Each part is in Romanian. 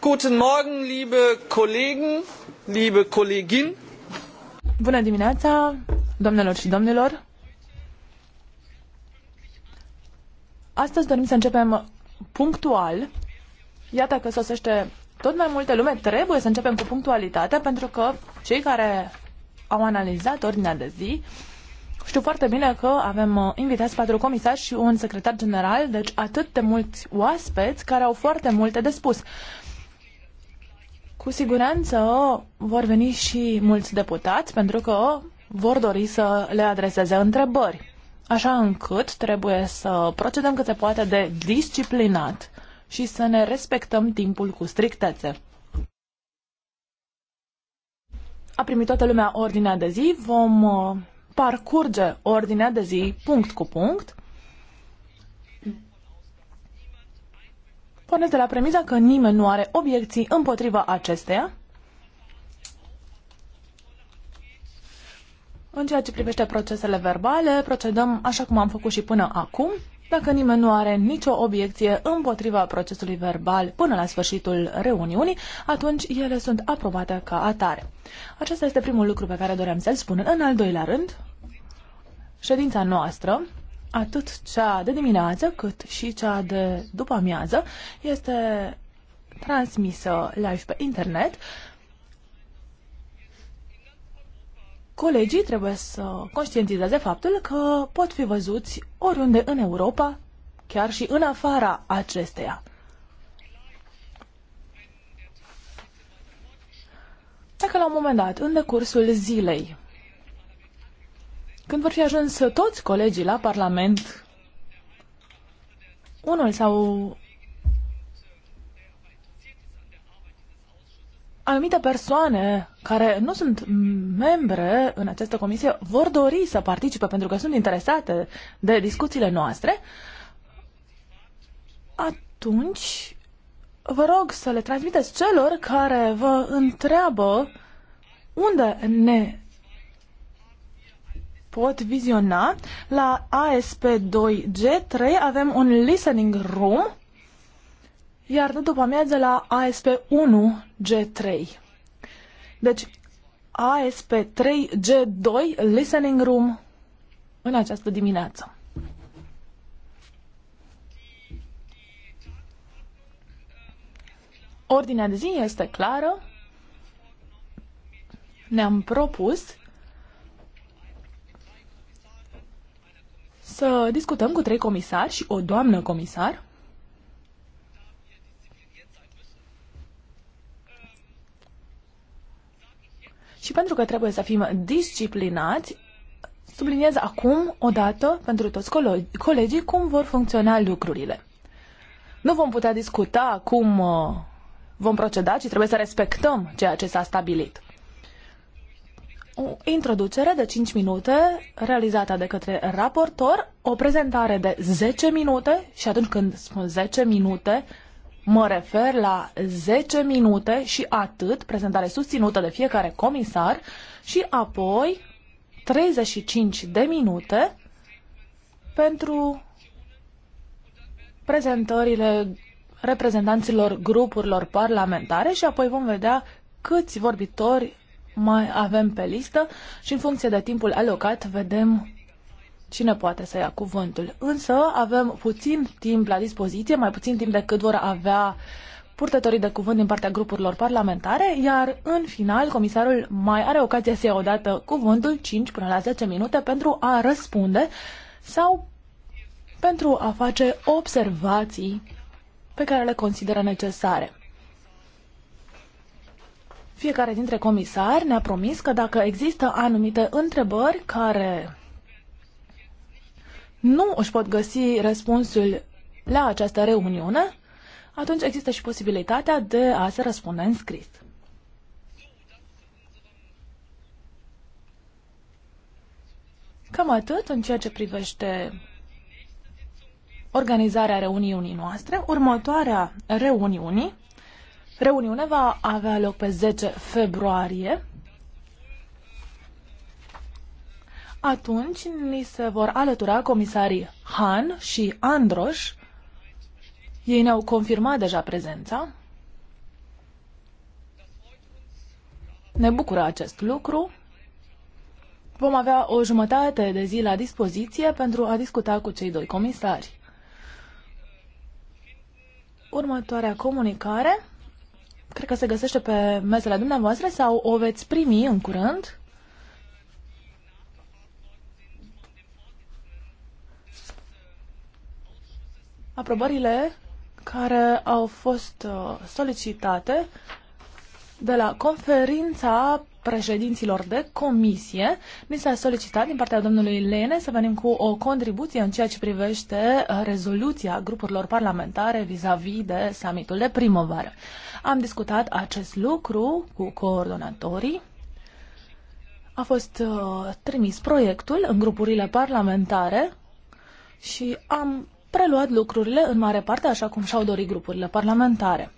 Guten Morgen, liebe Kollegen, liebe Kollegin. Bună dimineața, doamnelor și domnilor. Astăzi dorim să începem punctual. Iată că sosește tot mai multe lume. Trebuie să începem cu punctualitate pentru că cei care au analizat ordinea de zi știu foarte bine că avem uh, invitați patru comisari și un secretar general, deci atât de mulți oaspeți care au foarte multe de spus. Cu siguranță vor veni și mulți deputați pentru că vor dori să le adreseze întrebări, așa încât trebuie să procedăm cât se poate de disciplinat și să ne respectăm timpul cu strictețe. A primit toată lumea ordinea de zi, vom uh, parcurge ordinea de zi punct cu punct. Pornesc de la premiza că nimeni nu are obiecții împotriva acesteia. În ceea ce privește procesele verbale, procedăm așa cum am făcut și până acum. Dacă nimeni nu are nicio obiecție împotriva procesului verbal până la sfârșitul reuniunii, atunci ele sunt aprobate ca atare. Acesta este primul lucru pe care doream să-l spun. În al doilea rând, ședința noastră, atât cea de dimineață cât și cea de după amiază, este transmisă live pe internet. Colegii trebuie să conștientizeze faptul că pot fi văzuți oriunde în Europa, chiar și în afara acesteia. Dacă la un moment dat, în decursul zilei, când vor fi ajuns toți colegii la Parlament, unul sau anumite persoane care nu sunt membre în această comisie vor dori să participe pentru că sunt interesate de discuțiile noastre, atunci vă rog să le transmiteți celor care vă întreabă unde ne pot viziona. La ASP2G3 avem un listening room, iar de după amiază la ASP1G3. Deci ASP3G2 listening room în această dimineață. Ordinea de zi este clară. Ne-am propus să discutăm cu trei comisari și o doamnă comisar. Și pentru că trebuie să fim disciplinați, subliniez acum, o dată, pentru toți colegii, cum vor funcționa lucrurile. Nu vom putea discuta cum uh, vom proceda, ci trebuie să respectăm ceea ce s-a stabilit o introducere de 5 minute realizată de către raportor, o prezentare de 10 minute și atunci când spun 10 minute, mă refer la 10 minute și atât, prezentare susținută de fiecare comisar și apoi 35 de minute pentru prezentările reprezentanților grupurilor parlamentare și apoi vom vedea câți vorbitori mai avem pe listă și în funcție de timpul alocat vedem cine poate să ia cuvântul. Însă avem puțin timp la dispoziție, mai puțin timp decât vor avea purtătorii de cuvânt din partea grupurilor parlamentare, iar în final comisarul mai are ocazia să ia odată cuvântul 5 până la 10 minute pentru a răspunde sau pentru a face observații pe care le consideră necesare. Fiecare dintre comisari ne-a promis că dacă există anumite întrebări care nu își pot găsi răspunsul la această reuniune, atunci există și posibilitatea de a se răspunde în scris. Cam atât în ceea ce privește organizarea reuniunii noastre. Următoarea reuniune Reuniunea va avea loc pe 10 februarie. Atunci ni se vor alătura comisarii Han și Androș. Ei ne-au confirmat deja prezența. Ne bucură acest lucru. Vom avea o jumătate de zi la dispoziție pentru a discuta cu cei doi comisari. Următoarea comunicare cred că se găsește pe mesele dumneavoastră sau o veți primi în curând. Aprobările care au fost uh, solicitate de la conferința președinților de comisie, mi s-a solicitat din partea domnului Lene să venim cu o contribuție în ceea ce privește uh, rezoluția grupurilor parlamentare vis-a-vis -vis de summitul de primăvară. Am discutat acest lucru cu coordonatorii. A fost uh, trimis proiectul în grupurile parlamentare și am preluat lucrurile în mare parte așa cum și-au dorit grupurile parlamentare.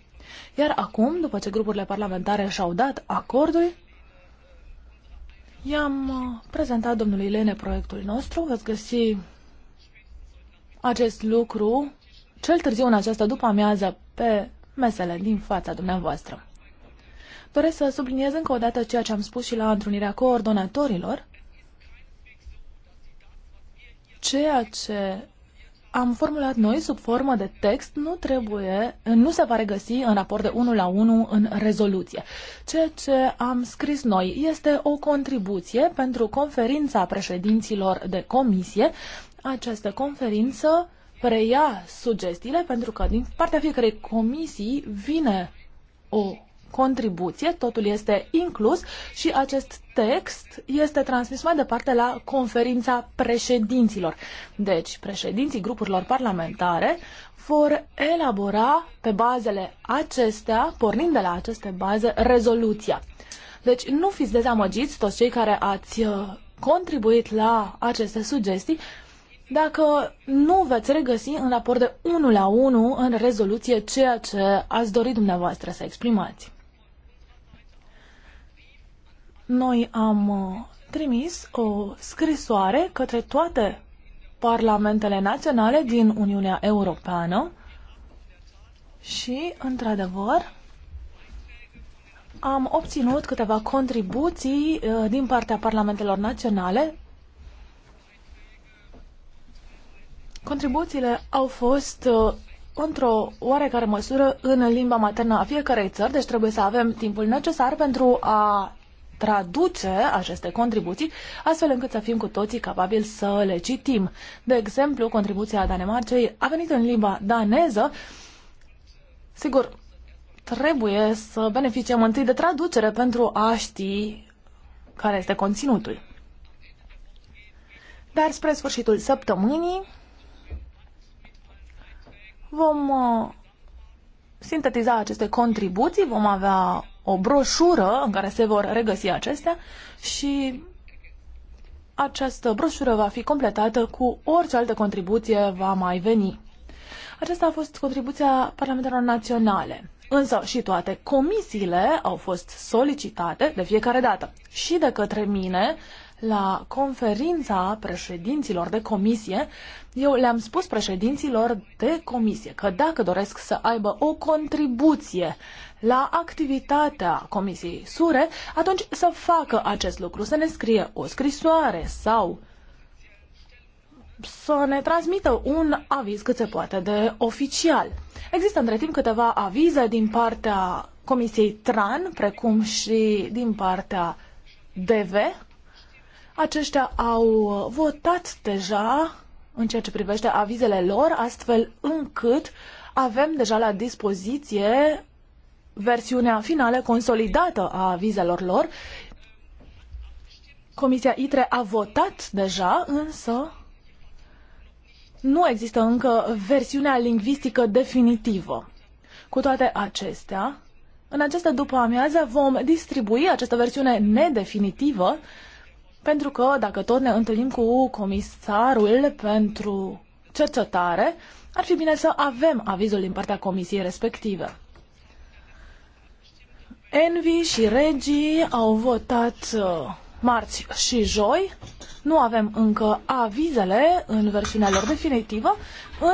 Iar acum, după ce grupurile parlamentare și-au dat acordul, I-am uh, prezentat domnului Lene proiectul nostru. Veți găsi acest lucru cel târziu în această după amiază pe mesele din fața dumneavoastră. Doresc să subliniez încă o dată ceea ce am spus și la întrunirea coordonatorilor, ceea ce am formulat noi sub formă de text nu trebuie, nu se va regăsi în raport de 1 la 1 în rezoluție. Ceea ce am scris noi este o contribuție pentru conferința președinților de comisie. Această conferință preia sugestiile pentru că din partea fiecărei comisii vine o contribuție, totul este inclus și acest text este transmis mai departe la conferința președinților. Deci, președinții grupurilor parlamentare vor elabora pe bazele acestea, pornind de la aceste baze, rezoluția. Deci nu fiți dezamăgiți toți cei care ați uh, contribuit la aceste sugestii, dacă nu veți regăsi în raport de 1 la 1 în rezoluție ceea ce ați dorit dumneavoastră să exprimați. Noi am uh, trimis o scrisoare către toate parlamentele naționale din Uniunea Europeană și, într-adevăr, am obținut câteva contribuții uh, din partea parlamentelor naționale. Contribuțiile au fost uh, într-o oarecare măsură în limba maternă a fiecarei țări, deci trebuie să avem timpul necesar pentru a traduce aceste contribuții, astfel încât să fim cu toții capabili să le citim. De exemplu, contribuția Danemarcei a venit în limba daneză. Sigur, trebuie să beneficiem întâi de traducere pentru a ști care este conținutul. Dar spre sfârșitul săptămânii vom uh, sintetiza aceste contribuții, vom avea o broșură în care se vor regăsi acestea și această broșură va fi completată cu orice altă contribuție va mai veni. Aceasta a fost contribuția parlamentelor naționale. Însă și toate comisiile au fost solicitate de fiecare dată și de către mine la conferința președinților de comisie, eu le-am spus președinților de comisie că dacă doresc să aibă o contribuție la activitatea Comisiei Sure, atunci să facă acest lucru, să ne scrie o scrisoare sau să ne transmită un aviz cât se poate de oficial. Există între timp câteva avize din partea Comisiei TRAN, precum și din partea DV. Aceștia au votat deja în ceea ce privește avizele lor, astfel încât avem deja la dispoziție versiunea finală consolidată a vizelor lor. Comisia ITRE a votat deja, însă nu există încă versiunea lingvistică definitivă. Cu toate acestea, în această după-amiază vom distribui această versiune nedefinitivă, pentru că dacă tot ne întâlnim cu comisarul pentru cercetare, ar fi bine să avem avizul din partea comisiei respective. Envi și Regii au votat uh, marți și joi. Nu avem încă avizele în versiunea lor definitivă,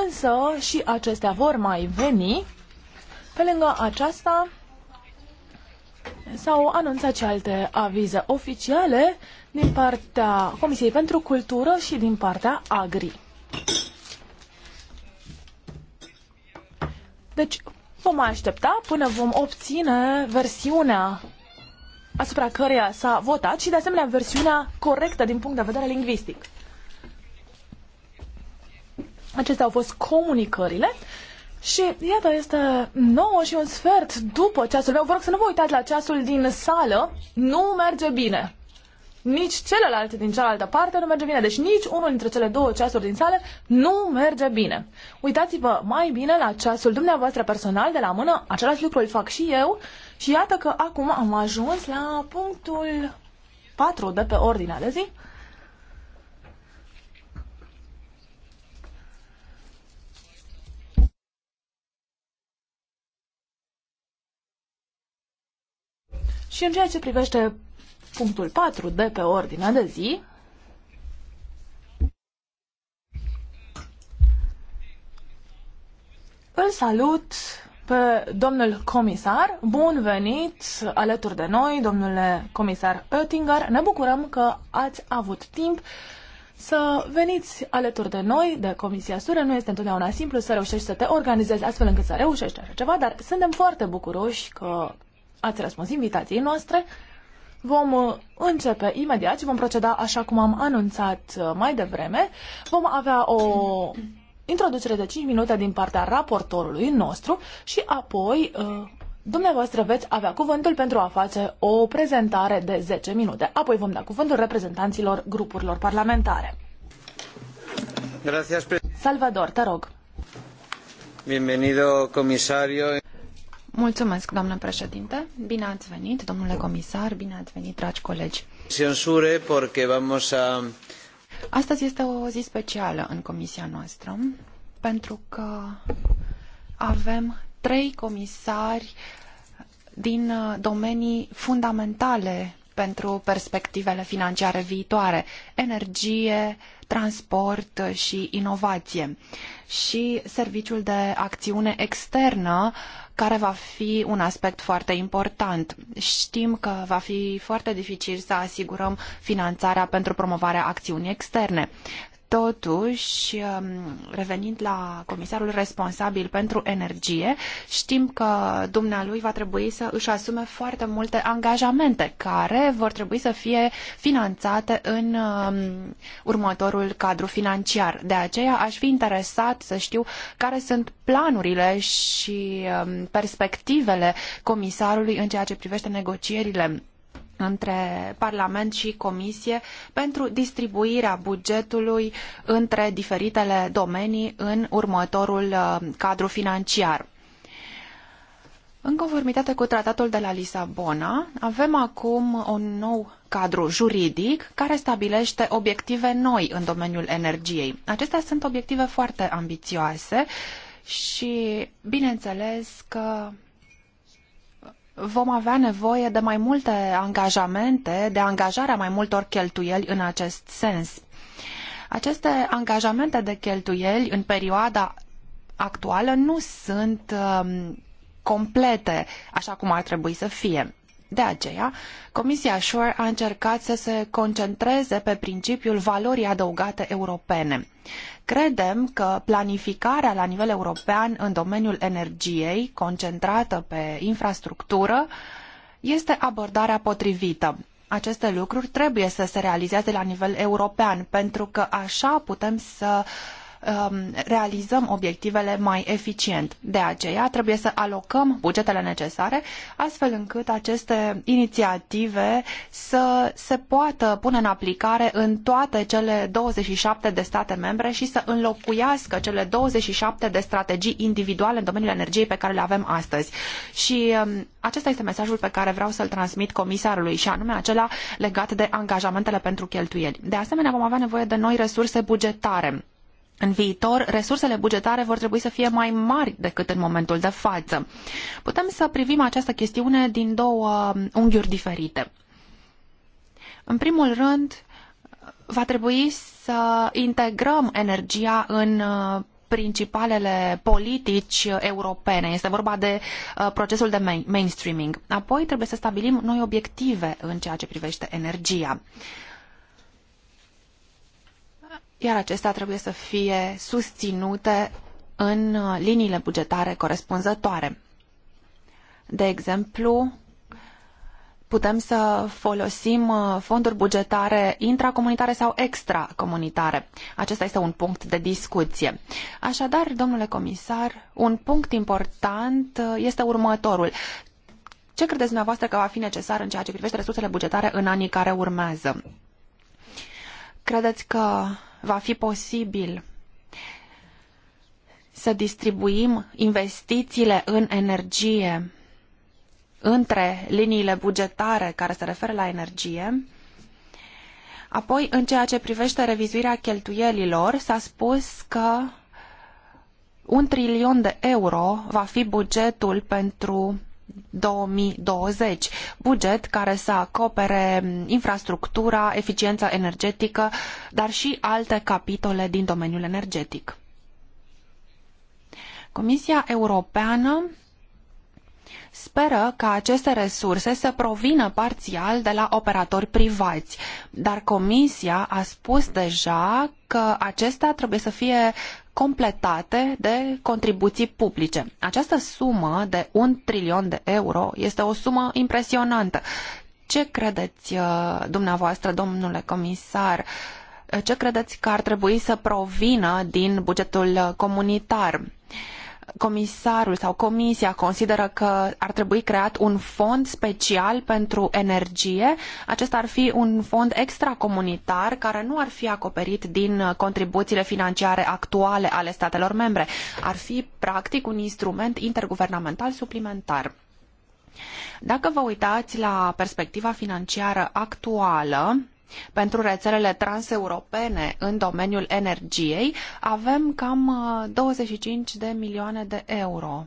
însă și acestea vor mai veni. Pe lângă aceasta s-au anunțat și alte avize oficiale din partea Comisiei pentru Cultură și din partea Agri. Deci, Vom aștepta până vom obține versiunea asupra căreia s-a votat și, de asemenea, versiunea corectă din punct de vedere lingvistic. Acestea au fost comunicările și, iată, este 9 și un sfert după ceasul meu. Vă rog să nu vă uitați la ceasul din sală. Nu merge bine nici celelalte din cealaltă parte nu merge bine. Deci nici unul dintre cele două ceasuri din sală nu merge bine. Uitați-vă mai bine la ceasul dumneavoastră personal de la mână. Același lucru îl fac și eu. Și iată că acum am ajuns la punctul 4 de pe ordinea de zi. Și în ceea ce privește punctul 4 de pe ordinea de zi. Îl salut pe domnul comisar. Bun venit alături de noi, domnule comisar Oettinger. Ne bucurăm că ați avut timp să veniți alături de noi, de Comisia Sură. Nu este întotdeauna simplu să reușești să te organizezi astfel încât să reușești așa ceva, dar suntem foarte bucuroși că ați răspuns invitației noastre Vom uh, începe imediat și vom proceda așa cum am anunțat uh, mai devreme. Vom avea o introducere de 5 minute din partea raportorului nostru și apoi uh, dumneavoastră veți avea cuvântul pentru a face o prezentare de 10 minute. Apoi vom da cuvântul reprezentanților grupurilor parlamentare. Salvador, te rog. Bienvenido, comisario. Mulțumesc, doamnă președinte. Bine ați venit, domnule comisar, bine ați venit, dragi colegi. Censure, porque vamos a... Astăzi este o zi specială în comisia noastră, pentru că avem trei comisari din uh, domenii fundamentale pentru perspectivele financiare viitoare, energie, transport și inovație și serviciul de acțiune externă care va fi un aspect foarte important. Știm că va fi foarte dificil să asigurăm finanțarea pentru promovarea acțiunii externe. Totuși, um, revenind la comisarul responsabil pentru energie, știm că dumnealui va trebui să își asume foarte multe angajamente care vor trebui să fie finanțate în um, următorul cadru financiar. De aceea aș fi interesat să știu care sunt planurile și um, perspectivele comisarului în ceea ce privește negocierile între Parlament și Comisie pentru distribuirea bugetului între diferitele domenii în următorul uh, cadru financiar. În conformitate cu tratatul de la Lisabona, avem acum un nou cadru juridic care stabilește obiective noi în domeniul energiei. Acestea sunt obiective foarte ambițioase și bineînțeles că vom avea nevoie de mai multe angajamente, de angajarea mai multor cheltuieli în acest sens. Aceste angajamente de cheltuieli în perioada actuală nu sunt um, complete așa cum ar trebui să fie. De aceea, Comisia Shore a încercat să se concentreze pe principiul valorii adăugate europene. Credem că planificarea la nivel european în domeniul energiei, concentrată pe infrastructură, este abordarea potrivită. Aceste lucruri trebuie să se realizeze la nivel european, pentru că așa putem să Um, realizăm obiectivele mai eficient. De aceea trebuie să alocăm bugetele necesare astfel încât aceste inițiative să se poată pune în aplicare în toate cele 27 de state membre și să înlocuiască cele 27 de strategii individuale în domeniul energiei pe care le avem astăzi. Și um, acesta este mesajul pe care vreau să-l transmit comisarului și anume acela legat de angajamentele pentru cheltuieli. De asemenea, vom avea nevoie de noi resurse bugetare în viitor, resursele bugetare vor trebui să fie mai mari decât în momentul de față. Putem să privim această chestiune din două um, unghiuri diferite. În primul rând, va trebui să integrăm energia în uh, principalele politici europene. Este vorba de uh, procesul de mainstreaming. Apoi trebuie să stabilim noi obiective în ceea ce privește energia iar acestea trebuie să fie susținute în uh, liniile bugetare corespunzătoare. De exemplu, putem să folosim uh, fonduri bugetare intracomunitare sau extracomunitare. Acesta este un punct de discuție. Așadar, domnule comisar, un punct important uh, este următorul. Ce credeți dumneavoastră că va fi necesar în ceea ce privește resursele bugetare în anii care urmează? Credeți că va fi posibil să distribuim investițiile în energie între liniile bugetare care se referă la energie. Apoi, în ceea ce privește revizuirea cheltuielilor, s-a spus că un trilion de euro va fi bugetul pentru 2020, buget care să acopere mm, infrastructura, eficiența energetică, dar și alte capitole din domeniul energetic. Comisia Europeană speră ca aceste resurse să provină parțial de la operatori privați, dar Comisia a spus deja că acestea trebuie să fie completate de contribuții publice. Această sumă de un trilion de euro este o sumă impresionantă. Ce credeți uh, dumneavoastră, domnule comisar, uh, ce credeți că ar trebui să provină din bugetul comunitar? comisarul sau comisia consideră că ar trebui creat un fond special pentru energie, acesta ar fi un fond extracomunitar care nu ar fi acoperit din contribuțiile financiare actuale ale statelor membre. Ar fi practic un instrument interguvernamental suplimentar. Dacă vă uitați la perspectiva financiară actuală, pentru rețelele transeuropene în domeniul energiei avem cam 25 uh, de milioane de euro.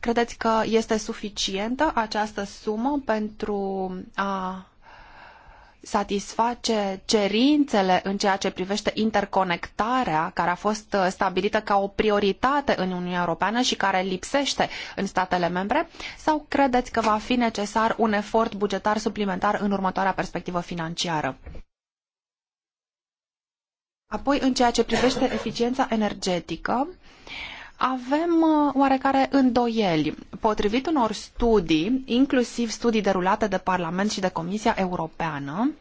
Credeți că este suficientă această sumă pentru a satisface cerințele în ceea ce privește interconectarea care a fost uh, stabilită ca o prioritate în Uniunea Europeană și care lipsește în statele membre? Sau credeți că va fi necesar un efort bugetar suplimentar în următoarea perspectivă financiară? Apoi, în ceea ce privește eficiența energetică, avem uh, oarecare îndoieli. Potrivit unor studii, inclusiv studii derulate de Parlament și de Comisia Europeană,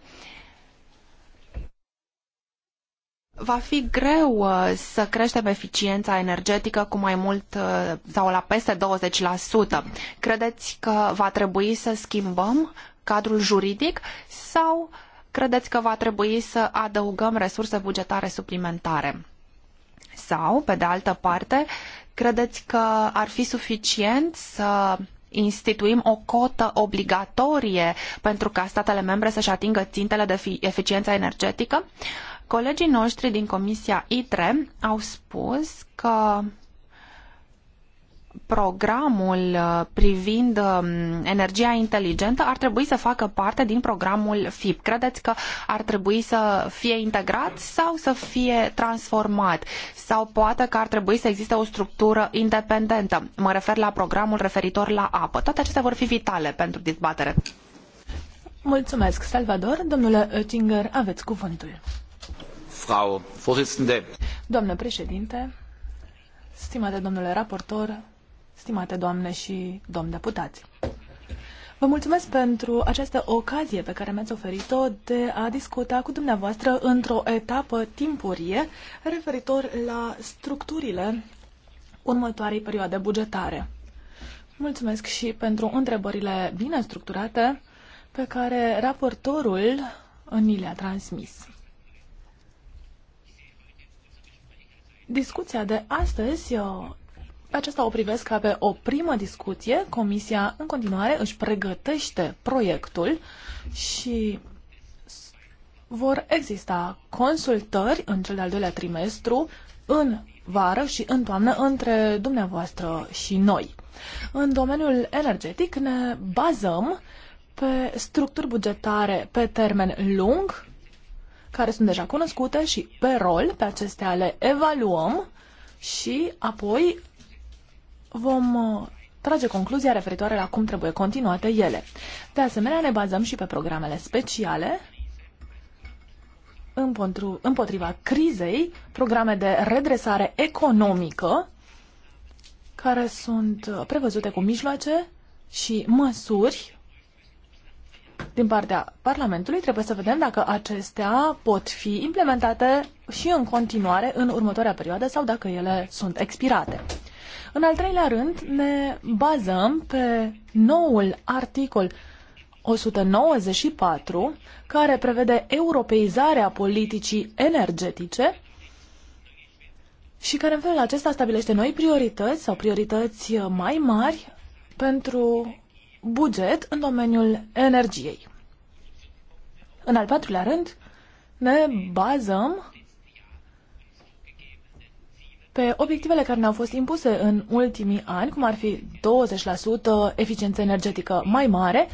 va fi greu uh, să creștem eficiența energetică cu mai mult uh, sau la peste 20%. Credeți că va trebui să schimbăm cadrul juridic sau credeți că va trebui să adăugăm resurse bugetare suplimentare? Sau, pe de altă parte, credeți că ar fi suficient să instituim o cotă obligatorie pentru ca statele membre să-și atingă țintele de eficiență energetică? Colegii noștri din Comisia ITRE au spus că programul uh, privind um, energia inteligentă ar trebui să facă parte din programul FIP. Credeți că ar trebui să fie integrat sau să fie transformat? Sau poate că ar trebui să existe o structură independentă? Mă refer la programul referitor la apă. Toate acestea vor fi vitale pentru dezbatere. Mulțumesc, Salvador. Domnule Oettinger, aveți cuvântul. Frau Vorsitzende. Domnule președinte, stimate domnule raportor, stimate doamne și domn deputați. Vă mulțumesc pentru această ocazie pe care mi-ați oferit-o de a discuta cu dumneavoastră într-o etapă timpurie referitor la structurile următoarei perioade bugetare. Mulțumesc și pentru întrebările bine structurate pe care raportorul ni le-a transmis. Discuția de astăzi aceasta o privesc ca pe o primă discuție. Comisia în continuare își pregătește proiectul și vor exista consultări în cel de-al doilea trimestru, în vară și în toamnă, între dumneavoastră și noi. În domeniul energetic ne bazăm pe structuri bugetare pe termen lung, care sunt deja cunoscute și pe rol, pe acestea le evaluăm și apoi vom uh, trage concluzia referitoare la cum trebuie continuate ele. De asemenea, ne bazăm și pe programele speciale împotriva crizei, programe de redresare economică care sunt uh, prevăzute cu mijloace și măsuri din partea Parlamentului. Trebuie să vedem dacă acestea pot fi implementate și în continuare în următoarea perioadă sau dacă ele sunt expirate. În al treilea rând, ne bazăm pe noul articol 194, care prevede europeizarea politicii energetice și care în felul acesta stabilește noi priorități sau priorități mai mari pentru buget în domeniul energiei. În al patrulea rând, ne bazăm pe obiectivele care ne-au fost impuse în ultimii ani, cum ar fi 20% eficiență energetică mai mare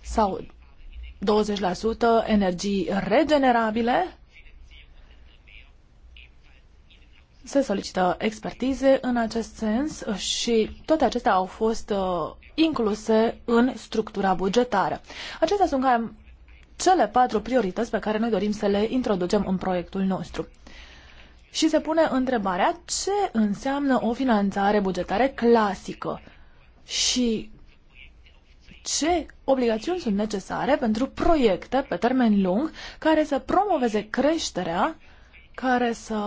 sau 20% energii regenerabile, se solicită expertize în acest sens și toate acestea au fost uh, incluse în structura bugetară. Acestea sunt cele patru priorități pe care noi dorim să le introducem în proiectul nostru și se pune întrebarea ce înseamnă o finanțare bugetare clasică și ce obligațiuni sunt necesare pentru proiecte pe termen lung care să promoveze creșterea, care să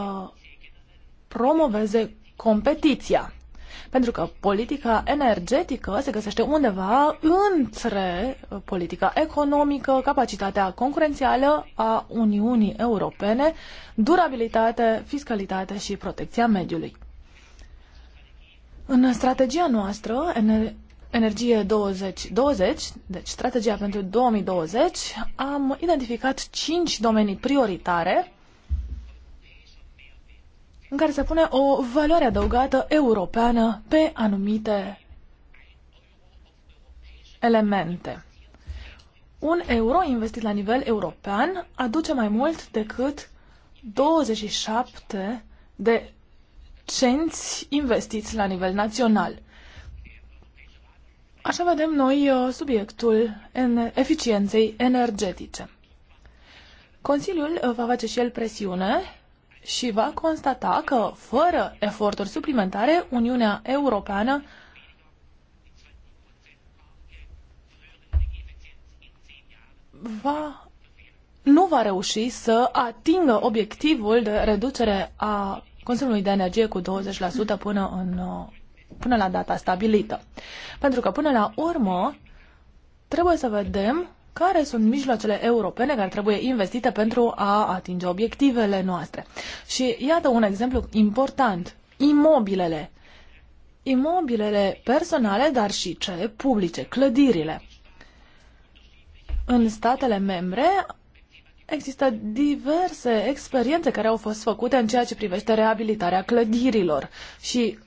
promoveze competiția. Pentru că politica energetică se găsește undeva între politica economică, capacitatea concurențială a Uniunii Europene, durabilitate, fiscalitate și protecția mediului. În strategia noastră, ener Energie 2020, deci strategia pentru 2020, am identificat 5 domenii prioritare în care se pune o valoare adăugată europeană pe anumite elemente. Un euro investit la nivel european aduce mai mult decât 27 de cenți investiți la nivel național. Așa vedem noi uh, subiectul în eficienței energetice. Consiliul uh, va face și el presiune și va constata că, fără eforturi suplimentare, Uniunea Europeană va, nu va reuși să atingă obiectivul de reducere a consumului de energie cu 20% până, în, până la data stabilită. Pentru că, până la urmă, trebuie să vedem care sunt mijloacele europene care trebuie investite pentru a atinge obiectivele noastre. Și iată un exemplu important, imobilele. Imobilele personale, dar și cele publice, clădirile. În statele membre Există diverse experiențe care au fost făcute în ceea ce privește reabilitarea clădirilor și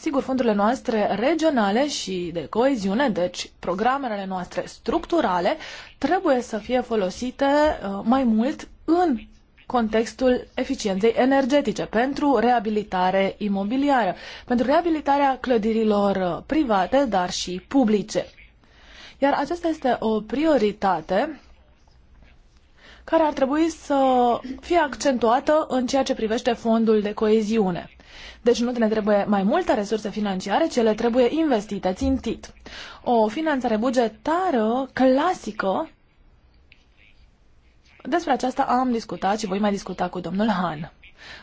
Sigur, fondurile noastre regionale și de coeziune, deci programele noastre structurale, trebuie să fie folosite uh, mai mult în contextul eficienței energetice pentru reabilitare imobiliară, pentru reabilitarea clădirilor uh, private, dar și publice. Iar aceasta este o prioritate care ar trebui să fie accentuată în ceea ce privește fondul de coeziune. Deci nu ne trebuie mai multe resurse financiare, ci ele trebuie investite, țintit. O finanțare bugetară clasică, despre aceasta am discutat și voi mai discuta cu domnul Han.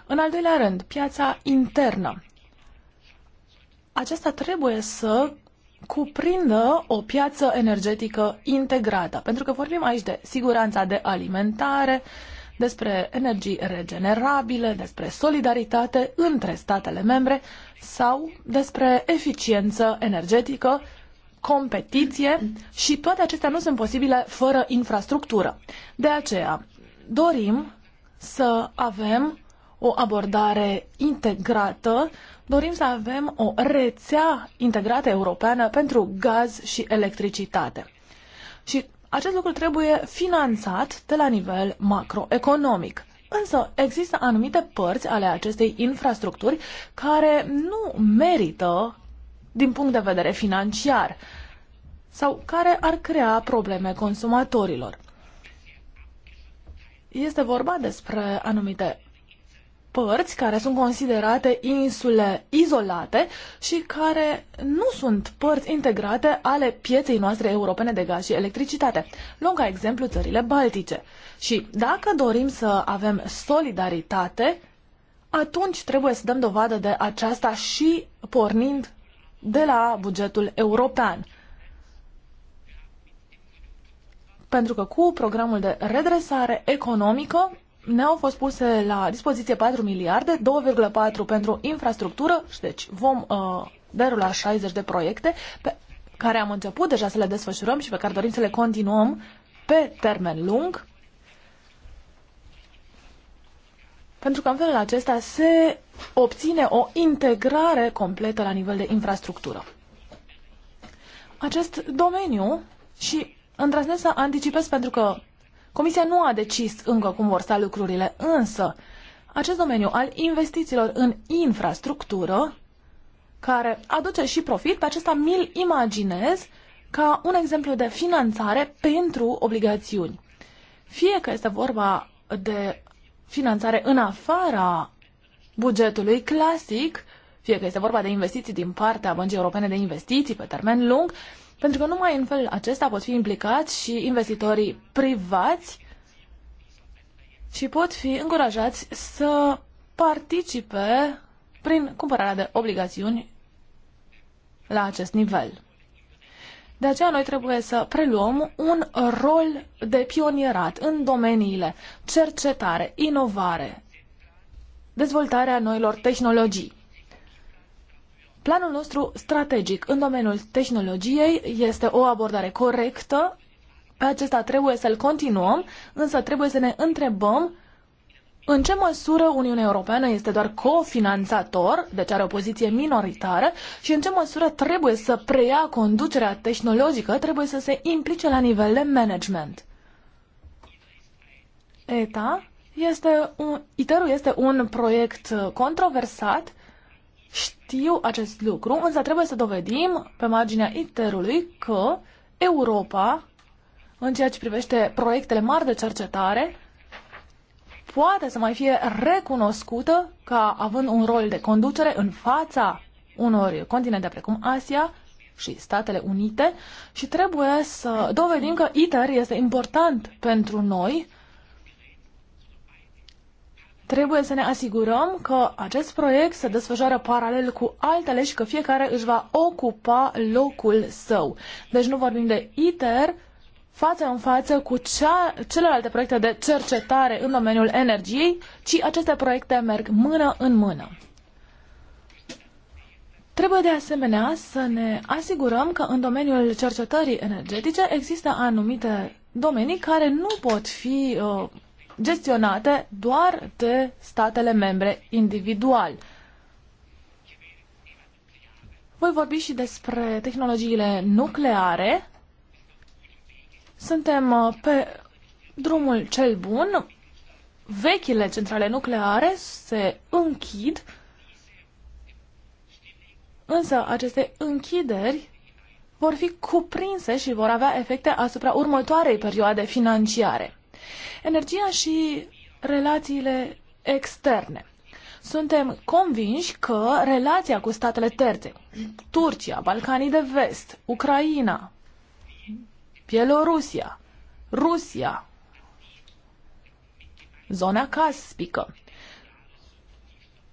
În al doilea rând, piața internă. Aceasta trebuie să cuprindă o piață energetică integrată, pentru că vorbim aici de siguranța de alimentare, uh, despre energii regenerabile, despre solidaritate între statele membre sau despre eficiență energetică, competiție și toate acestea nu sunt posibile fără infrastructură. De aceea dorim să avem o abordare integrată, dorim să avem o rețea integrată europeană pentru gaz și electricitate. Și acest lucru trebuie finanțat de la nivel macroeconomic. Însă există anumite părți ale acestei infrastructuri care nu merită din punct de vedere financiar sau care ar crea probleme consumatorilor. Este vorba despre anumite părți care sunt considerate insule izolate și care nu sunt părți integrate ale pieței noastre europene de gaz și electricitate. Luăm ca exemplu țările baltice. Și dacă dorim să avem solidaritate, atunci trebuie să dăm dovadă de aceasta și pornind de la bugetul european. Pentru că cu programul de redresare economică ne-au fost puse la dispoziție 4 miliarde, 2,4 pentru infrastructură și deci vom uh, derula 60 de proiecte pe care am început deja să le desfășurăm și pe care dorim să le continuăm pe termen lung. Pentru că în felul acesta se obține o integrare completă la nivel de infrastructură. Acest domeniu și îndrăznesc să anticipez pentru că Comisia nu a decis încă cum vor sta lucrurile, însă acest domeniu al investițiilor în infrastructură, care aduce și profit, pe acesta mi-l imaginez ca un exemplu de finanțare pentru obligațiuni. Fie că este vorba de finanțare în afara bugetului clasic, fie că este vorba de investiții din partea Băncii Europene de Investiții pe termen lung, pentru că numai în felul acesta pot fi implicați și investitorii privați și pot fi încurajați să participe prin cumpărarea de obligațiuni la acest nivel. De aceea noi trebuie să preluăm un rol de pionierat în domeniile cercetare, inovare, dezvoltarea noilor tehnologii. Planul nostru strategic în domeniul tehnologiei este o abordare corectă. Pe acesta trebuie să-l continuăm, însă trebuie să ne întrebăm în ce măsură Uniunea Europeană este doar cofinanțator, deci are o poziție minoritară, și în ce măsură trebuie să preia conducerea tehnologică, trebuie să se implice la nivel de management. ETA este un, ITER-ul este un proiect controversat știu acest lucru, însă trebuie să dovedim pe marginea iterului că Europa, în ceea ce privește proiectele mari de cercetare, poate să mai fie recunoscută ca având un rol de conducere în fața unor continente precum Asia și Statele Unite și trebuie să dovedim că ITER este important pentru noi Trebuie să ne asigurăm că acest proiect se desfășoară paralel cu altele și că fiecare își va ocupa locul său. Deci nu vorbim de ITER față în față cu cea, celelalte proiecte de cercetare în domeniul energiei, ci aceste proiecte merg mână în mână. Trebuie de asemenea să ne asigurăm că în domeniul cercetării energetice există anumite domenii care nu pot fi uh, gestionate doar de statele membre individual. Voi vorbi și despre tehnologiile nucleare. Suntem uh, pe drumul cel bun. Vechile centrale nucleare se închid, însă aceste închideri vor fi cuprinse și vor avea efecte asupra următoarei perioade financiare. Energia și relațiile externe. Suntem convinși că relația cu statele terțe, Turcia, Balcanii de Vest, Ucraina, Bielorusia, Rusia, zona caspică,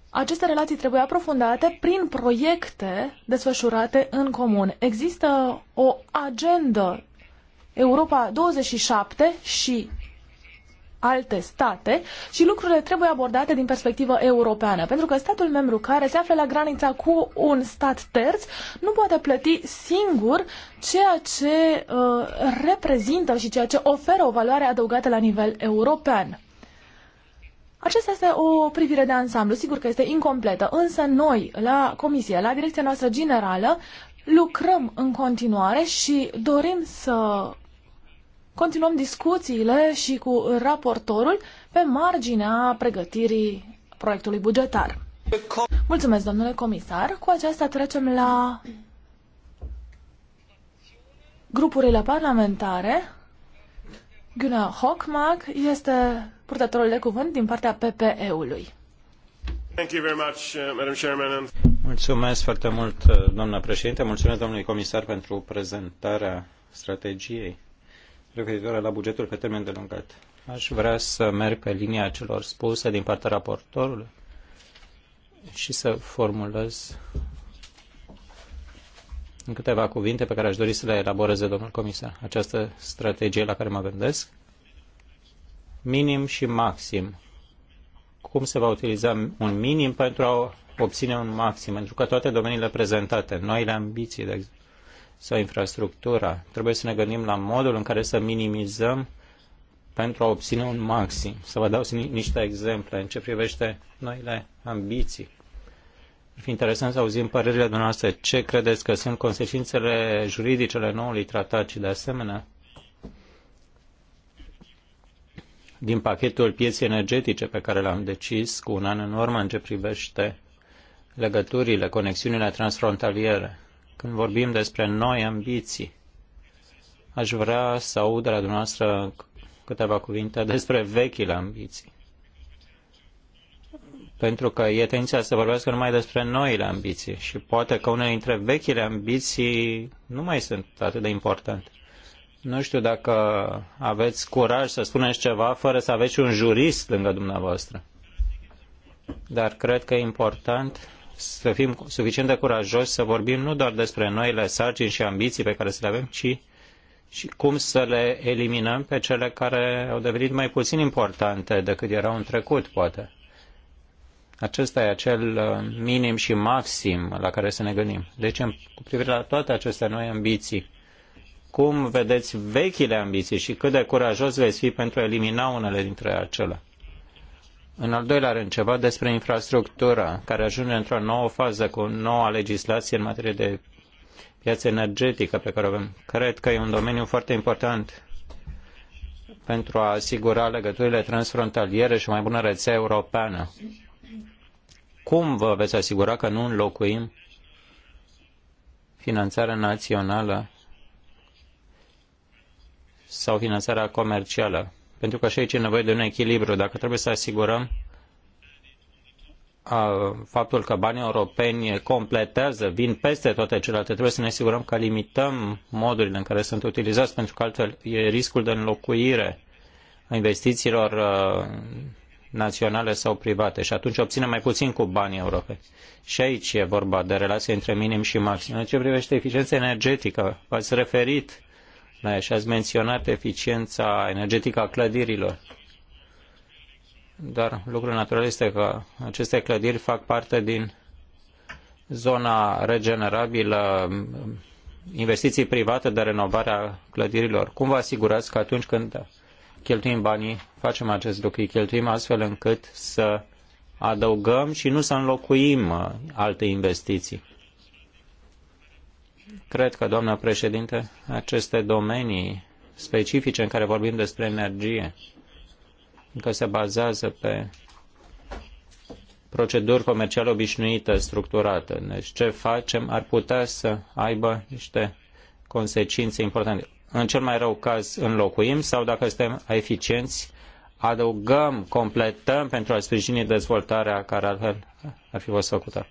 aceste relații trebuie aprofundate prin proiecte desfășurate în comun. Există o agendă Europa 27 și alte state și lucrurile trebuie abordate din perspectivă europeană, pentru că statul membru care se află la granița cu un stat terț nu poate plăti singur ceea ce uh, reprezintă și ceea ce oferă o valoare adăugată la nivel european. Aceasta este o privire de ansamblu, sigur că este incompletă, însă noi, la Comisie, la Direcția noastră Generală, lucrăm în continuare și dorim să continuăm discuțiile și cu raportorul pe marginea pregătirii proiectului bugetar. Mulțumesc, domnule comisar. Cu aceasta trecem la grupurile parlamentare. Gunnar Hockmark este purtătorul de cuvânt din partea PPE-ului. Uh, Mulțumesc foarte mult, uh, doamna președinte. Mulțumesc, domnului comisar, pentru prezentarea strategiei referitoare la bugetul pe termen delungat. Aș vrea să merg pe linia celor spuse din partea raportorului și să formulez în câteva cuvinte pe care aș dori să le elaboreze domnul comisar. Această strategie la care mă gândesc, minim și maxim. Cum se va utiliza un minim pentru a obține un maxim? Pentru că toate domeniile prezentate, noile ambiții, de exemplu, sau infrastructura. Trebuie să ne gândim la modul în care să minimizăm pentru a obține un maxim. Să vă dau niște exemple în ce privește noile ambiții. Ar fi interesant să auzim părerile dumneavoastră. Ce credeți că sunt consecințele juridice ale noului tratat și de asemenea din pachetul pieței energetice pe care l-am decis cu un an în urmă în ce privește legăturile, conexiunile transfrontaliere. Când vorbim despre noi ambiții, aș vrea să aud de la dumneavoastră câteva cuvinte despre vechile ambiții. Pentru că e tendința să vorbească numai despre noile ambiții și poate că unele dintre vechile ambiții nu mai sunt atât de importante. Nu știu dacă aveți curaj să spuneți ceva fără să aveți un jurist lângă dumneavoastră. Dar cred că e important să fim suficient de curajoși să vorbim nu doar despre noile sarcini și ambiții pe care să le avem, ci și cum să le eliminăm pe cele care au devenit mai puțin importante decât erau în trecut, poate. Acesta e acel uh, minim și maxim la care să ne gândim. Deci, cu privire la toate aceste noi ambiții, cum vedeți vechile ambiții și cât de curajos veți fi pentru a elimina unele dintre acelea? În al doilea rând, ceva despre infrastructura care ajunge într-o nouă fază cu noua legislație în materie de piață energetică pe care o avem. Cred că e un domeniu foarte important pentru a asigura legăturile transfrontaliere și o mai bună rețea europeană. Cum vă veți asigura că nu înlocuim finanțarea națională sau finanțarea comercială? pentru că și aici e nevoie de un echilibru. Dacă trebuie să asigurăm faptul că banii europeni completează, vin peste toate celelalte, trebuie să ne asigurăm că limităm modurile în care sunt utilizați, pentru că altfel e riscul de înlocuire a investițiilor naționale sau private și atunci obținem mai puțin cu banii europeni. Și aici e vorba de relație între minim și maxim. În ce privește eficiența energetică, v-ați referit și ați menționat eficiența energetică a clădirilor. Dar lucrul natural este că aceste clădiri fac parte din zona regenerabilă, investiții private de renovare a clădirilor. Cum vă asigurați că atunci când cheltuim banii, facem acest lucru, îi cheltuim astfel încât să adăugăm și nu să înlocuim uh, alte investiții? Cred că, doamna președinte, aceste domenii specifice în care vorbim despre energie, că se bazează pe proceduri comerciale obișnuite, structurate. Deci ce facem ar putea să aibă niște consecințe importante. În cel mai rău caz înlocuim sau dacă suntem eficienți, adăugăm, completăm pentru a sprijini dezvoltarea care altfel ar fi fost făcută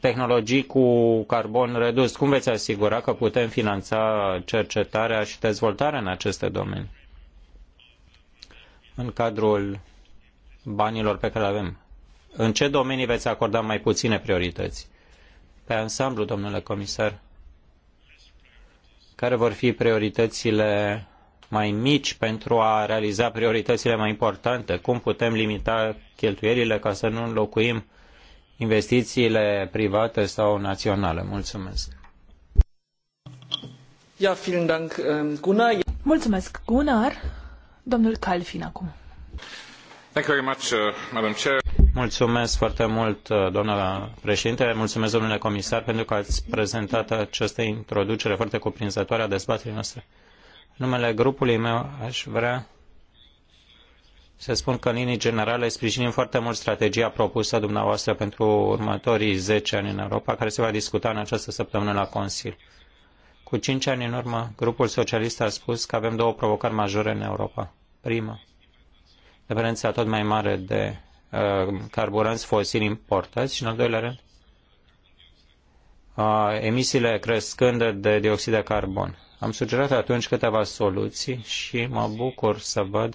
tehnologii cu carbon redus. Cum veți asigura că putem finanța cercetarea și dezvoltarea în aceste domenii? În cadrul banilor pe care le avem. În ce domenii veți acorda mai puține priorități? Pe ansamblu, domnule comisar, care vor fi prioritățile mai mici pentru a realiza prioritățile mai importante? Cum putem limita cheltuielile ca să nu înlocuim investițiile private sau naționale. Mulțumesc. Ja, vielen Dank, ähm, Gunnar. Mulțumesc, Gunnar. Domnul Calfin acum. Thank you very much, uh, Madam Chair. Mulțumesc foarte mult, uh, doamnă președinte, mulțumesc, domnule comisar, pentru că ați prezentat această introducere foarte cuprinzătoare a dezbaterii noastre. În numele grupului meu aș vrea să spun că în linii generale sprijinim foarte mult strategia propusă dumneavoastră pentru următorii zece ani în Europa, care se va discuta în această săptămână la Consiliu. Cu cinci ani în urmă, grupul socialist a spus că avem două provocări majore în Europa. Prima, dependența tot mai mare de uh, carburanți fosili importați și, în al doilea rând, uh, emisiile crescând de dioxid de carbon. Am sugerat atunci câteva soluții și mă bucur să văd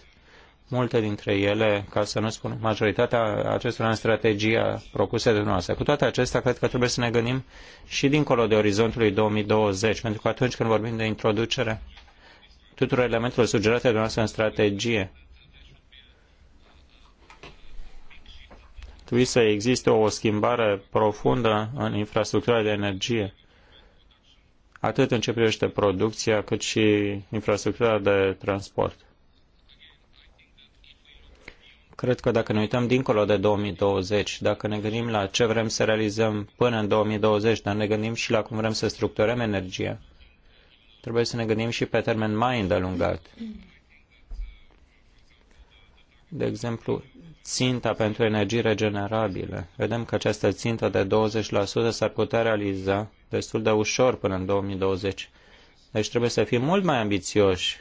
multe dintre ele, ca să nu spun majoritatea acestora în strategia propusă de noastră. Cu toate acestea, cred că trebuie să ne gândim și dincolo de orizontului 2020, pentru că atunci când vorbim de introducere tuturor elementelor sugerate de noastră în strategie, trebuie să existe o schimbare profundă în infrastructura de energie atât în ce privește producția, cât și infrastructura de transport. Cred că dacă ne uităm dincolo de 2020, dacă ne gândim la ce vrem să realizăm până în 2020, dar ne gândim și la cum vrem să structurăm energia, trebuie să ne gândim și pe termen mai îndelungat. De exemplu, ținta pentru energii regenerabile. Vedem că această țintă de 20% s-ar putea realiza destul de ușor până în 2020. Deci trebuie să fim mult mai ambițioși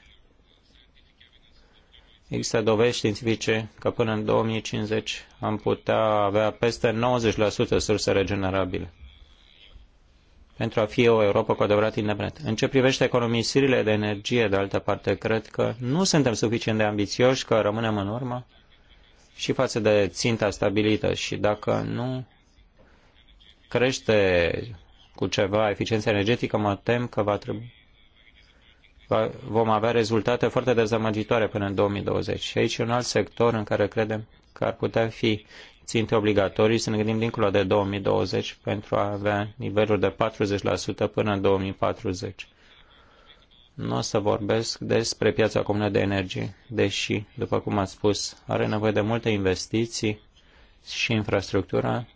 Există dovești științifice că până în 2050 am putea avea peste 90% surse regenerabile pentru a fi o Europa cu adevărat independentă. În ce privește economisirile de energie, de altă parte, cred că nu suntem suficient de ambițioși, că rămânem în urmă și față de ținta stabilită și dacă nu crește cu ceva eficiența energetică, mă tem că va trebui vom avea rezultate foarte dezamăgitoare până în 2020. Și aici e un alt sector în care credem că ar putea fi ținte obligatorii să ne gândim dincolo de 2020 pentru a avea niveluri de 40% până în 2040. Nu o să vorbesc despre piața comună de energie, deși, după cum ați spus, are nevoie de multe investiții și infrastructura,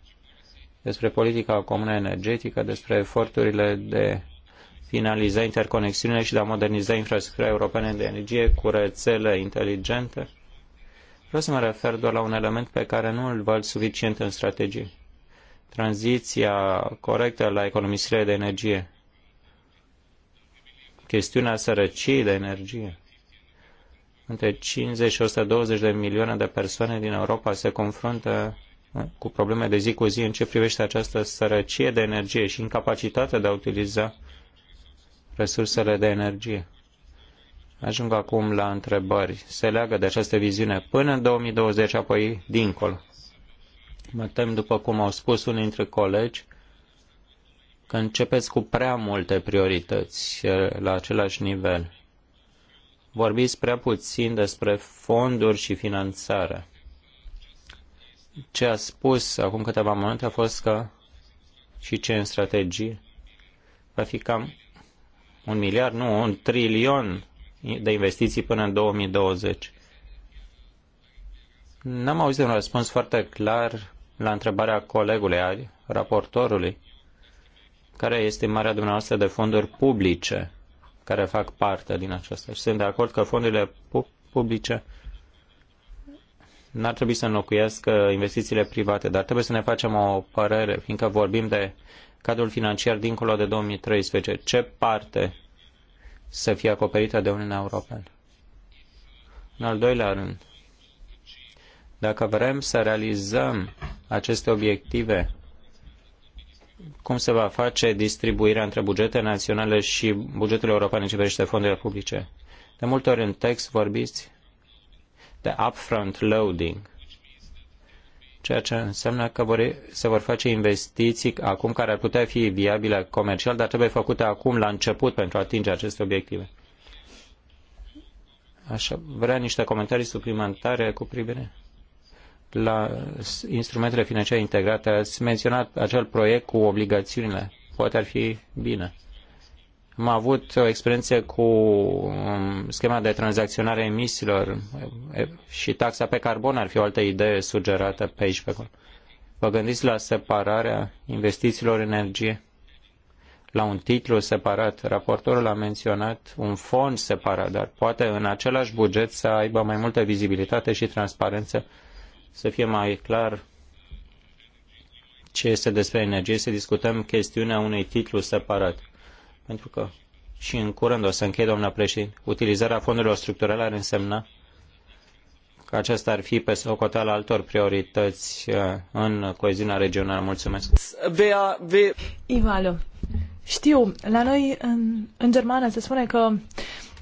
despre politica comună energetică, despre eforturile de finaliza interconexiunile și de a moderniza infrastructura europeană de energie cu rețele inteligente? Vreau să mă refer doar la un element pe care nu îl văd suficient în strategie. Tranziția corectă la economisirea de energie. Chestiunea sărăciei de energie. Între 50 și 120 de milioane de persoane din Europa se confruntă uh, cu probleme de zi cu zi în ce privește această sărăcie de energie și incapacitatea de a utiliza resursele de energie. Ajung acum la întrebări. Se leagă de această viziune până în 2020, apoi dincolo. Mă tem, după cum au spus unii dintre colegi, că începeți cu prea multe priorități la același nivel. Vorbiți prea puțin despre fonduri și finanțare. Ce a spus acum câteva momente a fost că și ce în strategie va fi cam un miliard, nu, un trilion de investiții până în 2020. N-am auzit un răspuns foarte clar la întrebarea colegului, a raportorului, care este marea dumneavoastră de fonduri publice care fac parte din aceasta. sunt de acord că fondurile pu- publice n-ar trebui să înlocuiască investițiile private, dar trebuie să ne facem o părere, fiindcă vorbim de cadrul financiar dincolo de 2013, ce parte să fie acoperită de Uniunea Europeană? În al doilea rând, dacă vrem să realizăm aceste obiective, cum se va face distribuirea între bugete naționale și bugetul european în ce privește fondurile publice? De multe ori în text vorbiți de upfront loading ceea ce înseamnă că vor, se vor face investiții acum care ar putea fi viabile comercial, dar trebuie făcute acum, la început, pentru a atinge aceste obiective. Așa vrea niște comentarii suplimentare cu privire la instrumentele financiare integrate. Ați menționat acel proiect cu obligațiunile. Poate ar fi bine am avut o experiență cu um, schema de tranzacționare a emisiilor și taxa pe carbon ar fi o altă idee sugerată pe aici pe acolo. Vă gândiți la separarea investițiilor în energie? La un titlu separat. Raportorul a menționat un fond separat, dar poate în același buget să aibă mai multă vizibilitate și transparență, să fie mai clar ce este despre energie, să discutăm chestiunea unui titlu separat pentru că și în curând o să închei, doamna președinte, utilizarea fondurilor structurale ar însemna că acesta ar fi pe socoteală altor priorități uh, în coeziunea regională. Mulțumesc. Ivalo, știu, la noi în, în germană se spune că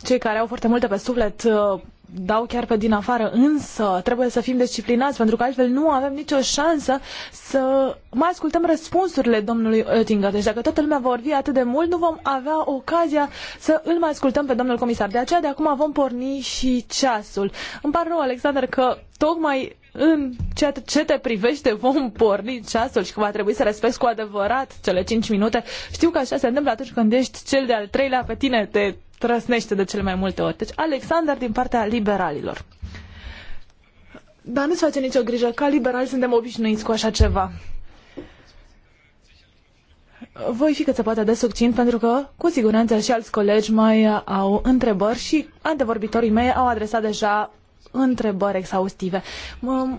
cei care au foarte multe pe suflet uh, dau chiar pe din afară, însă trebuie să fim disciplinați, pentru că altfel nu avem nicio șansă să mai ascultăm răspunsurile domnului Oettinger. Deci dacă toată lumea vorbi atât de mult, nu vom avea ocazia să îl mai ascultăm pe domnul comisar. De aceea de acum vom porni și ceasul. Îmi pare rău, Alexander, că tocmai în ceea ce te privește vom porni ceasul și că va trebui să respecti cu adevărat cele cinci minute. Știu că așa se întâmplă atunci când ești cel de-al treilea pe tine, te trăsnește de cele mai multe ori. Deci Alexander din partea liberalilor. Dar nu-ți face nicio grijă, ca liberali suntem obișnuiți cu așa ceva. Voi fi cât se poate de succint pentru că, cu siguranță, și alți colegi mai au întrebări și antevorbitorii mei au adresat deja întrebări exhaustive.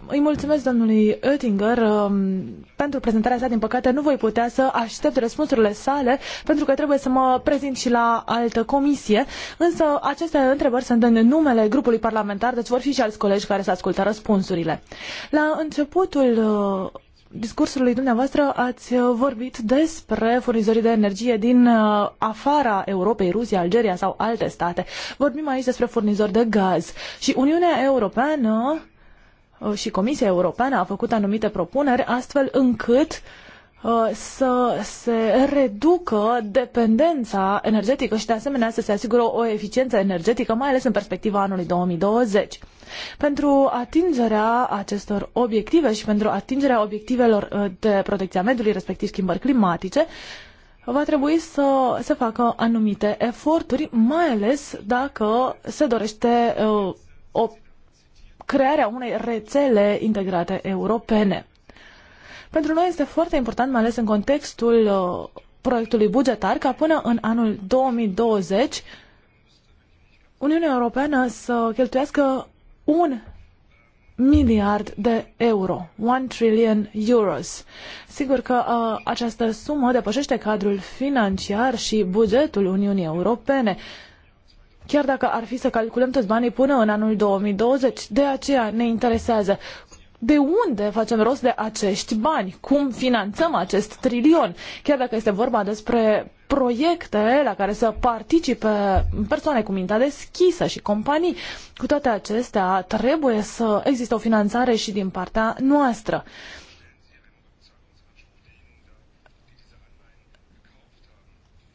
Îi mulțumesc domnului Oettinger um, pentru prezentarea sa. Din păcate nu voi putea să aștept răspunsurile sale pentru că trebuie să mă prezint și la altă comisie. Însă aceste întrebări sunt în numele grupului parlamentar, deci vor fi și alți colegi care să ascultă răspunsurile. La începutul uh, discursului dumneavoastră ați uh, vorbit despre furnizorii de energie din uh, afara Europei, Rusia, Algeria sau alte state. Vorbim aici despre furnizori de gaz și Uniunea Europeană uh, și Comisia Europeană a făcut anumite propuneri astfel încât să se reducă dependența energetică și de asemenea să se asigură o eficiență energetică, mai ales în perspectiva anului 2020. Pentru atingerea acestor obiective și pentru atingerea obiectivelor uh, de protecția mediului, respectiv schimbări climatice, va trebui să se facă anumite eforturi, mai ales dacă se dorește uh, o crearea unei rețele integrate europene. Pentru noi este foarte important, mai ales în contextul uh, proiectului bugetar, ca până în anul 2020 Uniunea Europeană să cheltuiască un miliard de euro, 1 trillion euros. Sigur că uh, această sumă depășește cadrul financiar și bugetul Uniunii Europene, chiar dacă ar fi să calculăm toți banii până în anul 2020. De aceea ne interesează de unde facem rost de acești bani, cum finanțăm acest trilion, chiar dacă este vorba despre proiecte la care să participe persoane cu mintea deschisă și companii. Cu toate acestea, trebuie să existe o finanțare și din partea noastră.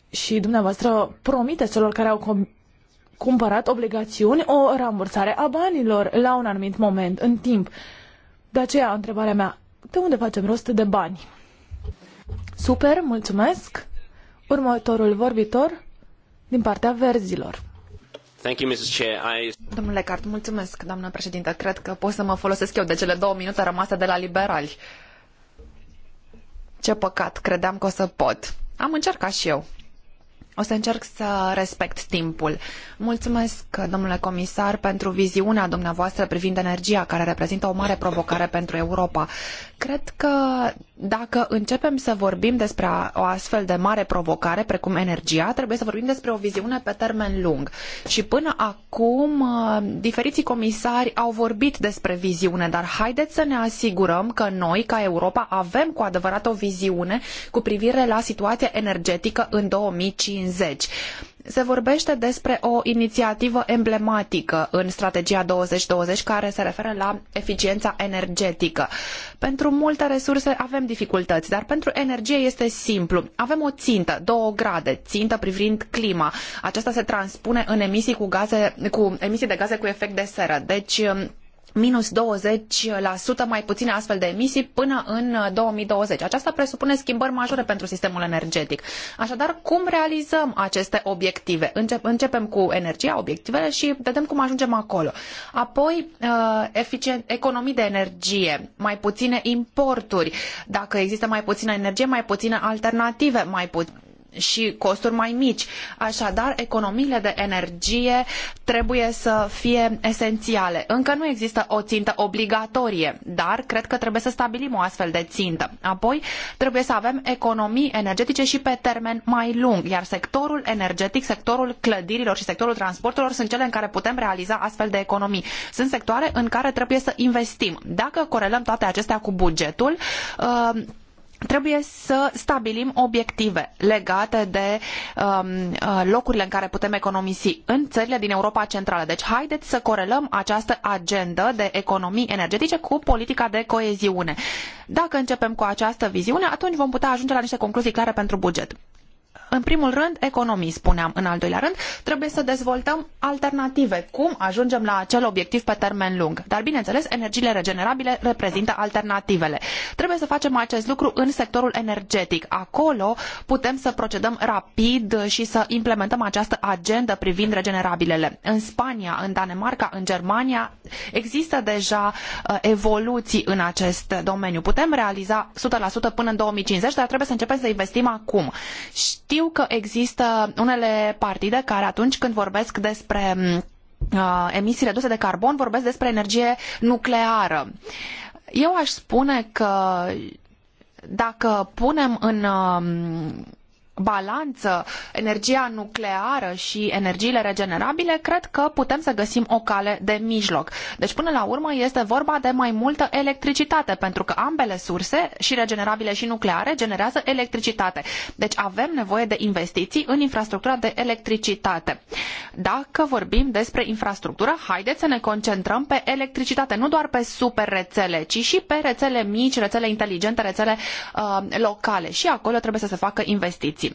Și dumneavoastră promite celor care au cumpărat obligațiuni o rambursare a banilor la un anumit moment în timp. De aceea, întrebarea mea, de unde facem rost de bani? Super, mulțumesc! Următorul vorbitor din partea verzilor. Domnule Cart, mulțumesc, doamnă președintă. Cred că pot să mă folosesc eu de cele două minute rămase de la liberali. Ce păcat, credeam că o să pot. Am încercat și eu. O să încerc să respect timpul. Mulțumesc, domnule comisar, pentru viziunea dumneavoastră privind energia, care reprezintă o mare provocare pentru Europa. Cred că dacă începem să vorbim despre o astfel de mare provocare, precum energia, trebuie să vorbim despre o viziune pe termen lung. Și până acum, uh, diferiții comisari au vorbit despre viziune, dar haideți să ne asigurăm că noi, ca Europa, avem cu adevărat o viziune cu privire la situația energetică în 2050. 2050. Se vorbește despre o inițiativă emblematică în strategia 2020 care se referă la eficiența energetică. Pentru multe resurse avem dificultăți, dar pentru energie este simplu. Avem o țintă, două grade, țintă privind clima. Aceasta se transpune în emisii cu gaze cu emisii de gaze cu efect de seră. Deci minus 20% mai puține astfel de emisii până în 2020. Uh, Aceasta presupune schimbări majore pentru sistemul energetic. Așadar, cum realizăm aceste obiective? Începem cu energia, obiectivele și vedem cum ajungem acolo. Apoi, uh, eficient, economii de energie, mai puține importuri. Dacă există mai puțină energie, mai puține alternative, mai puțin și costuri mai mici. Așadar, economiile de energie trebuie să fie esențiale. Încă nu există o țintă obligatorie, dar cred că trebuie să stabilim o astfel de țintă. Apoi, trebuie să avem economii energetice și pe termen mai lung, iar sectorul energetic, sectorul clădirilor și sectorul transporturilor sunt cele în care putem realiza astfel de economii. Sunt sectoare în care trebuie să investim. Dacă corelăm toate acestea cu bugetul, ă, trebuie să stabilim obiective legate de um, uh, locurile în care putem economisi în țările din Europa Centrală. Deci haideți să corelăm această agendă de economii energetice cu politica de coeziune. Dacă începem cu această viziune, atunci vom putea ajunge la niște concluzii clare pentru buget. În primul rând, economii, spuneam. În al doilea rând, trebuie să dezvoltăm alternative. Cum ajungem la acel obiectiv pe termen lung? Dar, bineînțeles, energiile regenerabile reprezintă alternativele. Trebuie să facem acest lucru în sectorul energetic. Acolo putem să procedăm rapid și să implementăm această agendă privind regenerabilele. În Spania, în Danemarca, în Germania există deja uh, evoluții în acest domeniu. Putem realiza 100% până în 2050, dar trebuie să începem să investim acum. Știu știu că există unele partide care atunci când vorbesc despre uh, emisii reduse de carbon, vorbesc despre energie nucleară. Eu aș spune că dacă punem în um, balanță energia nucleară și energiile regenerabile, cred că putem să găsim o cale de mijloc. Deci, până la urmă, este vorba de mai multă electricitate, pentru că ambele surse, și regenerabile și nucleare, generează electricitate. Deci, avem nevoie de investiții în infrastructura de electricitate. Dacă vorbim despre infrastructură, haideți să ne concentrăm pe electricitate, nu doar pe super rețele, ci și pe rețele mici, rețele inteligente, rețele uh, locale. Și acolo trebuie să se facă investiții.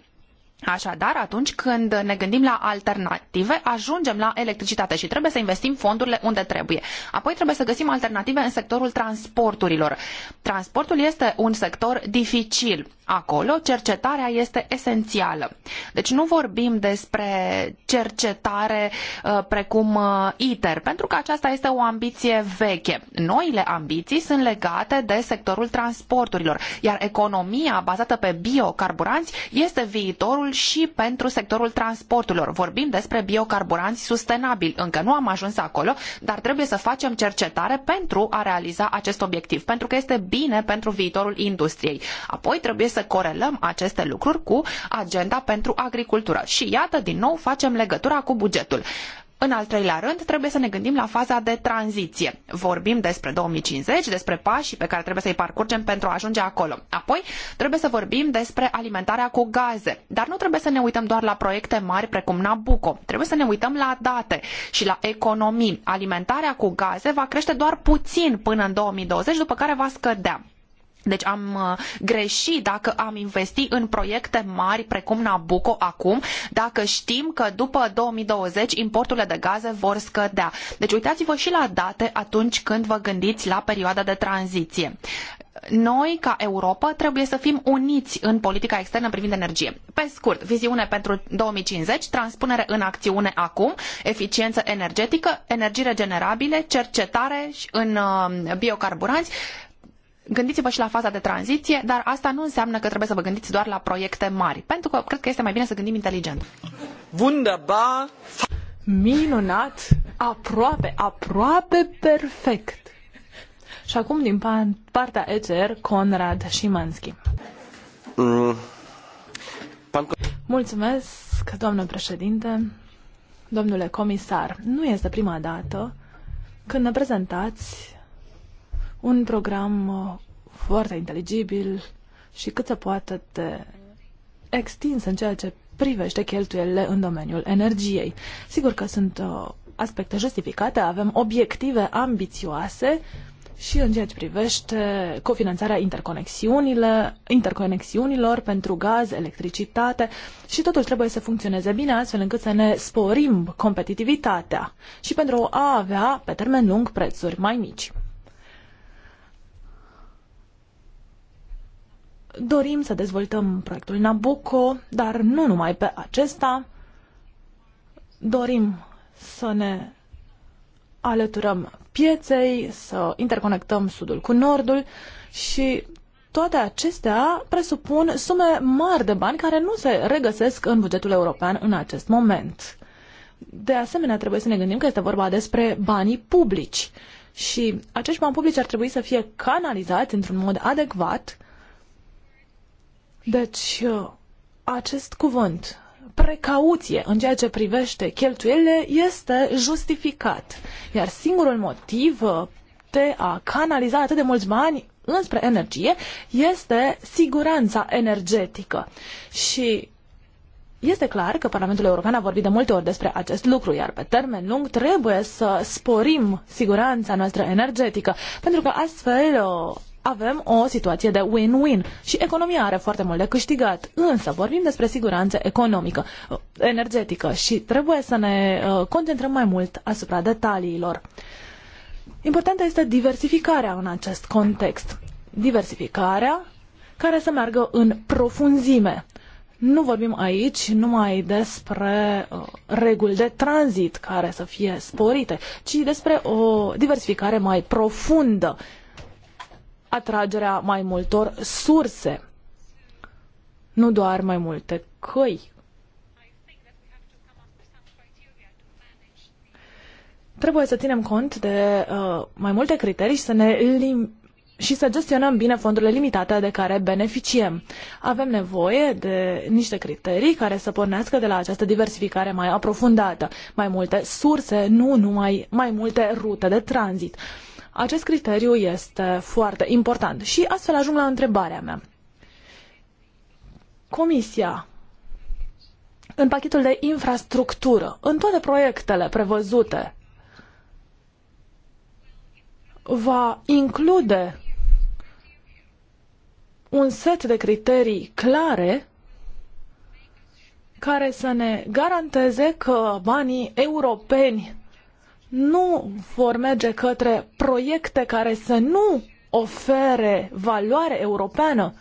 Așadar, atunci când ne gândim la alternative, ajungem la electricitate și trebuie să investim fondurile unde trebuie. Apoi trebuie să găsim alternative în sectorul transporturilor. Transportul este un sector dificil. Acolo cercetarea este esențială. Deci nu vorbim despre cercetare uh, precum uh, ITER, pentru că aceasta este o ambiție veche. Noile ambiții sunt legate de sectorul transporturilor, iar economia bazată pe biocarburanți este viitorul sectorul și pentru sectorul transporturilor. Vorbim despre biocarburanți sustenabili. Încă nu am ajuns acolo, dar trebuie să facem cercetare pentru a realiza acest obiectiv, pentru că este bine pentru viitorul industriei. Apoi trebuie să corelăm aceste lucruri cu agenda pentru agricultură. Și iată, din nou, facem legătura cu bugetul. În al treilea rând, trebuie să ne gândim la faza de tranziție. Vorbim despre 2050, despre pașii pe care trebuie să-i parcurgem pentru a ajunge acolo. Apoi, trebuie să vorbim despre alimentarea cu gaze. Dar nu trebuie să ne uităm doar la proiecte mari precum Nabucco. Trebuie să ne uităm la date și la economii. Alimentarea cu gaze va crește doar puțin până în 2020, după care va scădea. Deci am uh, greșit dacă am investi în proiecte mari precum Nabucco acum, dacă știm că după 2020 importurile de gaze vor scădea. Deci uitați-vă și la date atunci când vă gândiți la perioada de tranziție. Noi, ca Europa, trebuie să fim uniți în politica externă privind energie. Pe scurt, viziune pentru 2050, transpunere în acțiune acum, eficiență energetică, energii regenerabile, cercetare în uh, biocarburanți, Gândiți-vă și la faza de tranziție, dar asta nu înseamnă că trebuie să vă gândiți doar la proiecte mari, pentru că cred că este mai bine să gândim inteligent. Wunderbar! Minunat! Aproape, aproape perfect! Și acum din partea ECR, Conrad Șimanski. Mm. Mulțumesc, doamnă președinte, domnule comisar. Nu este prima dată când ne prezentați un program uh, foarte inteligibil și cât se poate de extins în ceea ce privește cheltuielile în domeniul energiei. Sigur că sunt uh, aspecte justificate, avem obiective ambițioase și în ceea ce privește cofinanțarea interconexiunilor pentru gaz, electricitate și totul trebuie să funcționeze bine astfel încât să ne sporim competitivitatea și pentru a avea pe termen lung prețuri mai mici. dorim să dezvoltăm proiectul Nabucco, dar nu numai pe acesta. Dorim să ne alăturăm pieței, să interconectăm sudul cu nordul și toate acestea presupun sume mari de bani care nu se regăsesc în bugetul european în acest moment. De asemenea, trebuie să ne gândim că este vorba despre banii publici și acești bani publici ar trebui să fie canalizați într-un mod adecvat deci, uh, acest cuvânt, precauție în ceea ce privește cheltuielile, este justificat. Iar singurul motiv uh, de a canaliza atât de mulți bani înspre energie este siguranța energetică. Și este clar că Parlamentul European a vorbit de multe ori despre acest lucru, iar pe termen lung trebuie să sporim siguranța noastră energetică, pentru că astfel uh, avem o situație de win-win și economia are foarte mult de câștigat. Însă vorbim despre siguranță economică, uh, energetică și trebuie să ne uh, concentrăm mai mult asupra detaliilor. Importantă este diversificarea în acest context. Diversificarea care să meargă în profunzime. Nu vorbim aici numai despre uh, reguli de tranzit care să fie sporite, ci despre o diversificare mai profundă atragerea mai multor surse, nu doar mai multe căi. Trebuie să ținem cont de uh, mai multe criterii și să ne lim și să gestionăm bine fondurile limitate de care beneficiem. Avem nevoie de niște criterii care să pornească de la această diversificare mai aprofundată, mai multe surse, nu numai mai multe rute de tranzit. Uh, acest criteriu este foarte important și astfel ajung la întrebarea mea. Comisia, în pachetul de infrastructură, în toate proiectele prevăzute, va include un set de criterii clare care să ne garanteze că banii europeni nu vor merge către proiecte care să nu ofere valoare europeană,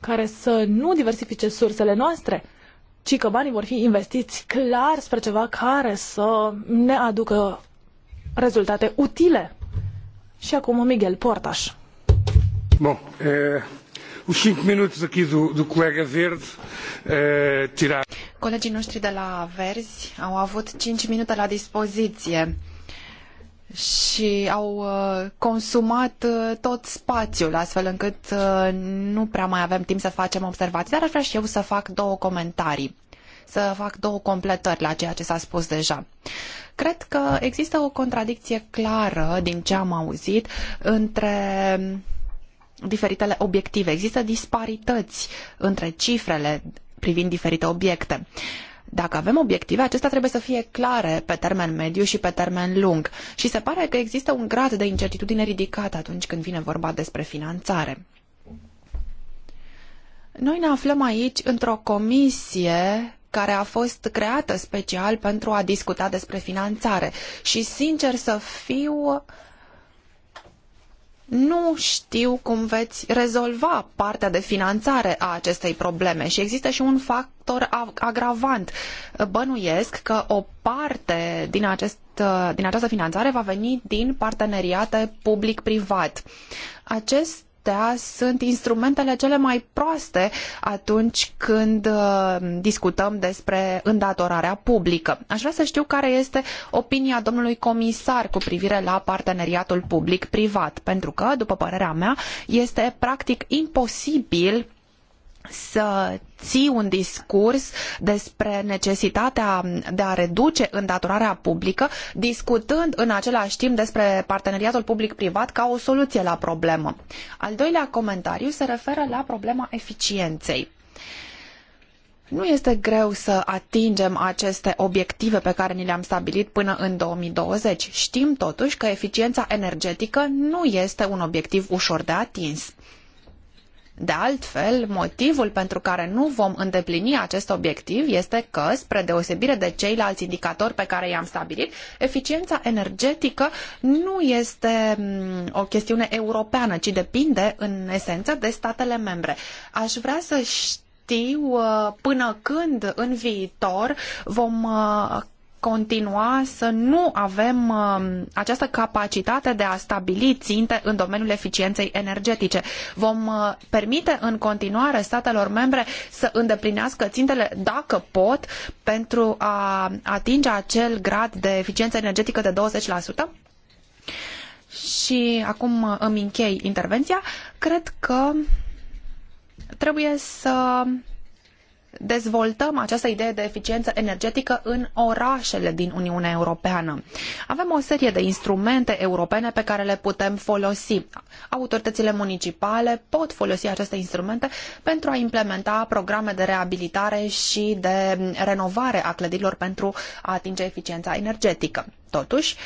care să nu diversifice sursele noastre, ci că banii vor fi investiți clar spre ceva care să ne aducă rezultate utile. Și acum Miguel Portaș. Bun. E os cinco minutos aqui do, do colega verde uh, tirar. Colegii noștri de la Verzi au avut cinci minute la dispoziție și au eh, consumat eh, tot spațiul, astfel încât nu prea mai avem timp să facem observații, dar aș vrea și eu să fac două comentarii, să fac două completări la ceea ce s-a spus deja. Cred că există o contradicție clară din ce am auzit între diferitele obiective. Există disparități între cifrele privind diferite obiecte. Dacă avem obiective, acestea trebuie să fie clare pe termen mediu și pe termen lung. Și se pare că există un grad de incertitudine ridicat atunci când vine vorba despre finanțare. Noi ne aflăm aici într-o comisie care a fost creată special pentru a discuta despre finanțare și, sincer să fiu, nu știu cum veți rezolva partea de finanțare a acestei probleme și există și un factor agravant. Bănuiesc că o parte din, acest, din această finanțare va veni din parteneriate public-privat. Acest noaptea sunt instrumentele cele mai proaste atunci când uh, discutăm despre îndatorarea publică. Aș vrea să știu care este opinia domnului comisar cu privire la parteneriatul public-privat, pentru că, după părerea mea, este practic imposibil să ții un discurs despre necesitatea de a reduce îndatorarea publică, discutând în același timp despre parteneriatul public-privat ca o soluție la problemă. Al doilea comentariu se referă la problema eficienței. Nu este greu să atingem aceste obiective pe care ni le-am stabilit până în 2020. Știm totuși că eficiența energetică nu este un obiectiv ușor de atins de altfel, motivul pentru care nu vom îndeplini acest obiectiv este că, spre deosebire de ceilalți indicatori pe care i-am stabilit, eficiența energetică nu este mm, o chestiune europeană, ci depinde, în esență, de statele membre. Aș vrea să știu uh, până când în viitor vom uh, continua să nu avem um, această capacitate de a stabili ținte în domeniul eficienței energetice. Vom uh, permite în continuare statelor membre să îndeplinească țintele dacă pot pentru a atinge acel grad de eficiență energetică de 20%? Și acum uh, îmi închei intervenția. Cred că trebuie să dezvoltăm această idee de eficiență energetică în orașele din Uniunea Europeană. Avem o serie de instrumente europene pe care le putem folosi. Autoritățile municipale pot folosi aceste instrumente pentru a implementa programe de reabilitare și de renovare a clădirilor pentru a atinge eficiența energetică. Totuși,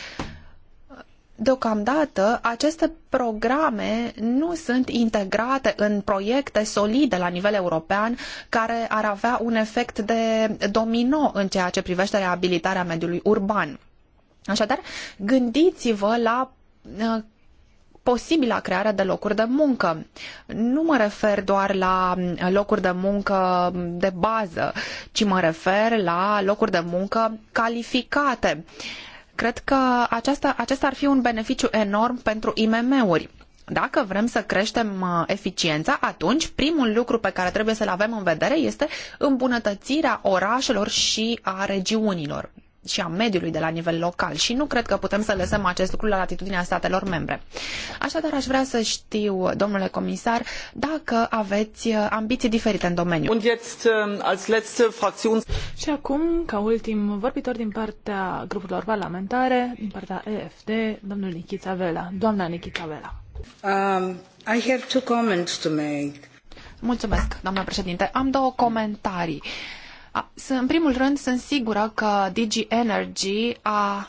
Deocamdată, aceste programe nu sunt integrate în proiecte solide la nivel european care ar avea un efect de domino în ceea ce privește reabilitarea mediului urban. Așadar, gândiți-vă la uh, posibilă crearea de locuri de muncă. Nu mă refer doar la uh, locuri de muncă de bază, ci mă refer la locuri de muncă calificate. Uh, Cred că aceasta, acesta ar fi un beneficiu enorm pentru IMM-uri. Dacă vrem să creștem uh, eficiența, atunci primul lucru pe care trebuie să-l avem în vedere este îmbunătățirea orașelor și a regiunilor și a mediului de la nivel local și nu cred că putem să lăsăm acest lucru la latitudinea statelor membre. Așadar, aș vrea să știu, domnule comisar, dacă aveți uh, ambiții diferite în domeniu. Und jetzt, uh, als letzte Și acum, ca ultim vorbitor din partea grupurilor parlamentare, din partea EFD, domnul Nichita Vela. Doamna Nichita Vela. Um, I have two comments to make. Mulțumesc, doamna președinte. Am două comentarii. Uh, în primul rând, sunt sigură că DG Energy a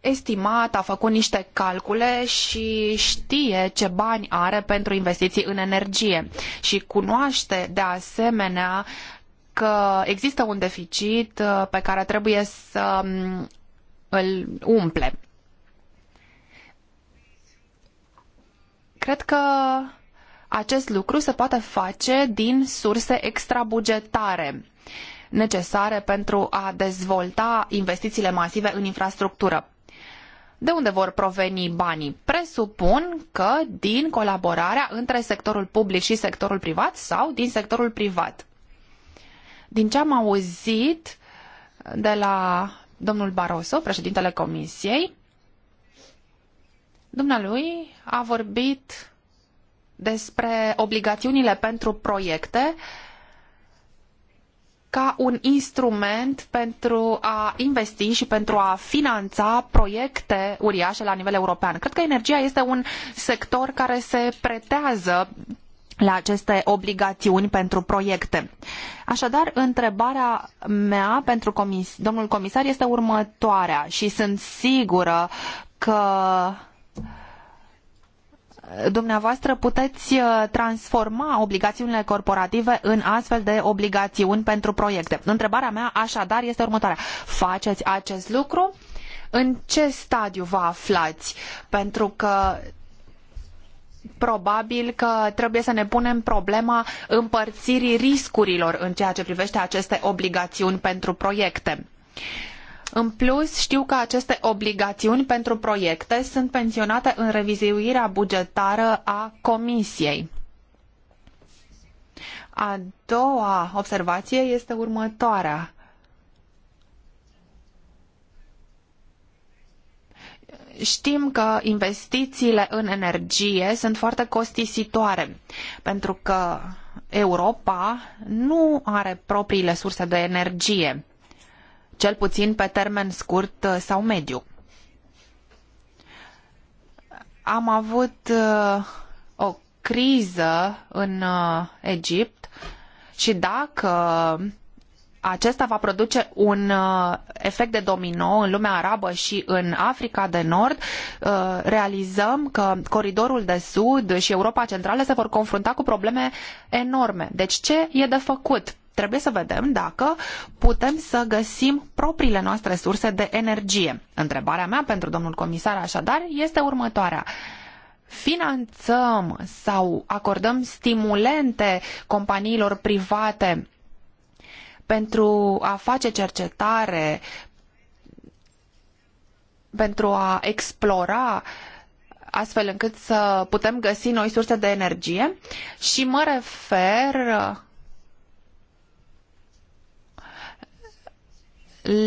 estimat, a făcut niște calcule și știe ce bani are pentru investiții în energie și cunoaște de asemenea că există un deficit uh, pe care trebuie să um, îl umple. Cred că acest lucru se poate face din surse extrabugetare necesare pentru a dezvolta investițiile masive în infrastructură. De unde vor proveni banii? Presupun că din colaborarea între sectorul public și sectorul privat sau din sectorul privat. Din ce am auzit de la domnul Barroso, președintele Comisiei, dumnealui a vorbit despre obligațiunile pentru proiecte uh, ca un instrument pentru a investi și pentru a finanța proiecte uriașe la nivel european. Cred că energia este un sector care se pretează la aceste obligațiuni pentru proiecte. Așadar, întrebarea mea pentru comis- domnul comisar este următoarea și sunt sigură că dumneavoastră puteți uh, transforma obligațiunile corporative în astfel de obligațiuni pentru proiecte. Întrebarea mea așadar este următoarea. Faceți acest lucru? În ce stadiu vă aflați? Pentru că probabil că trebuie să ne punem problema împărțirii riscurilor în ceea ce privește aceste obligațiuni pentru proiecte. În plus, știu că aceste obligațiuni pentru proiecte sunt pensionate în revizuirea bugetară a Comisiei. A doua observație este următoarea. Știm că investițiile în energie sunt foarte costisitoare, pentru că Europa nu are propriile surse de energie cel puțin pe termen scurt uh, sau mediu. Am avut uh, o criză în uh, Egipt și dacă acesta va produce un efect de domino în lumea arabă și în Africa de Nord, realizăm că coridorul de sud și Europa Centrală se vor confrunta cu probleme enorme. Deci ce e de făcut? trebuie să vedem dacă putem să găsim propriile noastre surse de energie. Întrebarea mea pentru domnul comisar așadar este următoarea finanțăm sau acordăm stimulente companiilor private pentru a face cercetare, pentru a explora astfel încât să putem găsi noi surse de energie și mă refer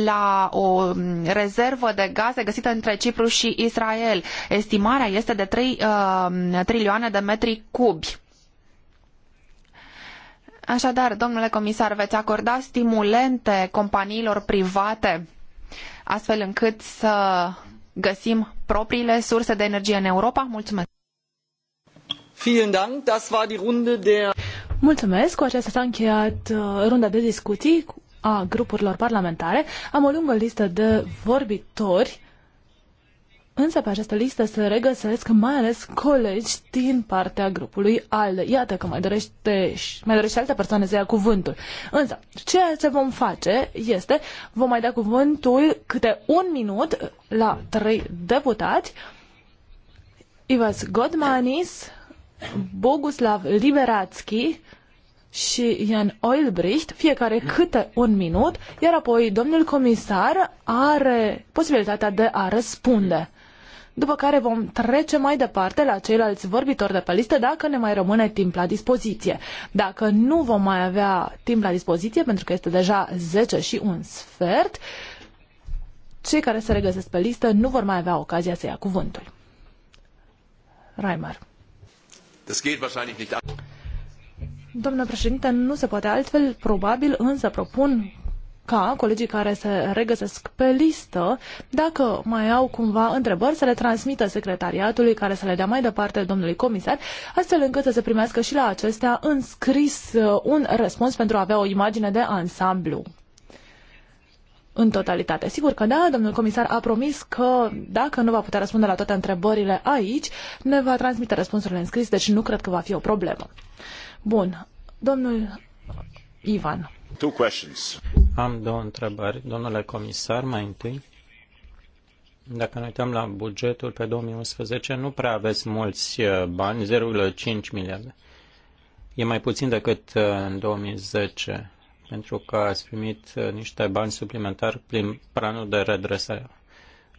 la o mm, rezervă de gaze găsită între Cipru și Israel. Estimarea este de 3 uh, trilioane de metri cubi. Așadar, domnule comisar, veți acorda stimulente companiilor private astfel încât să găsim propriile surse de energie în Europa? Mulțumesc! Mulțumesc! Cu aceasta s-a încheiat uh, runda de discuții a grupurilor parlamentare. Am o lungă listă de vorbitori, însă pe această listă se regăsesc mai ales colegi din partea grupului ALDE. Iată că mai dorește, mai dorește alte persoane să ia cuvântul. Însă, ceea ce vom face este, vom mai da cuvântul câte un minut la trei deputați, Ivas Godmanis, Boguslav Liberatski și ian Oilbricht, fiecare câte un minut, iar apoi domnul comisar are posibilitatea de a răspunde. După care vom trece mai departe la ceilalți vorbitori de pe listă dacă ne mai rămâne timp la dispoziție. Dacă nu vom mai avea timp la dispoziție, pentru că este deja 10 și un sfert, cei care se regăsesc pe listă nu vor mai avea ocazia să ia cuvântul. Reimer. Das geht wahrscheinlich nicht Domnule președinte, nu se poate altfel, probabil, însă propun ca colegii care se regăsesc pe listă, dacă mai au cumva întrebări, să le transmită secretariatului care să le dea mai departe domnului comisar, astfel încât să se primească și la acestea înscris uh, un răspuns pentru a avea o imagine de ansamblu în totalitate. Sigur că da, domnul comisar a promis că dacă nu va putea răspunde la toate întrebările aici, ne va transmite răspunsurile în scris, deci nu cred că va fi o problemă. Bun. Domnul Ivan. Two questions. Am două întrebări. Domnule comisar, mai întâi, dacă ne uităm la bugetul pe 2011, nu prea aveți mulți uh, bani, 0,5 miliarde. E mai puțin decât uh, în 2010, pentru că ați primit uh, niște bani suplimentari prin planul de redresare.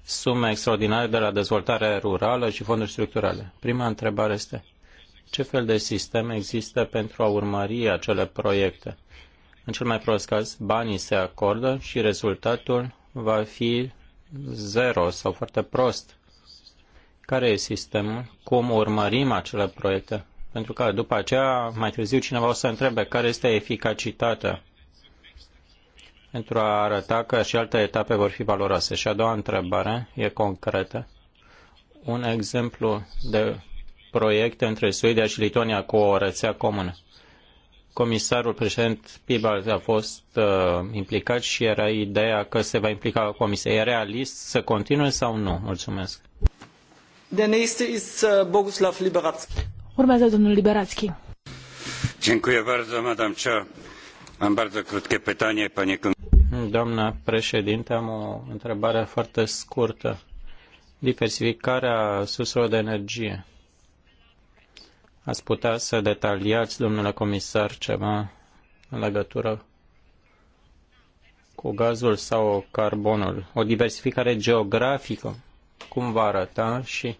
Sume extraordinare de la dezvoltare rurală și fonduri structurale. Prima întrebare este, ce fel de sistem există pentru a urmări acele proiecte. În cel mai prost caz, banii se acordă și rezultatul va fi zero sau foarte prost. Care e sistemul? Cum urmărim acele proiecte? Pentru că după aceea, mai târziu, cineva o să întrebe care este eficacitatea pentru a arăta că și alte etape vor fi valoroase. Și a doua întrebare e concretă. Un exemplu de proiecte între Suedia și Lituania cu o rețea comună. Comisarul președent Pibals a fost uh, implicat și era ideea că se va implica comisia. E realist să continue sau nu? Mulțumesc. Der uh, Boguslav Urmează domnul Liberatski. Dziękuję bardzo, madam Chair. Am bardzo krótkie pytanie, panie Doamna președinte, am o întrebare foarte scurtă. Diversificarea surselor de energie Ați putea să detaliați, domnule comisar, ceva în legătură cu gazul sau carbonul? O diversificare geografică? Cum va arăta și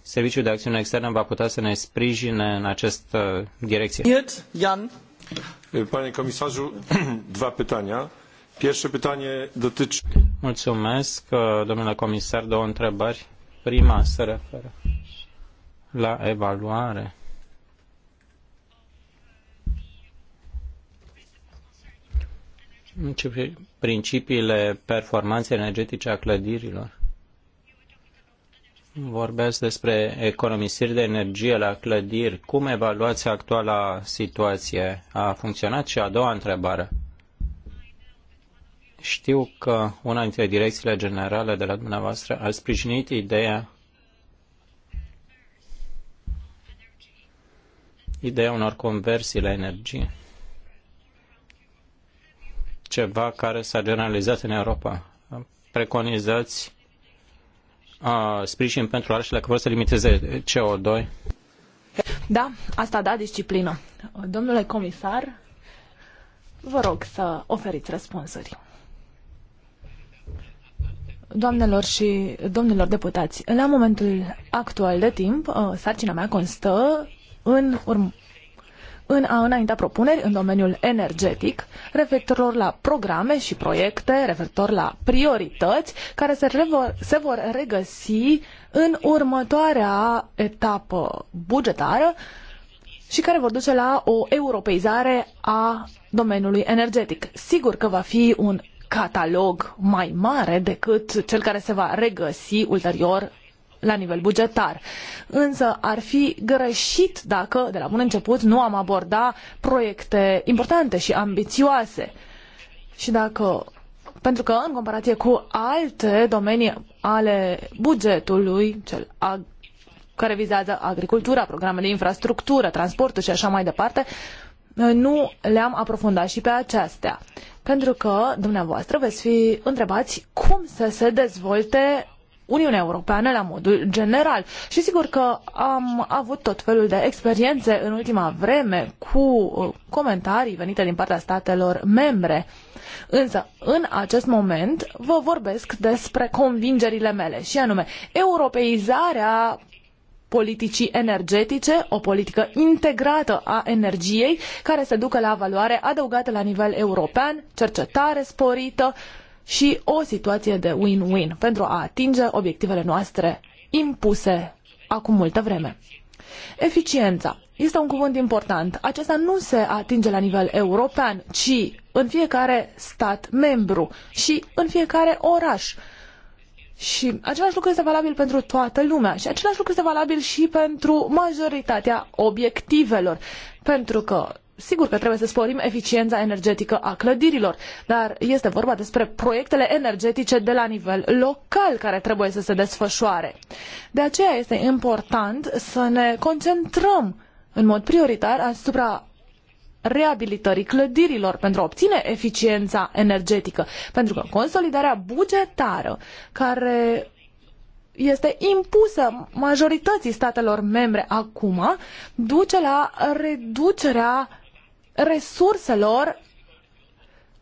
Serviciul de Acțiune Externă va putea să ne sprijine în această direcție? Jan. Panie comisarul, Două pytania. Pierwsze pytanie dotyczy... Mulțumesc, uh, domnule comisar, două întrebări. Prima se referă la evaluare principiile performanței energetice a clădirilor. Vorbesc despre economisiri de energie la clădiri. Cum evaluați actuala situație? A funcționat? Și a doua întrebare. Știu că una dintre direcțiile generale de la dumneavoastră a sprijinit ideea ideea unor conversii la energie ceva care s-a generalizat în Europa. Preconizați uh, sprijin pentru arșele că vor să limiteze CO2? Da, asta da disciplină. Domnule comisar, vă rog să oferiți răspunsuri. Doamnelor și domnilor deputați, la momentul actual de timp, uh, sarcina mea constă în urm- în a înainta propuneri în domeniul energetic referitor la programe și proiecte, referitor la priorități care se, revor, se vor regăsi în următoarea etapă bugetară și care vor duce la o europeizare a domeniului energetic. Sigur că va fi un catalog mai mare decât cel care se va regăsi ulterior la nivel bugetar. Însă ar fi greșit dacă, de la bun început, nu am aborda proiecte importante și ambițioase. Și dacă pentru că în comparație cu alte domenii ale bugetului, cel ag- care vizează agricultura, programele de infrastructură, transportul și așa mai departe, nu le-am aprofundat și pe acestea. Pentru că dumneavoastră veți fi întrebați cum să se dezvolte Uniunea Europeană la modul general. Și sigur că am avut tot felul de experiențe în ultima vreme cu uh, comentarii venite din partea statelor membre. Însă, în acest moment, vă vorbesc despre convingerile mele, și anume, europeizarea politicii energetice, o politică integrată a energiei care să ducă la valoare adăugată la nivel european, cercetare sporită, și o situație de win-win pentru a atinge obiectivele noastre impuse acum multă vreme. Eficiența este un cuvânt important. Acesta nu se atinge la nivel european, ci în fiecare stat membru și în fiecare oraș. Și același lucru este valabil pentru toată lumea și același lucru este valabil și pentru majoritatea obiectivelor, pentru că Sigur că trebuie să sporim eficiența energetică a clădirilor, dar este vorba despre proiectele energetice de la nivel local care trebuie să se desfășoare. De aceea este important să ne concentrăm în mod prioritar asupra reabilitării clădirilor pentru a obține eficiența energetică. Pentru că consolidarea bugetară care este impusă majorității statelor membre acum duce la reducerea resurselor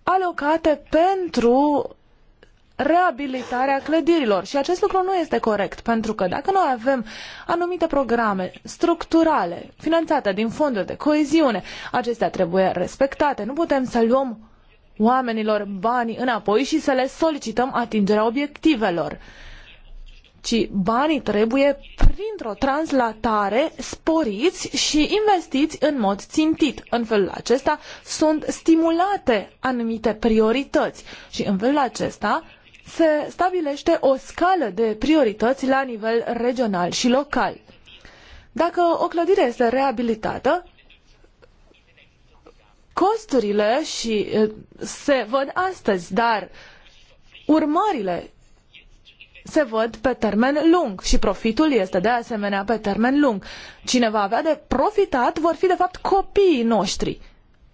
alocate pentru reabilitarea clădirilor. Și acest lucru nu este corect, pentru că dacă noi avem anumite programe structurale finanțate din fonduri de coeziune, acestea trebuie respectate. Nu putem să luăm oamenilor banii înapoi și să le solicităm atingerea obiectivelor ci banii trebuie printr-o translatare sporiți și investiți în mod țintit. În felul acesta sunt stimulate anumite priorități și în felul acesta se stabilește o scală de priorități la nivel regional și local. Dacă o clădire este reabilitată, costurile și eh, se văd astăzi, dar urmările se văd pe termen lung și profitul este de asemenea pe termen lung. Cine va avea de profitat vor fi de fapt copiii noștri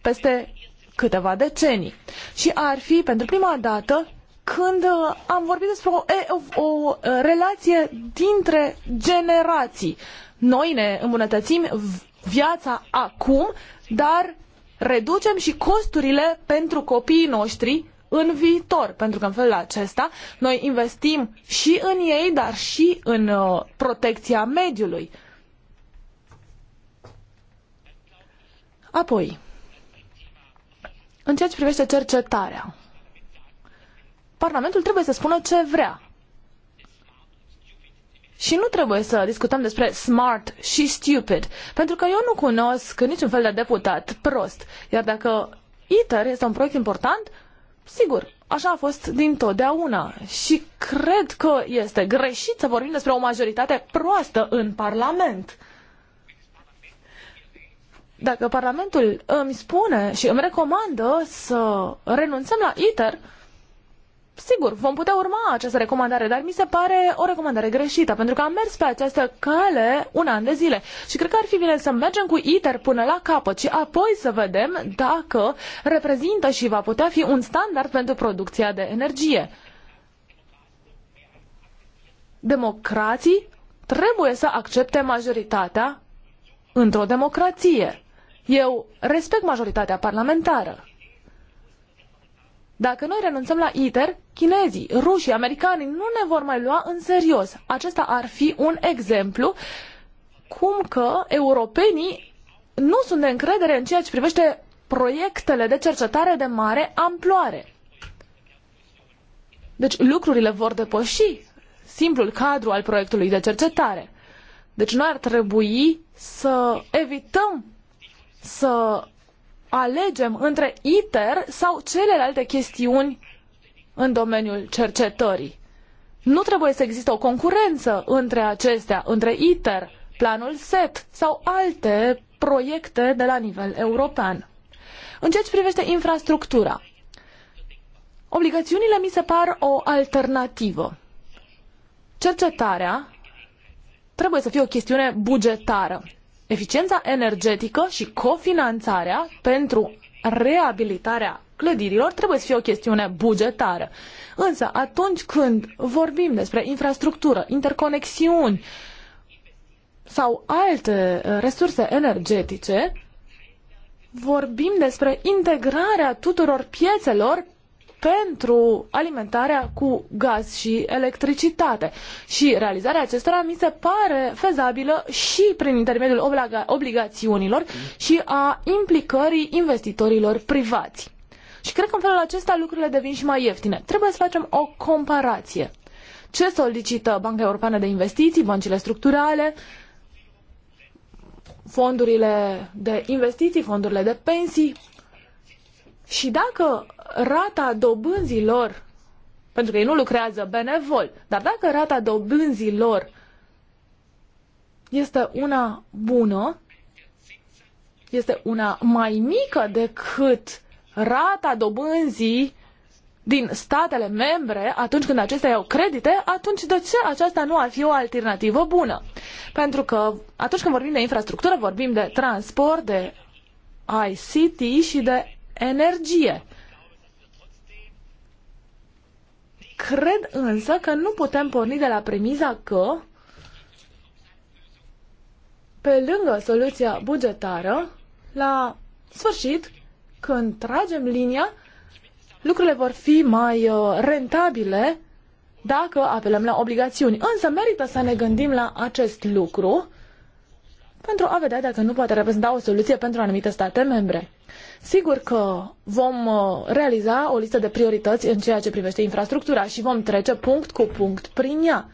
peste câteva decenii. Și ar fi pentru prima dată când uh, am vorbit despre o, o, o uh, relație dintre generații. Noi ne îmbunătățim viața acum, dar reducem și costurile pentru copiii noștri în viitor, pentru că în felul acesta noi investim și în ei, dar și în uh, protecția mediului. Apoi, în ceea ce privește cercetarea, Parlamentul trebuie să spună ce vrea. Și nu trebuie să discutăm despre smart și stupid, pentru că eu nu cunosc niciun fel de deputat prost. Iar dacă ITER este un proiect important, Sigur, așa a fost dintotdeauna și cred că este greșit să vorbim despre o majoritate proastă în Parlament. Dacă Parlamentul îmi spune și îmi recomandă să renunțăm la ITER, sigur, vom putea urma această recomandare, dar mi se pare o recomandare greșită, pentru că am mers pe această cale un an de zile și cred că ar fi bine să mergem cu ITER până la capăt și apoi să vedem dacă reprezintă și va putea fi un standard pentru producția de energie. Democrații trebuie să accepte majoritatea într-o democrație. Eu respect majoritatea parlamentară. Dacă noi renunțăm la ITER, chinezii, rușii, americanii nu ne vor mai lua în serios. Acesta ar fi un exemplu cum că europenii nu sunt de încredere în ceea ce privește proiectele de cercetare de mare amploare. Deci lucrurile vor depăși simplul cadru al proiectului de cercetare. Deci noi ar trebui să evităm să alegem între ITER sau celelalte chestiuni în domeniul cercetării. Nu trebuie să existe o concurență între acestea, între ITER, planul SET sau alte proiecte de la nivel european. În ceea ce privește infrastructura, obligațiunile mi se par o alternativă. Cercetarea trebuie să fie o chestiune bugetară eficiența energetică și cofinanțarea pentru reabilitarea clădirilor trebuie să fie o chestiune bugetară. Însă, atunci când vorbim despre infrastructură, interconexiuni sau alte uh, resurse energetice, vorbim despre integrarea tuturor piețelor pentru alimentarea cu gaz și electricitate. Și realizarea acestora mi se pare fezabilă și prin intermediul obligațiunilor și a implicării investitorilor privați. Și cred că în felul acesta lucrurile devin și mai ieftine. Trebuie să facem o comparație. Ce solicită Banca Europeană de Investiții, băncile structurale, fondurile de investiții, fondurile de pensii? Și dacă rata dobânzilor, pentru că ei nu lucrează benevol, dar dacă rata dobânzilor este una bună, este una mai mică decât rata dobânzii din statele membre atunci când acestea iau credite, atunci de ce aceasta nu ar fi o alternativă bună? Pentru că atunci când vorbim de infrastructură, vorbim de transport, de ICT și de energie. Cred însă că nu putem porni de la premiza că, pe lângă soluția bugetară, la sfârșit, când tragem linia, lucrurile vor fi mai uh, rentabile dacă apelăm la obligațiuni. Însă merită să ne gândim la acest lucru pentru a vedea dacă nu poate reprezenta o soluție pentru anumite state membre. Sigur că vom uh, realiza o listă de priorități în ceea ce privește infrastructura și vom trece punct cu punct prin ea.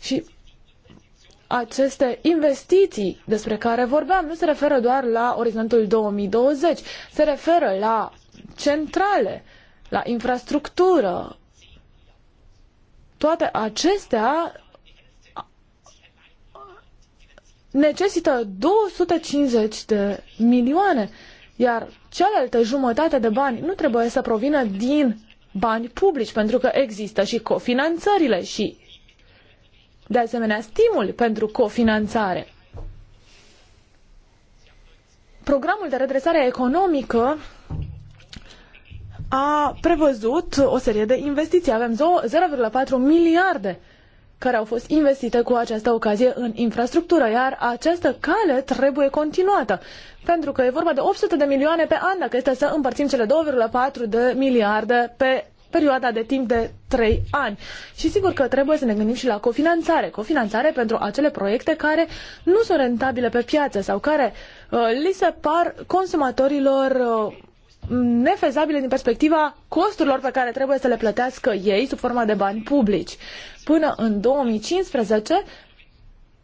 Și aceste investiții despre care vorbeam nu se referă doar la orizontul 2020, se referă la centrale, la infrastructură. Toate acestea necesită 250 de milioane, iar cealaltă jumătate de bani nu trebuie să provină din bani publici, pentru că există și cofinanțările și, de asemenea, stimul pentru cofinanțare. Programul de redresare economică a prevăzut o serie de investiții. Avem 0,4 miliarde care au fost investite cu această ocazie în infrastructură, iar această cale trebuie continuată, pentru că e vorba de 800 de milioane pe an, dacă este să împărțim cele 2,4 de miliarde pe perioada de timp de 3 ani. Și sigur că trebuie să ne gândim și la cofinanțare. Cofinanțare pentru acele proiecte care nu sunt rentabile pe piață sau care uh, li se par consumatorilor uh, nefezabile din perspectiva costurilor pe care trebuie să le plătească ei sub forma de bani publici. Până în 2015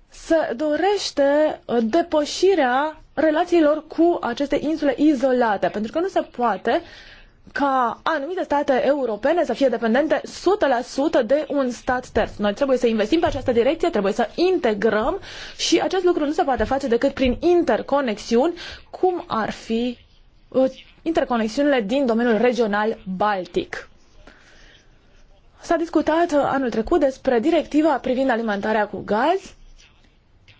se dorește uh, depășirea relațiilor cu aceste insule izolate, pentru că nu se poate ca anumite state europene să fie dependente 100% de un stat terț. Noi trebuie să investim pe această direcție, trebuie să integrăm și acest lucru nu se poate face decât prin interconexiuni, cum ar fi uh, interconexiunile din domeniul regional Baltic. S-a discutat anul trecut despre directiva privind alimentarea cu gaz.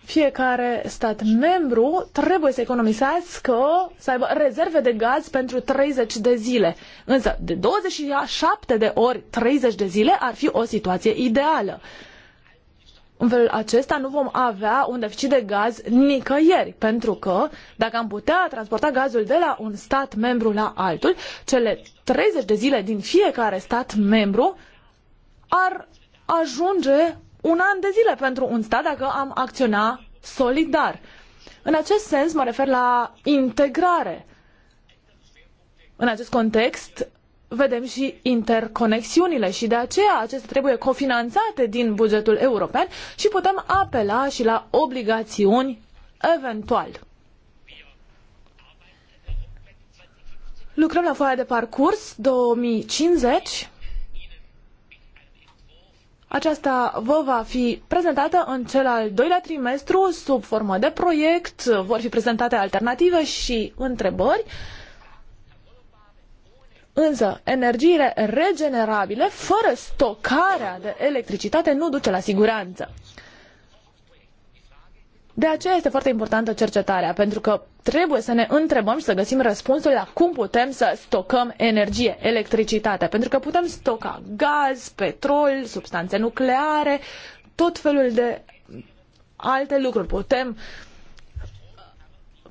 Fiecare stat membru trebuie să economisească, să aibă rezerve de gaz pentru 30 de zile. Însă, de 27 de ori 30 de zile ar fi o situație ideală. În felul acesta nu vom avea un deficit de gaz nicăieri, pentru că dacă am putea transporta gazul de la un stat membru la altul, cele 30 de zile din fiecare stat membru ar ajunge un an de zile pentru un stat dacă am acționa solidar. În acest sens mă refer la integrare. În acest context, vedem și interconexiunile și de aceea acestea trebuie cofinanțate din bugetul european și putem apela și la obligațiuni eventual. Lucrăm la foaia de parcurs 2050. Aceasta vă va fi prezentată în cel al doilea trimestru sub formă de proiect. Vor fi prezentate alternative și întrebări. Însă, energiile regenerabile, fără stocarea de electricitate, nu duce la siguranță. De aceea este foarte importantă cercetarea, pentru că trebuie să ne întrebăm și să găsim răspunsul la cum putem să stocăm energie, electricitate, pentru că putem stoca gaz, petrol, substanțe nucleare, tot felul de alte lucruri. Putem uh,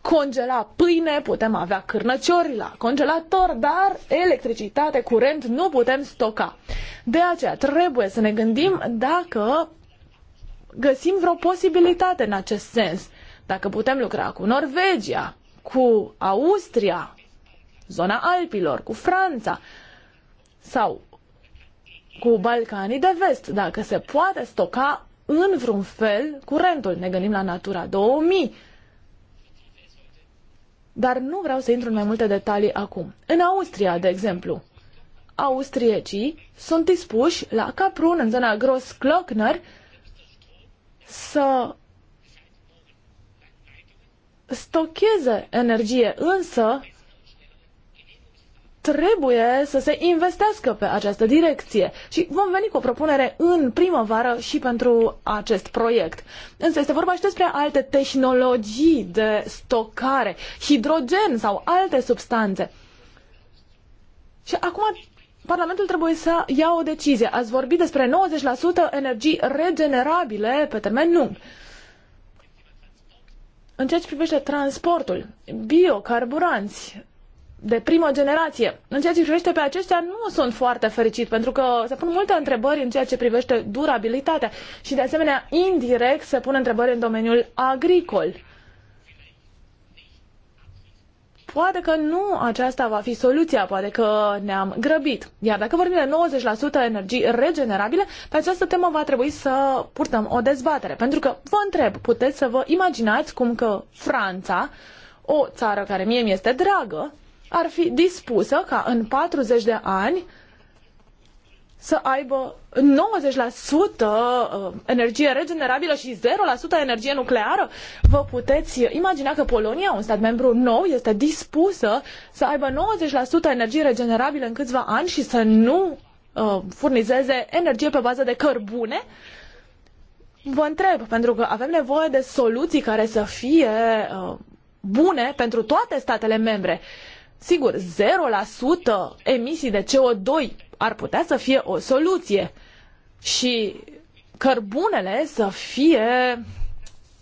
congela pâine, putem avea cârnăciori la congelator, dar electricitate, curent nu putem stoca. De aceea trebuie să ne gândim dacă găsim vreo posibilitate în acest sens. Dacă putem lucra cu Norvegia, cu Austria, zona Alpilor, cu Franța sau cu Balcanii de vest, dacă se poate stoca în vreun fel curentul. Ne gândim la Natura 2000, dar nu vreau să intru în mai multe detalii acum. În Austria, de exemplu, austriecii sunt dispuși la Caprun, în zona Gros Glockner, să stocheze energie, însă trebuie să se investească pe această direcție și vom veni cu o propunere în primăvară și pentru acest proiect. Însă este vorba și despre alte tehnologii de stocare, hidrogen sau alte substanțe. Și acum Parlamentul trebuie să ia o decizie. Ați vorbit despre 90% energii regenerabile pe termen lung. În ceea ce privește transportul, biocarburanți, de primă generație. În ceea ce privește pe aceștia, nu sunt foarte fericit, pentru că se pun multe întrebări în ceea ce privește durabilitatea și, de asemenea, indirect se pun întrebări în domeniul agricol. Poate că nu aceasta va fi soluția, poate că ne-am grăbit. Iar dacă vorbim de 90% energii regenerabile, pe această temă va trebui să purtăm o dezbatere. Pentru că vă întreb, puteți să vă imaginați cum că Franța, o țară care mie mi este dragă, ar fi dispusă ca în 40 de ani să aibă 90% uh, energie regenerabilă și 0% energie nucleară? Vă puteți imagina că Polonia, un stat membru nou, este dispusă să aibă 90% energie regenerabilă în câțiva ani și să nu uh, furnizeze energie pe bază de cărbune? Vă întreb, pentru că avem nevoie de soluții care să fie uh, bune pentru toate statele membre. Uh, Sigur, 0% emisii de CO2 ar putea să fie o soluție și cărbunele să fie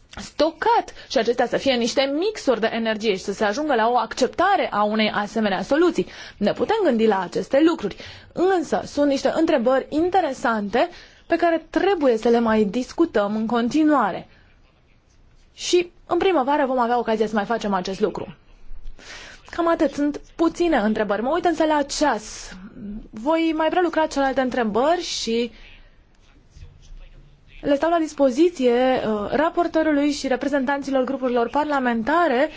stocat și acestea să fie niște mixuri de energie și să se ajungă la o acceptare a unei asemenea soluții. Ne putem gândi la aceste lucruri, însă sunt niște întrebări interesante pe care trebuie să le mai discutăm în continuare. Și în primăvară vom avea ocazia să mai facem acest lucru. Cam atât. Sunt puține întrebări. Mă uit însă la ceas. Voi mai vrea lucra celelalte întrebări și le stau la dispoziție uh, raportorului și reprezentanților grupurilor parlamentare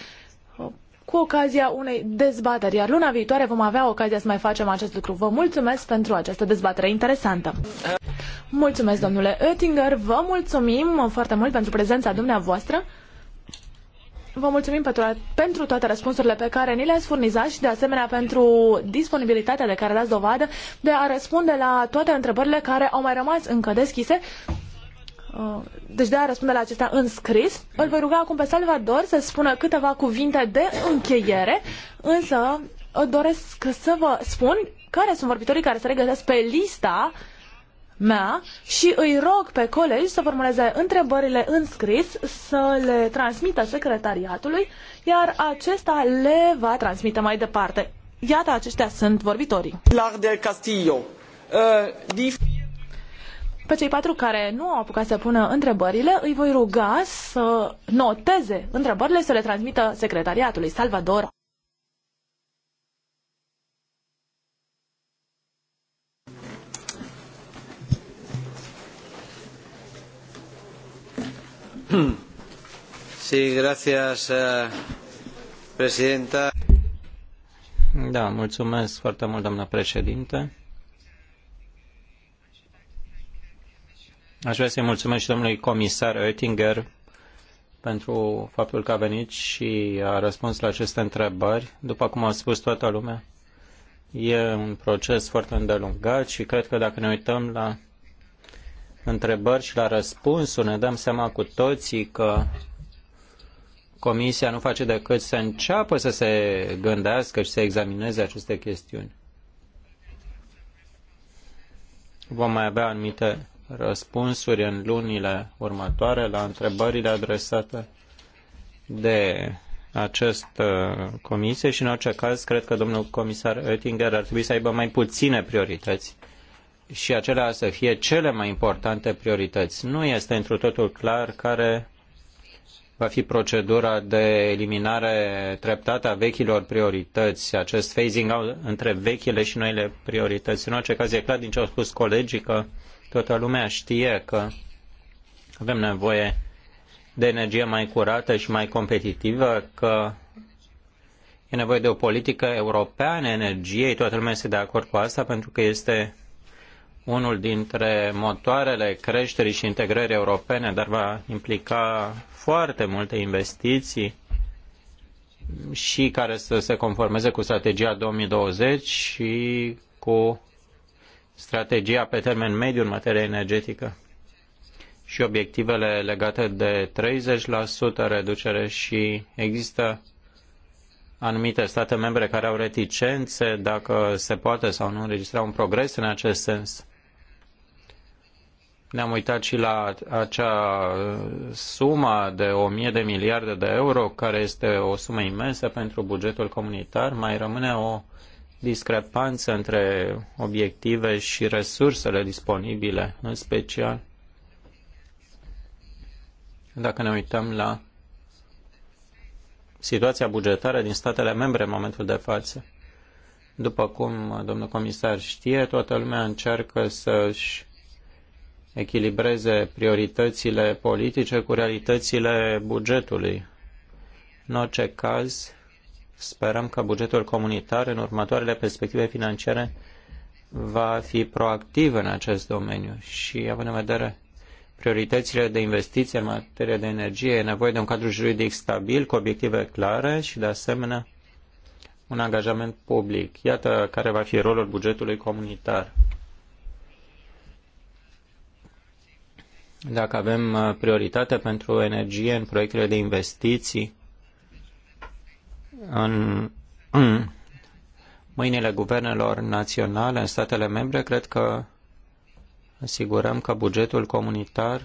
uh, cu ocazia unei dezbateri, iar luna viitoare vom avea ocazia să mai facem acest lucru. Vă mulțumesc pentru această dezbatere interesantă. Mulțumesc, domnule Oettinger, vă mulțumim foarte mult pentru prezența dumneavoastră. Vă mulțumim pentru toate răspunsurile pe care ni le-ați furnizat și de asemenea pentru disponibilitatea de care dați dovadă de a răspunde la toate întrebările care au mai rămas încă deschise. Uh, deci de a răspunde la acestea în scris, îl voi ruga acum pe Salvador să spună câteva cuvinte de încheiere, însă doresc să vă spun care sunt vorbitorii care se regăsesc pe lista uh, mea și îi rog pe colegi să formuleze întrebările în scris, să le transmită secretariatului, iar acesta le va transmite mai departe. Iată, aceștia sunt vorbitorii. Lar del Castillo. Uh, pe cei patru care nu au apucat să pună întrebările, îi voi ruga să noteze întrebările, să le transmită secretariatului Salvador. Sí, gracias, eh, presidenta. Da, mulțumesc foarte mult, doamna președinte. Aș vrea să-i mulțumesc și domnului comisar Oettinger pentru faptul că a venit și a răspuns la aceste întrebări. După cum a spus toată lumea, e un proces foarte îndelungat și cred că dacă ne uităm la întrebări și la răspunsuri ne dăm seama cu toții că Comisia nu face decât să înceapă să se gândească și să examineze aceste chestiuni. Vom mai avea anumite răspunsuri în lunile următoare la întrebările adresate de această uh, comisie și în orice caz cred că domnul comisar Oettinger ar trebui să aibă mai puține priorități și acelea să fie cele mai importante priorități. Nu este întru totul clar care va fi procedura de eliminare treptată a vechilor priorități, acest phasing out între vechile și noile priorități. În orice caz, e clar din ce au spus colegii că toată lumea știe că avem nevoie de energie mai curată și mai competitivă, că e nevoie de o politică europeană a energiei, toată lumea este de acord cu asta pentru că este unul dintre motoarele creșterii și integrării europene, dar va implica foarte multe investiții și care să se conformeze cu strategia 2020 și cu strategia pe termen mediu în materie energetică și obiectivele legate de 30% reducere și există anumite state membre care au reticențe dacă se poate sau nu înregistra un progres în acest sens ne-am uitat și la acea sumă de 1000 de miliarde de euro, care este o sumă imensă pentru bugetul comunitar. Mai rămâne o discrepanță între obiective și resursele disponibile, în special dacă ne uităm la situația bugetară din statele membre în momentul de față. După cum domnul comisar știe, toată lumea încearcă să-și echilibreze prioritățile politice cu realitățile bugetului. În orice caz, sperăm că bugetul comunitar în următoarele perspective financiare va fi proactiv în acest domeniu și, având în vedere prioritățile de investiție în materie de energie, e nevoie de un cadru juridic stabil, cu obiective clare și, de asemenea, un angajament public. Iată care va fi rolul bugetului comunitar. dacă avem uh, prioritate pentru energie în proiectele de investiții, în mâinile guvernelor naționale în statele membre, cred că asigurăm că bugetul comunitar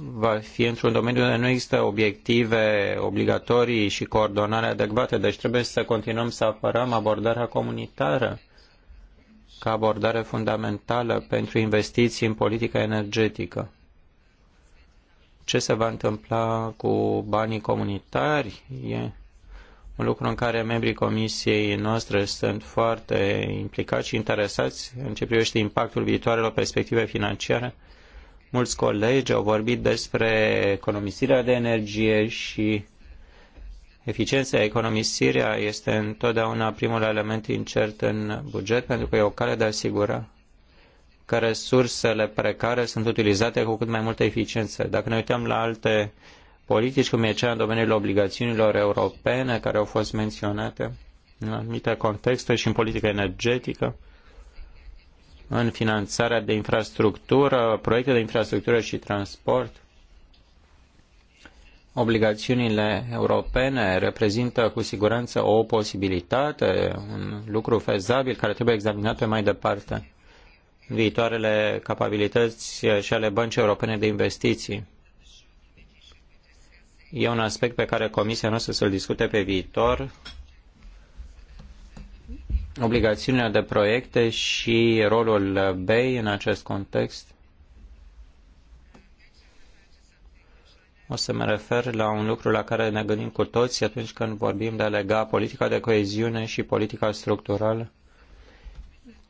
va fi într-un domeniu unde nu există obiective obligatorii și coordonare adecvate, deci trebuie să continuăm să apărăm abordarea comunitară ca abordare fundamentală pentru investiții în politica energetică. Ce se va întâmpla cu banii comunitari e un lucru în care membrii comisiei noastre sunt foarte implicați și interesați în ce privește impactul viitoarelor perspective financiare. Mulți colegi au vorbit despre economisirea de energie și Eficiența, economisirea este întotdeauna primul element incert în buget pentru că e o cale de a asigura că resursele precare sunt utilizate cu cât mai multă eficiență. Dacă ne uităm la alte politici, cum e cea în domeniul obligațiunilor europene care au fost menționate în anumite contexte și în politică energetică, în finanțarea de infrastructură, proiecte de infrastructură și transport, obligațiunile europene reprezintă cu siguranță o posibilitate, un lucru fezabil care trebuie examinat pe mai departe viitoarele capabilități și ale băncii europene de investiții. E un aspect pe care Comisia noastră să-l discute pe viitor, obligațiunile de proiecte și rolul BEI în acest context O să mă refer la un lucru la care ne gândim cu toți atunci când vorbim de a lega politica de coeziune și politica structurală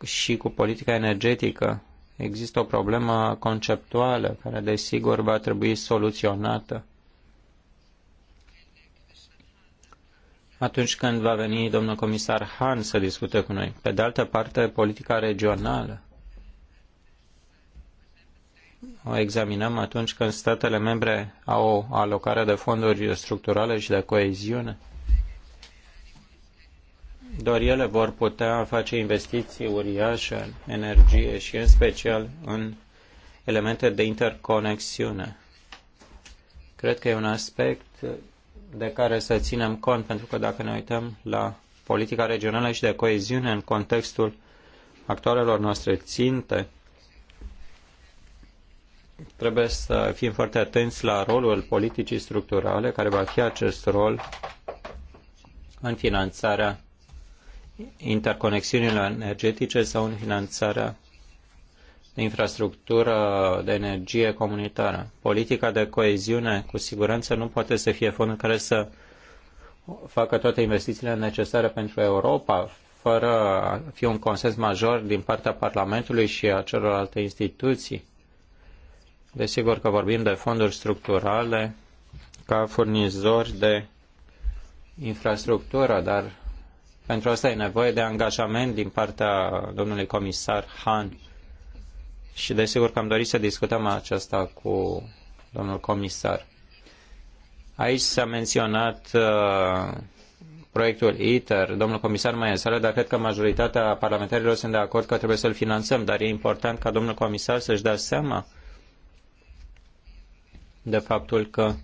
și cu politica energetică. Există o problemă conceptuală care, desigur, va trebui soluționată. atunci când va veni domnul comisar Han să discute cu noi. Pe de altă parte, politica regională o examinăm atunci când statele membre au o alocare de fonduri structurale și de coeziune? Doar ele vor putea face investiții uriașe în energie și în special în elemente de interconexiune. Cred că e un aspect de care să ținem cont, pentru că dacă ne uităm la politica regională și de coeziune în contextul actualelor noastre ținte, trebuie să fim foarte atenți la rolul politicii structurale, care va fi acest rol în finanțarea interconexiunilor energetice sau în finanțarea de infrastructură de energie comunitară. Politica de coeziune, cu siguranță, nu poate să fie fondul care să facă toate investițiile necesare pentru Europa, fără a fi un consens major din partea Parlamentului și a celorlalte instituții Desigur că vorbim de fonduri structurale ca furnizori de infrastructură, dar pentru asta e nevoie de angajament din partea domnului comisar Han. Și desigur că am dorit să discutăm aceasta cu domnul comisar. Aici s-a menționat uh, proiectul ITER. Domnul comisar mai în sală, dar cred că majoritatea parlamentarilor sunt de acord că trebuie să-l finanțăm, dar e important ca domnul comisar să-și dea seama uh, de faptul că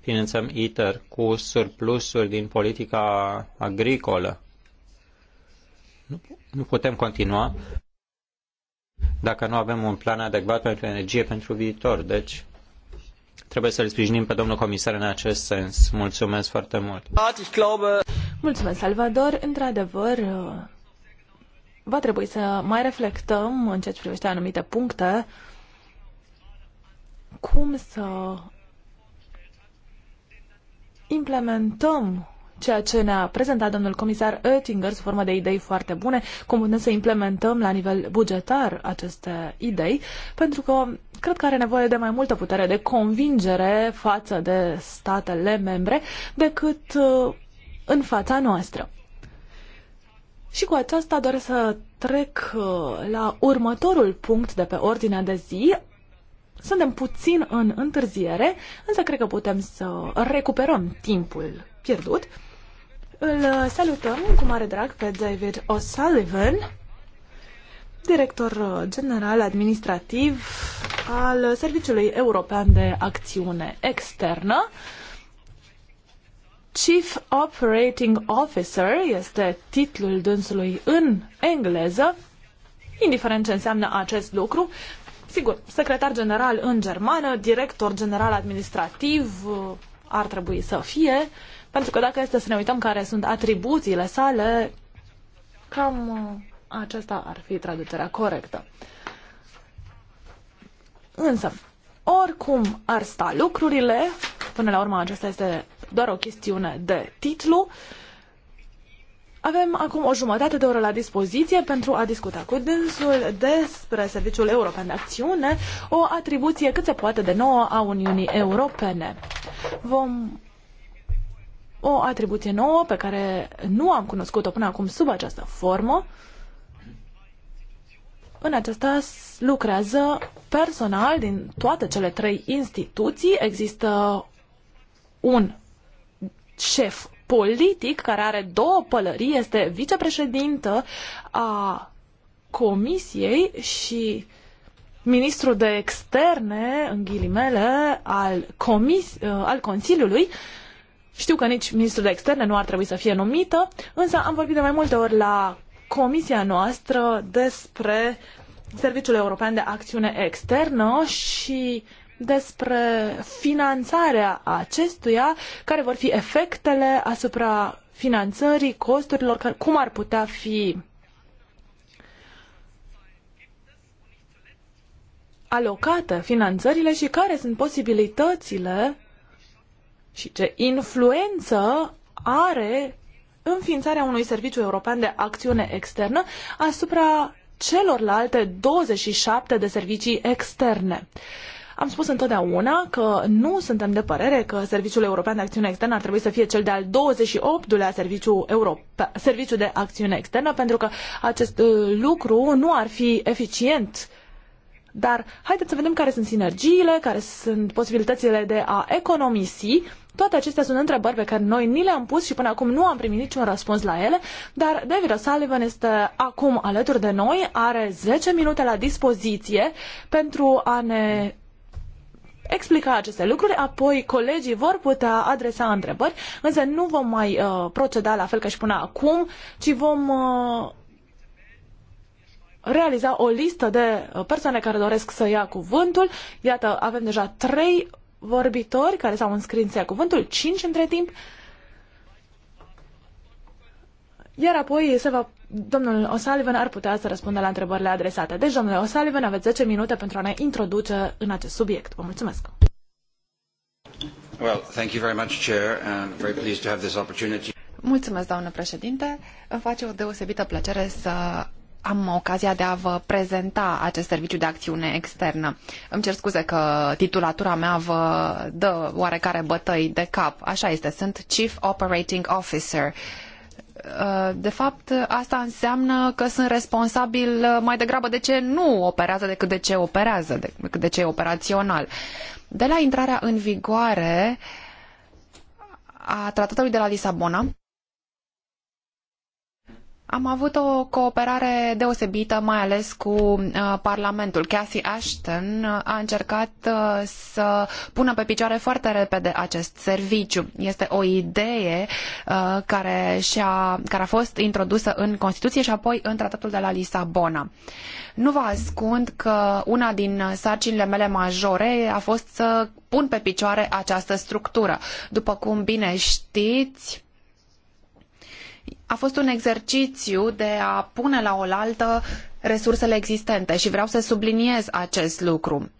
finanțăm ITER cu surplusuri din politica agricolă. Nu, nu putem continua dacă nu avem un plan adecvat pentru energie pentru viitor. Deci trebuie să-l sprijinim pe domnul comisar în acest sens. Mulțumesc foarte mult. Mulțumesc, Salvador. Într-adevăr, va trebui să mai reflectăm în ceea ce privește anumite puncte cum să implementăm ceea ce ne-a prezentat domnul comisar Oettinger sub formă de idei foarte bune, cum putem să implementăm la nivel bugetar aceste idei, pentru că cred că are nevoie de mai multă putere de convingere față de statele membre decât uh, în fața noastră. Și cu aceasta doresc să trec uh, la următorul punct de pe ordinea de zi, suntem puțin în întârziere, însă cred că putem să recuperăm timpul pierdut. Îl uh, salutăm cu mare drag pe David O'Sullivan, director uh, general administrativ al Serviciului European de Acțiune Externă. Chief Operating Officer este titlul dânsului în engleză, indiferent ce înseamnă acest lucru, Sigur, secretar general în germană, director general administrativ uh, ar trebui să fie, pentru că dacă este să ne uităm care sunt atribuțiile sale, cam uh, acesta ar fi traducerea corectă. Însă, oricum ar sta lucrurile, până la urmă acesta este doar o chestiune de titlu, uh, avem acum o jumătate de oră la dispoziție pentru a discuta cu dânsul despre Serviciul European de Acțiune, o atribuție cât se poate de nouă a Uniunii Europene. Vom o atribuție nouă pe care nu am cunoscut-o până acum sub această formă. În aceasta lucrează personal din toate cele trei instituții. Există un șef politic care are două pălării, este vicepreședintă a Comisiei și ministru de externe, în ghilimele, al, comis, uh, al Consiliului. Știu că nici ministrul de externe nu ar trebui să fie numită, însă am vorbit de mai multe ori la comisia noastră despre Serviciul European de Acțiune Externă și despre finanțarea acestuia, care vor fi efectele asupra finanțării, costurilor, cum ar putea fi alocate finanțările și care sunt posibilitățile și ce influență are înființarea unui serviciu european de acțiune externă asupra celorlalte 27 de servicii externe. Am spus întotdeauna că nu suntem de părere că Serviciul European de Acțiune Externă ar trebui să fie cel de-al 28-lea serviciu, Europe, serviciu de acțiune externă, pentru că acest uh, lucru nu ar fi eficient dar haideți să vedem care sunt sinergiile, care sunt posibilitățile de a economisi. Toate acestea sunt întrebări pe care noi ni le-am pus și până acum nu am primit niciun răspuns la ele, dar David O'Sullivan este acum alături de noi, are 10 minute la dispoziție pentru a ne explica aceste lucruri, apoi colegii vor putea adresa întrebări, însă nu vom mai uh, proceda la fel ca și până acum, ci vom uh, realiza o listă de uh, persoane care doresc să ia cuvântul. Iată, avem deja trei vorbitori care s-au înscris să ia cuvântul, cinci între timp. Uh, iar apoi se va, domnul O'Sullivan ar putea să răspundă la întrebările adresate. Deci, domnule O'Sullivan, aveți 10 minute pentru a ne introduce în acest subiect. Vă mulțumesc! Well, thank you very much, Chair, and very pleased to have this opportunity. Mulțumesc, doamnă președinte. Îmi face o deosebită plăcere să am ocazia de a vă prezenta acest serviciu de acțiune externă. Îmi cer scuze că titulatura mea vă dă oarecare bătăi de cap. Așa este, sunt Chief Operating Officer. Uh, Uh, de fapt, asta înseamnă că sunt responsabil uh, mai degrabă de ce nu operează decât de ce operează, decât de ce e operațional. De la intrarea în vigoare a tratatului de la Lisabona, am avut o cooperare deosebită, mai ales cu uh, Parlamentul. Cathy Ashton a încercat uh, să pună pe picioare foarte repede acest serviciu. Este o idee uh, care, -a, care a fost introdusă în Constituție și apoi în Tratatul de la Lisabona. Nu vă ascund că una din sarcinile mele majore a fost să pun pe picioare această structură. După cum bine știți, a fost un exercițiu de a pune la oaltă resursele existente și vreau să subliniez acest lucru.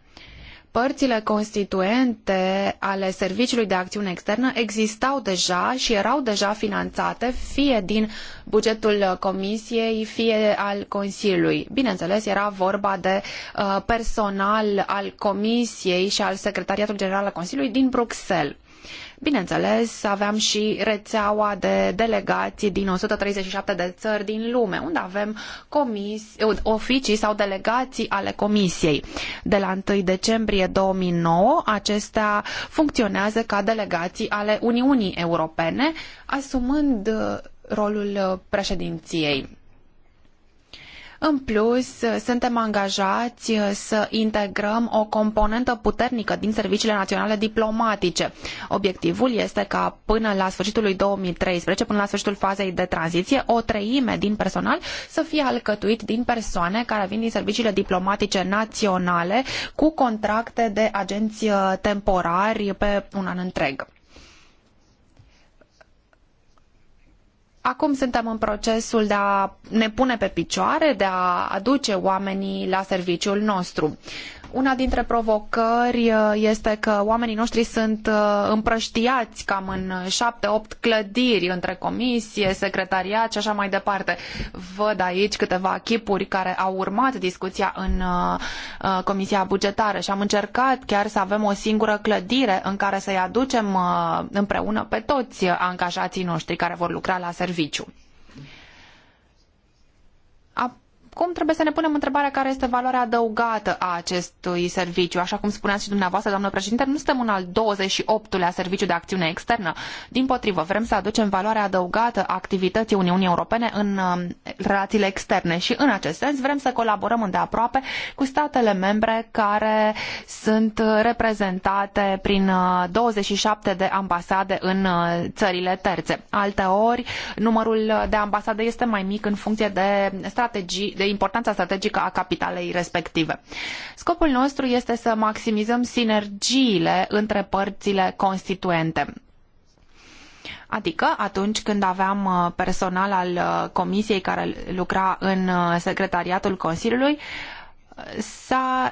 Părțile constituente ale Serviciului de Acțiune Externă existau deja și erau deja finanțate fie din bugetul Comisiei, fie al Consiliului. Bineînțeles, era vorba de uh, personal al Comisiei și al Secretariatului General al Consiliului din Bruxelles. Bineînțeles, aveam și rețeaua de delegații din 137 de țări din lume, unde avem comis, oficii sau delegații ale Comisiei. De la 1 decembrie 2009, acestea funcționează ca delegații ale Uniunii Europene, asumând rolul președinției în plus, suntem angajați uh, să integrăm o componentă puternică din serviciile naționale diplomatice. Obiectivul este ca până la sfârșitul lui 2013, până la sfârșitul fazei de tranziție, o treime din personal să fie alcătuit din persoane care vin din serviciile diplomatice naționale cu contracte de agenți uh, temporari pe un an întreg. Acum suntem în procesul de a ne pune pe picioare, de a aduce oamenii la serviciul nostru. Una dintre provocări uh, este că oamenii noștri sunt uh, împrăștiați cam în șapte-opt clădiri între comisie, secretariat și așa mai departe. Văd aici câteva chipuri care au urmat discuția în uh, Comisia Bugetară și am încercat chiar să avem o singură clădire în care să-i aducem împreună pe toți angajații noștri care vor lucra la serviciu. A cum trebuie să ne punem întrebarea care este valoarea adăugată a acestui serviciu. Așa cum spuneați și dumneavoastră, doamnă președinte, nu suntem un al 28-lea serviciu de acțiune externă. Din potrivă, vrem să aducem valoare adăugată a activității Uniunii Europene în um, relațiile externe și în acest sens vrem să colaborăm îndeaproape cu statele membre care sunt reprezentate prin 27 uh, de ambasade în uh, țările terțe. Alteori, numărul de ambasade este mai mic în funcție de strategii, de importanța strategică a capitalei respective. Scopul nostru este să maximizăm sinergiile între părțile constituente. Adică atunci când aveam uh, personal al uh, comisiei care lucra în uh, secretariatul Consiliului,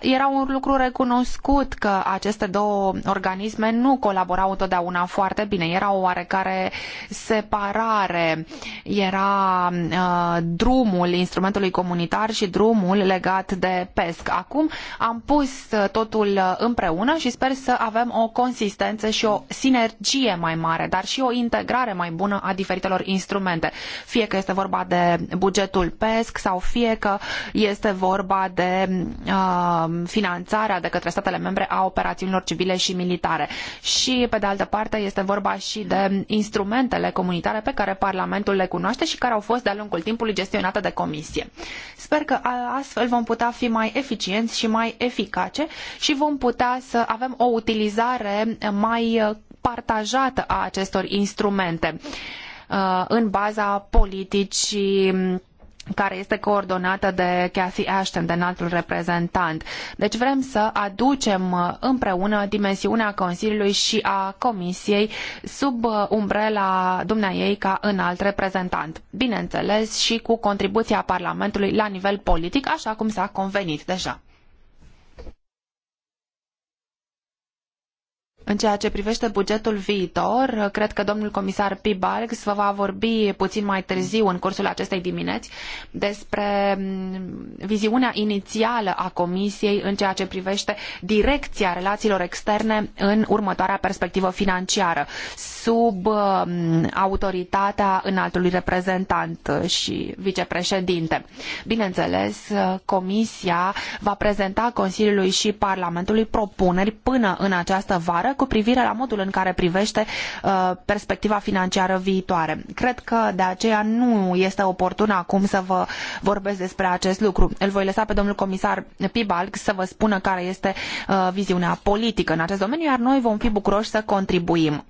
era un lucru recunoscut că aceste două organisme nu colaborau întotdeauna foarte bine. Era o oarecare separare, era uh, drumul instrumentului comunitar și drumul legat de pesc. Acum am pus totul împreună și sper să avem o consistență și o sinergie mai mare, dar și o integrare mai bună a diferitelor instrumente. Fie că este vorba de bugetul pesc sau fie că este vorba de Uh, finanțarea de către statele membre a operațiunilor civile și militare. Și, pe de altă parte, este vorba și de instrumentele comunitare pe care Parlamentul le cunoaște și care au fost de-a lungul timpului gestionate de Comisie. Sper că uh, astfel vom putea fi mai eficienți și mai eficace și vom putea să avem o utilizare mai partajată a acestor instrumente uh, în baza politicii care este coordonată de Cathy Ashton, de înaltul reprezentant. Deci vrem să aducem împreună dimensiunea Consiliului și a Comisiei sub umbrela dumneaei ca înalt reprezentant. Bineînțeles și cu contribuția Parlamentului la nivel politic, așa cum s-a convenit deja. În ceea ce privește bugetul viitor, cred că domnul comisar Piebalgs vă va vorbi puțin mai târziu în cursul acestei dimineți despre mm, viziunea inițială a comisiei în ceea ce privește direcția relațiilor externe în următoarea perspectivă financiară sub um, autoritatea înaltului reprezentant uh, și vicepreședinte. Bineînțeles, uh, Comisia va prezenta Consiliului și Parlamentului propuneri până în această vară cu privire la modul în care privește uh, perspectiva financiară viitoare. Cred că de aceea nu este oportun acum să vă vorbesc despre acest lucru. Îl voi lăsa pe domnul comisar Pibalg să vă spună care este viziunea politică în acest domeniu, iar noi vom fi bucuroși să contribuim.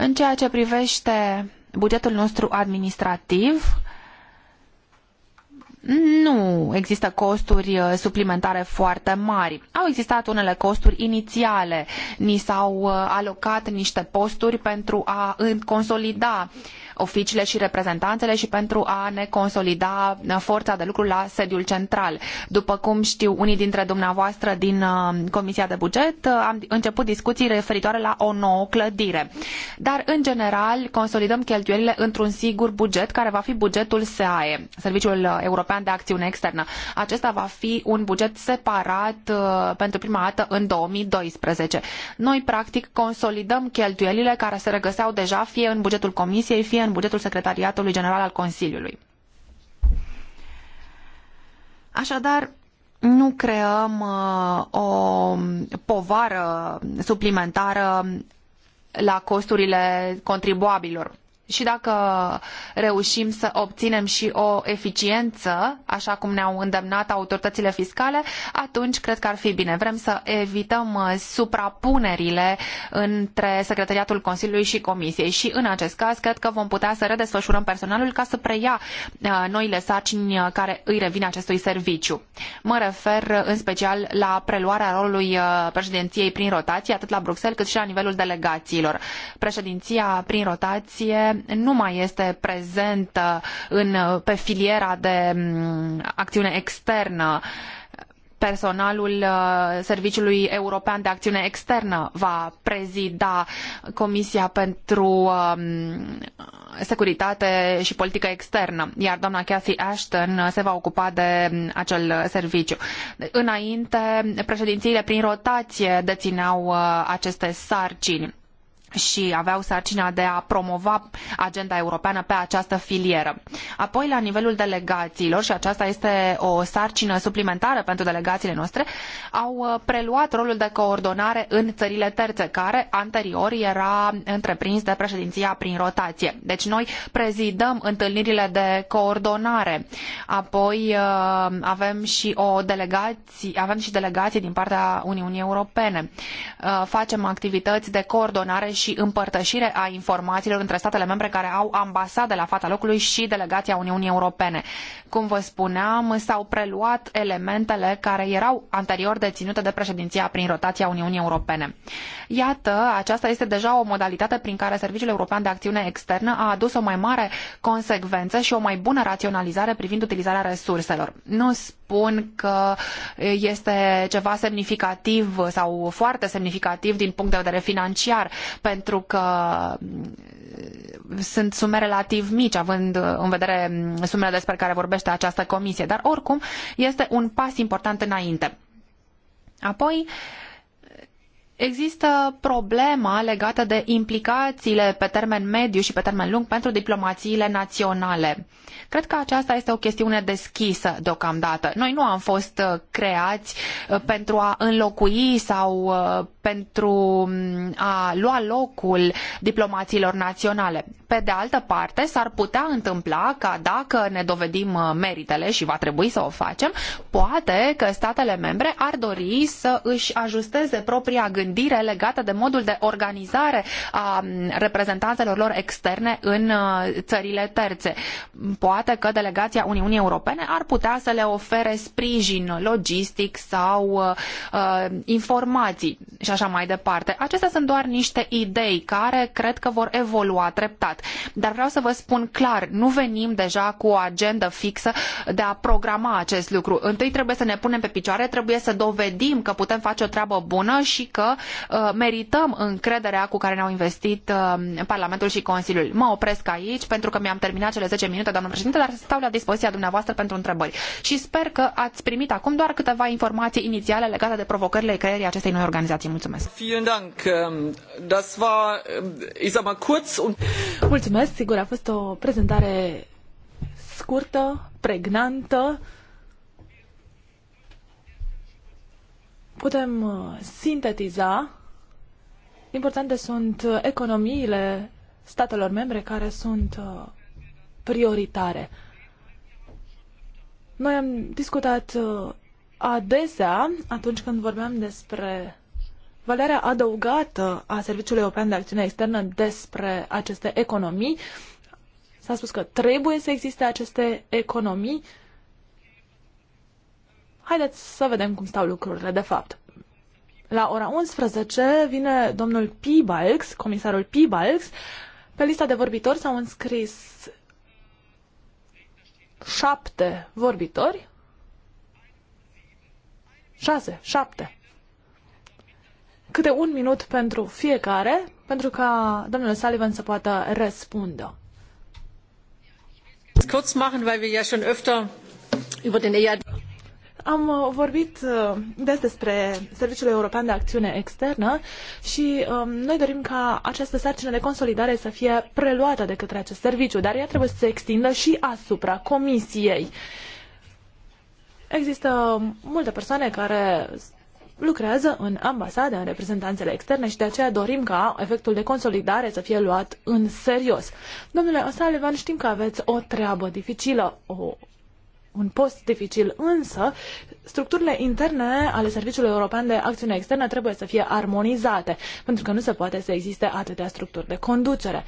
În ceea ce privește bugetul nostru administrativ, nu există costuri uh, suplimentare foarte mari. Au existat unele costuri inițiale. Ni s-au uh, alocat niște posturi pentru a consolida uh, oficiile și reprezentanțele și pentru a ne consolida uh, forța de lucru la sediul central. După cum știu unii dintre dumneavoastră din uh, Comisia de Buget, uh, am început discuții referitoare la o nouă clădire. Dar, în general, consolidăm cheltuielile într-un singur buget, care va fi bugetul SAE, Serviciul European de Acțiune Externă. Acesta va fi un buget separat pentru prima dată în 2012. Noi, practic, consolidăm cheltuielile care se regăseau deja fie în bugetul Comisiei, fie în bugetul Secretariatului General al Consiliului. Așadar, nu creăm uh, o povară suplimentară la costurile contribuabilor și dacă reușim să obținem și o eficiență, așa cum ne-au îndemnat autoritățile fiscale, atunci cred că ar fi bine. Vrem să evităm uh, suprapunerile între Secretariatul Consiliului și Comisiei și în acest caz cred că vom putea să redesfășurăm personalul ca să preia uh, noile sarcini uh, care îi revin acestui serviciu. Mă refer în special la preluarea rolului președinției prin rotație, atât la Bruxelles cât și la nivelul delegațiilor. Președinția prin rotație nu mai este prezentă în, pe filiera de mm, acțiune externă personalul uh, Serviciului European de Acțiune Externă va prezida Comisia pentru um, Securitate și Politică Externă, iar doamna Cathy Ashton se va ocupa de mm, acel serviciu. Înainte, președințiile prin rotație dețineau uh, aceste sarcini și aveau sarcina de a promova agenda europeană pe această filieră. Apoi, la nivelul delegațiilor, și aceasta este o sarcină suplimentară pentru delegațiile noastre, au uh, preluat rolul de coordonare în țările terțe, care anterior era întreprins de președinția prin rotație. Deci noi prezidăm întâlnirile de coordonare. Apoi uh, avem și o delegație, avem și delegații din partea Uniunii Europene. Uh, facem activități de coordonare și împărtășire a informațiilor între statele membre care au ambasade la fața locului și delegația Uniunii Europene. Cum vă spuneam, s-au preluat elementele care erau anterior deținute de președinția prin rotația Uniunii Europene. Iată, aceasta este deja o modalitate prin care Serviciul European de Acțiune Externă a adus o mai mare consecvență și o mai bună raționalizare privind utilizarea resurselor. Nu spun că este ceva semnificativ sau foarte semnificativ din punct de vedere financiar, pentru că mm, sunt sume relativ mici, având în vedere mm, sumele despre care vorbește această comisie, dar oricum este un pas important înainte. Apoi, Există problema legată de implicațiile pe termen mediu și pe termen lung pentru diplomațiile naționale. Cred că aceasta este o chestiune deschisă deocamdată. Noi nu am fost uh, creați uh, pentru a înlocui sau uh, pentru mm, a lua locul diplomaților naționale. Pe de altă parte, s-ar putea întâmpla ca dacă ne dovedim uh, meritele și va trebui să o facem, poate că statele membre ar dori să își ajusteze propria gândire legată de modul de organizare a mm, reprezentanțelor lor externe în uh, țările terțe. Poate că delegația Uniunii Europene ar putea să le ofere sprijin logistic sau uh, uh informații și așa mai departe. Acestea sunt doar niște idei care cred că vor evolua treptat. Dar vreau să vă spun clar, nu venim deja cu o agendă fixă de a programa acest lucru. Întâi trebuie să ne punem pe picioare, trebuie să dovedim că putem face o treabă bună și că uh, merităm încrederea cu care ne-au investit uh, Parlamentul și Consiliul. Mă opresc aici pentru că mi-am terminat cele zece minute, doamnă președinte, dar stau la dispoziția dumneavoastră pentru întrebări. Și sper că ați primit acum doar câteva informații inițiale legate de provocările creierii acestei noi organizații. Mulțumesc! Mulțumesc. Ähm, ähm, Mulțumesc, sigur, a fost o prezentare scurtă, pregnantă. Putem uh, sintetiza. Importante sunt uh, economiile statelor membre care sunt uh, prioritare. Noi am discutat adesea, atunci când vorbeam despre valoarea adăugată a Serviciului European de Acțiune Externă despre aceste economii. S-a spus că trebuie să existe aceste economii. Haideți să vedem cum stau lucrurile de fapt. La ora 11 vine domnul Pibalx, comisarul Pibalx. Pe lista de vorbitori s-au înscris șapte vorbitori. Șase, șapte câte un minut pentru fiecare, pentru ca domnul Sullivan să poată răspundă. Kurz machen, weil wir ja schon öfter über den EAD am uh, vorbit uh, des despre Serviciul European de Acțiune Externă și um, noi dorim ca această sarcină de consolidare să fie preluată de către acest serviciu, dar ea trebuie să se extindă și asupra Comisiei. Există multe persoane care lucrează în ambasade, în reprezentanțele externe și de aceea dorim ca efectul de consolidare să fie luat în serios. Domnule O'Sullivan, știm că aveți o treabă dificilă, o un post dificil, însă structurile interne ale Serviciului European de Acțiune Externă trebuie să fie armonizate, pentru că nu se poate să existe atâtea structuri de conducere.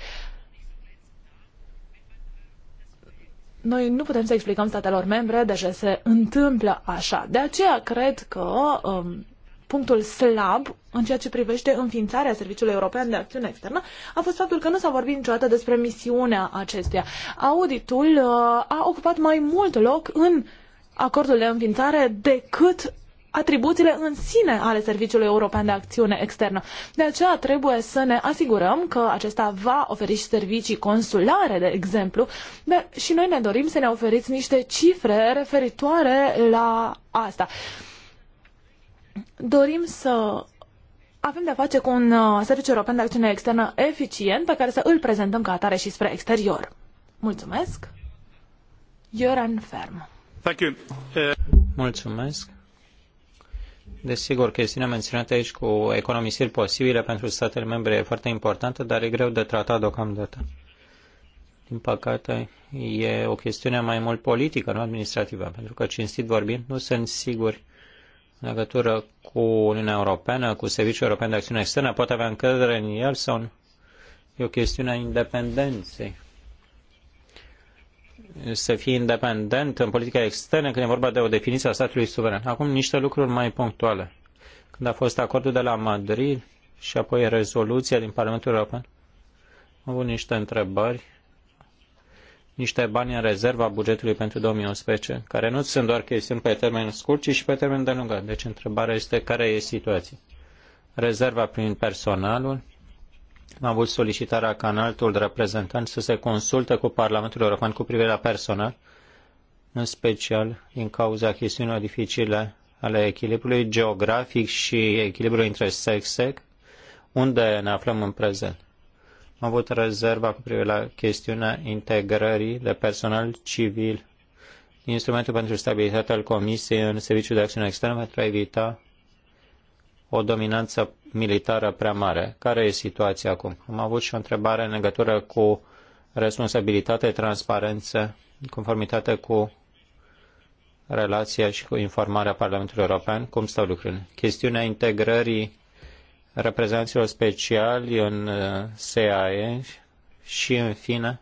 Noi nu putem să explicăm statelor membre de ce se întâmplă așa. De aceea cred că um, punctul slab în ceea ce privește înființarea Serviciului European de Acțiune Externă a fost faptul că nu s-a vorbit niciodată despre misiunea acestuia. Auditul uh, a ocupat mai mult loc în acordul de înființare decât atribuțiile în sine ale Serviciului European de Acțiune Externă. De aceea trebuie să ne asigurăm că acesta va oferi și servicii consulare, de exemplu, de, și noi ne dorim să ne oferiți niște cifre referitoare la asta dorim să avem de-a face cu un uh, serviciu european de acțiune externă eficient pe care să îl prezentăm ca atare și spre exterior. Mulțumesc! Ioran Ferm. Thank you. Uh, Mulțumesc. Desigur, chestiunea menționată aici cu economisiri posibile pentru statele membre e foarte importantă, dar e greu de tratat deocamdată. Din păcate, e o chestiune mai mult politică, nu administrativă, pentru că, cinstit vorbind, nu sunt siguri în legătură cu Uniunea Europeană, cu Serviciul European de Acțiune Externă, poate avea încredere în el sau nu? E o chestiune a independenței. Să fie independent în politica externă când e vorba de o definiție a statului suveran. Acum niște lucruri mai punctuale. Când a fost acordul de la Madrid și apoi rezoluția din Parlamentul European, am avut niște întrebări niște bani în rezerva bugetului pentru 2011, care nu sunt doar chestiuni pe termen scurt, ci și pe termen de Deci întrebarea este care e situația. Rezerva prin personalul. Am avut solicitarea ca înaltul reprezentant să se consulte cu Parlamentul European cu privire la personal, în special din cauza chestiunilor dificile ale echilibrului geografic și echilibrului între sexe, unde ne aflăm în prezent. Am avut rezerva cu privire la chestiunea integrării de personal civil instrumentul pentru stabilitatea al Comisiei în Serviciul de Acțiune Externă pentru a evita o dominanță militară prea mare. Care e situația acum? Am avut și o întrebare în legătură cu responsabilitate, transparență, conformitate cu relația și cu informarea Parlamentului European. Cum stau lucrurile? Chestiunea integrării reprezentanților speciali în uh, SAE și, în fine,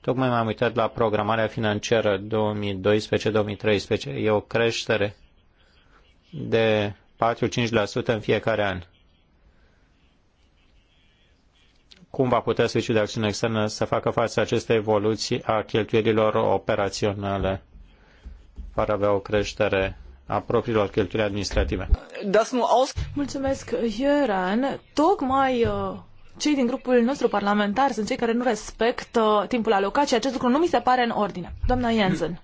tocmai m-am uitat la programarea financiară 2012-2013. E o creștere de 4-5% în fiecare an. Cum va putea Serviciul de Acțiune Externă să facă față acestei evoluții a cheltuielilor operaționale Va avea o creștere a propriilor cheltuieli administrative. Mulțumesc, Ioran. Tocmai uh, cei din grupul nostru parlamentar sunt cei care nu respectă timpul alocat și acest lucru nu mi se pare în ordine. Doamna Jensen.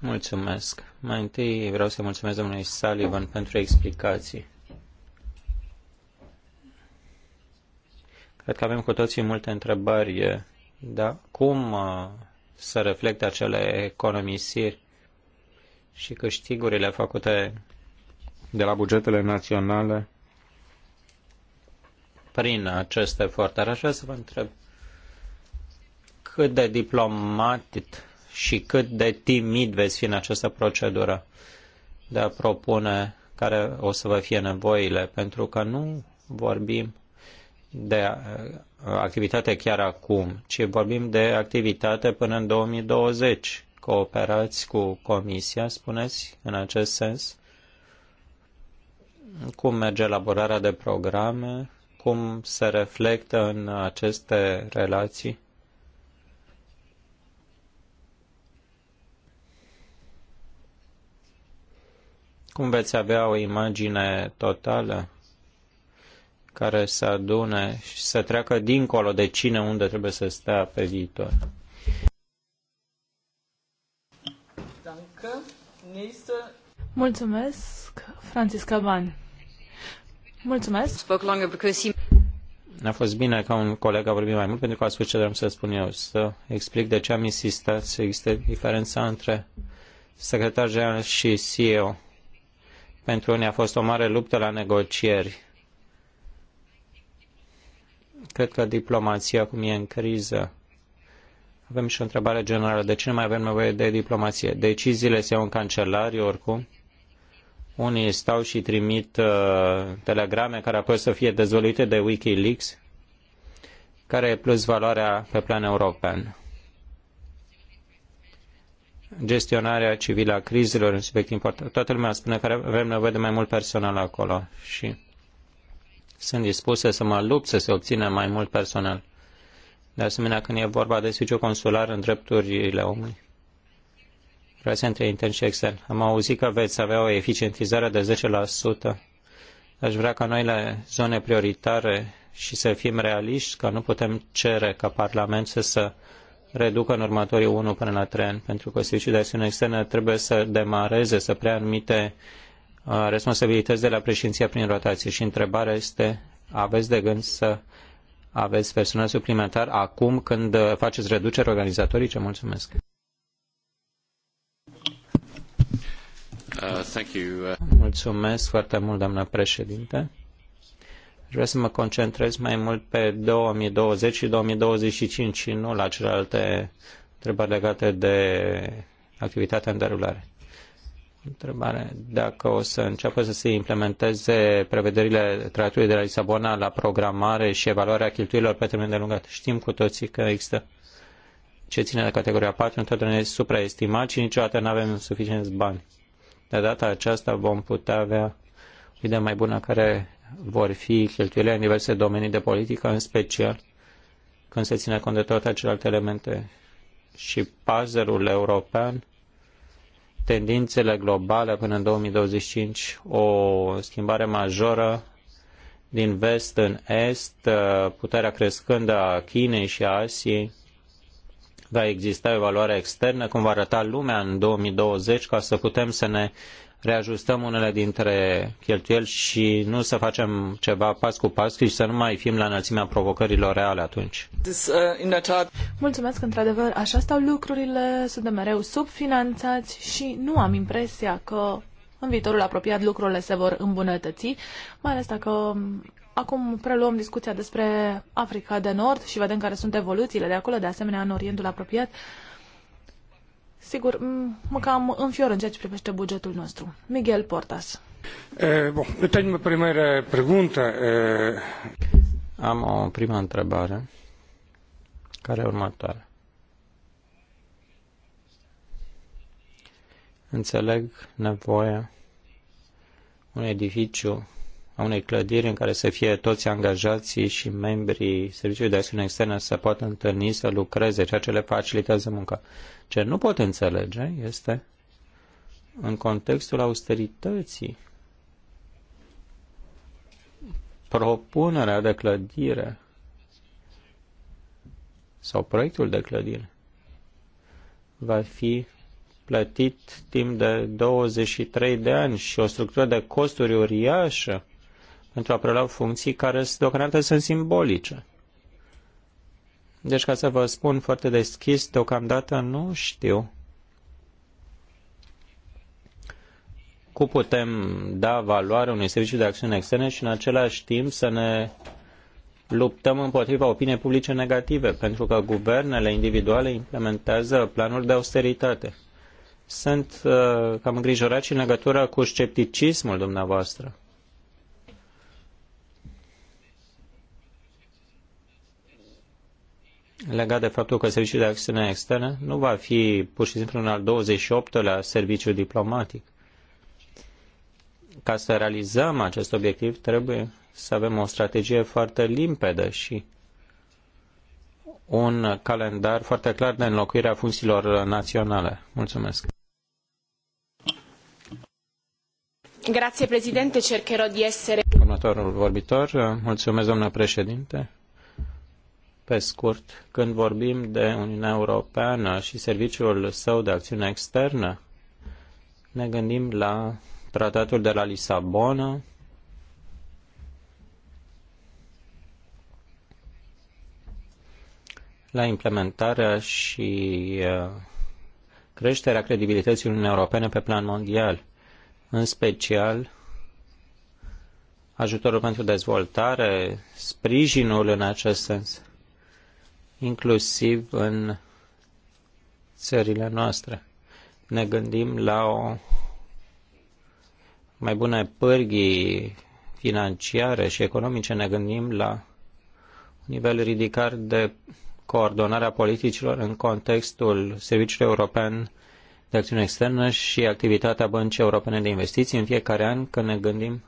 Mulțumesc. Mai întâi vreau să mulțumesc domnului Sullivan pentru explicații. Cred că avem cu toții multe întrebări. Da? Cum uh, să reflecte acele economisiri și câștigurile făcute de la bugetele naționale prin acest efort. Dar așa să vă întreb cât de diplomatit și cât de timid veți fi în această procedură de a propune care o să vă fie nevoile, pentru că nu vorbim de uh, activitate chiar acum, ci vorbim de activitate până în 2020 cooperați cu Comisia, spuneți, în acest sens? Cum merge elaborarea de programe? Cum se reflectă în aceste relații? Cum veți avea o imagine totală care să adune și să treacă dincolo de cine unde trebuie să stea pe viitor? Mulțumesc, Francisca Ban. Mulțumesc. A fost bine că un coleg a vorbit mai mult pentru că a spus ce vreau să spun eu. Să explic de ce am insistat să existe diferența între secretar general și CEO. Pentru unii a fost o mare luptă la negocieri. Cred că diplomația acum e în criză avem și o întrebare generală. De ce nu mai avem nevoie de diplomație? Deciziile se iau în cancelari oricum. Unii stau și trimit uh, telegrame care apoi să fie dezvoluite de Wikileaks. Care e plus valoarea pe plan european? gestionarea civilă a crizelor, un subiect important. Toată lumea spune că avem nevoie de mai mult personal acolo și sunt dispuse să mă lupt să se obțină mai mult personal de asemenea când e vorba de sigiu consular în drepturile omului. Relația între intern și extern. Am auzit că veți avea o eficientizare de 10%. Aș vrea ca noi la zone prioritare și să fim realiști, că nu putem cere ca Parlament să se reducă în următorii 1 până la 3 ani, pentru că serviciul de acțiune externă trebuie să demareze, să preia anumite uh, responsabilități de la președinția prin rotație. Și întrebarea este, aveți de gând să aveți personal suplimentar acum când faceți reduceri organizatorice? Mulțumesc. Uh, thank you. Mulțumesc foarte mult, doamnă președinte. Vreau să mă concentrez mai mult pe 2020 și 2025 și nu la celelalte întrebări legate de activitatea în derulare. Întrebare. Dacă o să înceapă să se implementeze prevederile Tratatului de la Lisabona la programare și evaluarea cheltuielor pe termen lungat, știm cu toții că există ce ține de categoria 4, întotdeauna e supraestimat și niciodată nu avem suficienți bani. De data aceasta vom putea avea o idee mai bună care vor fi cheltuielile în diverse domenii de politică, în special când se ține cont de toate celelalte elemente și puzzle-ul european tendințele globale până în 2025, o schimbare majoră din vest în est, uh, puterea crescândă a Chinei și a Asiei, va exista evaluarea externă, cum va arăta lumea în 2020, ca să putem să ne reajustăm unele dintre cheltuieli și nu să facem ceva pas cu pas și să nu mai fim la înălțimea provocărilor reale atunci. Uh, Mulțumesc, într-adevăr, așa stau lucrurile, suntem mereu subfinanțați și nu am impresia că în viitorul apropiat lucrurile se vor îmbunătăți, mai ales dacă um, acum preluăm discuția despre Africa de Nord și vedem care sunt evoluțiile de acolo, de asemenea în Orientul apropiat. Sigur, mă cam înfior în ceea ce privește bugetul nostru. Miguel Portas. Eh, bun, eu deci tenho uma primeira pergunta. Eh... Am o prima întrebare, care e următoare. Înțeleg nevoia un edificiu, a unei clădiri în care să fie toți angajații și membrii Serviciului de Acțiune Externă să poată întâlni, să lucreze, ceea ce le facilitează munca. Ce nu pot înțelege este în contextul austerității propunerea de clădire sau proiectul de clădire va fi plătit timp de 23 de ani și o structură de costuri uriașă pentru a prelua funcții care deocamdată sunt simbolice. Deci, ca să vă spun foarte deschis, deocamdată nu știu cum putem da valoare unui serviciu de acțiune externe și în același timp să ne luptăm împotriva opiniei publice negative, pentru că guvernele individuale implementează planuri de austeritate. Sunt uh, cam îngrijorat și în legătură cu scepticismul dumneavoastră. legat de faptul că Serviciul de Acțiune Externă nu va fi pur și simplu un al 28-lea serviciu diplomatic. Ca să realizăm acest obiectiv, trebuie să avem o strategie foarte limpede și un calendar foarte clar de înlocuire a funcțiilor naționale. Mulțumesc. Grazie, Presidente. Cercherò di essere... Următorul vorbitor. Mulțumesc, domnule președinte pe scurt, când vorbim de Uniunea Europeană și serviciul său de acțiune externă, ne gândim la tratatul de la Lisabona, la implementarea și uh, creșterea credibilității Uniunii Europene pe plan mondial, în special ajutorul pentru dezvoltare, sprijinul în acest sens inclusiv în țările noastre. Ne gândim la o mai bună pârghii financiare și economice, ne gândim la un nivel ridicat de coordonarea politicilor în contextul Serviciului European de Acțiune Externă și activitatea Băncii Europene de Investiții în fiecare an, când ne gândim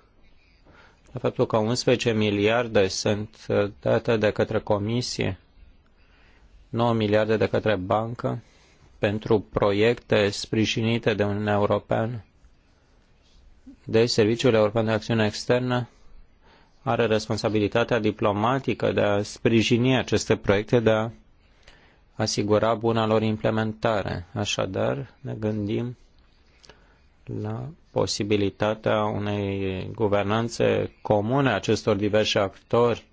la faptul că 11 miliarde sunt date de către Comisie 9 miliarde de către bancă pentru proiecte sprijinite de Uniunea Europeană. Deci, Serviciul European de Acțiune Externă are responsabilitatea diplomatică de a sprijini aceste proiecte, de a asigura buna lor implementare. Așadar, ne gândim la posibilitatea unei guvernanțe comune a acestor diversi actori,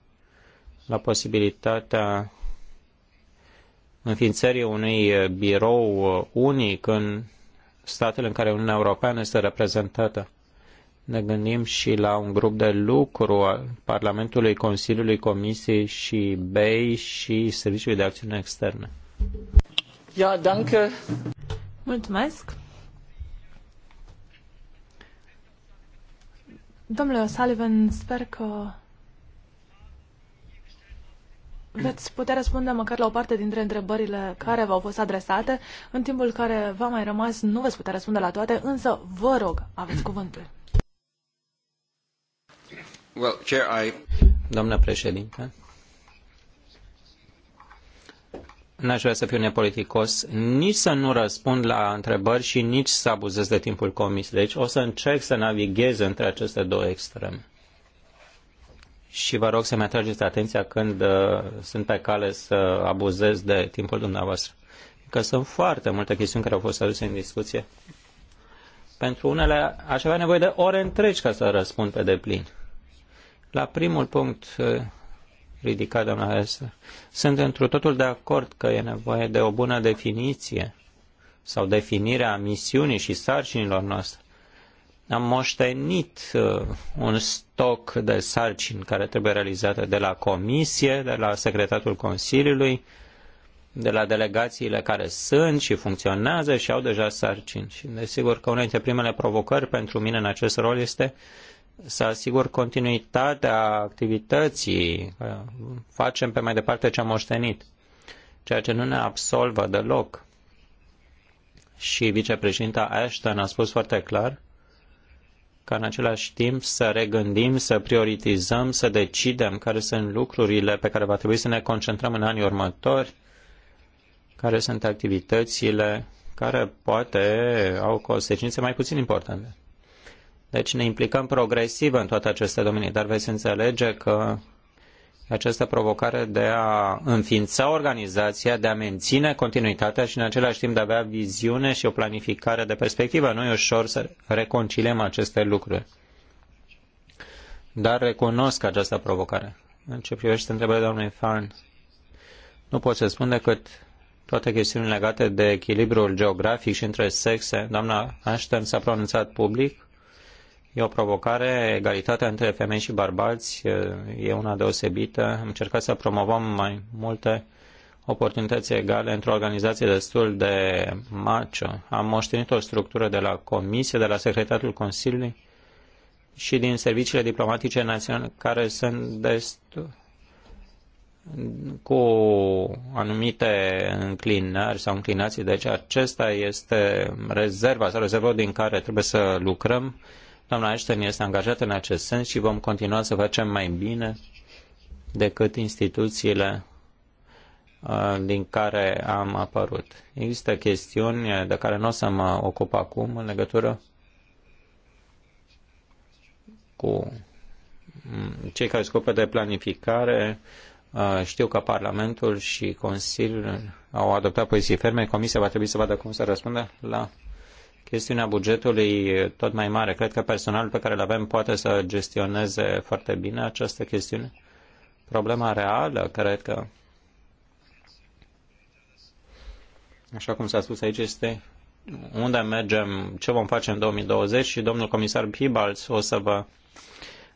la posibilitatea înființării unui uh, birou uh, unic în statele în care Uniunea Europeană este reprezentată. Ne gândim și la un grup de lucru al Parlamentului, Consiliului, Comisiei și BEI și Serviciului de Acțiune Externă. Ja, danke. Mulțumesc. Domnule O'Sullivan, sper că veți putea răspunde măcar la o parte dintre întrebările care v-au fost adresate. În timpul care v-a mai rămas, nu veți putea răspunde la toate, însă vă rog, aveți cuvântul. Well, Chair, I... Doamna președinte, n-aș vrea să fiu nepoliticos, nici să nu răspund la întrebări și nici să abuzez de timpul comis. Deci o să încerc să navighez între aceste două extreme și vă rog să-mi atrageți atenția când uh, sunt pe cale să abuzez de timpul dumneavoastră. Că sunt foarte multe chestiuni care au fost aduse în discuție. Pentru unele aș avea nevoie de ore întregi ca să răspund pe deplin. La primul punct uh, ridicat, doamna Hester, sunt întru totul de acord că e nevoie de o bună definiție sau a misiunii și sarcinilor noastre am moștenit uh, un stoc de sarcini care trebuie realizate de la Comisie, de la Secretatul Consiliului, de la delegațiile care sunt și funcționează și au deja sarcini. Și desigur că una dintre primele provocări pentru mine în acest rol este să asigur continuitatea activității, facem pe mai departe ce am moștenit, ceea ce nu ne absolvă deloc. Și vicepreședinta Ashton a spus foarte clar ca în același timp să regândim, să prioritizăm, să decidem care sunt lucrurile pe care va trebui să ne concentrăm în anii următori, care sunt activitățile care poate au consecințe mai puțin importante. Deci ne implicăm progresiv în toate aceste domenii, dar veți înțelege că această provocare de a înființa organizația, de a menține continuitatea și în același timp de a avea viziune și o planificare de perspectivă. Nu e ușor să reconciliem aceste lucruri. Dar recunosc această provocare. În ce privește întrebarea doamnei Farn, nu pot să spun decât toate chestiunile legate de echilibrul geografic și între sexe. Doamna Ashton s-a pronunțat public E o provocare, egalitatea între femei și bărbați e una deosebită. Am încercat să promovăm mai multe oportunități egale într-o organizație destul de macio. Am moștenit o structură de la Comisie, de la Secretarul Consiliului și din serviciile diplomatice naționale care sunt destul cu anumite înclinări sau înclinații. Deci acesta este rezerva sau rezervă din care trebuie să lucrăm Doamna Ashton este angajată în acest sens și vom continua să facem mai bine decât instituțiile uh, din care am apărut. Există chestiuni de care nu o să mă ocup acum în legătură cu mm, cei care scopă de planificare. Uh, știu că Parlamentul și Consiliul au adoptat poziții ferme. Comisia va trebui să vadă cum să răspundă la chestiunea bugetului tot mai mare. Cred că personalul pe care îl avem poate să gestioneze foarte bine această chestiune. Problema reală, cred că, așa cum s-a spus aici, este unde mergem, ce vom face în 2020 și domnul comisar Pibals o să vă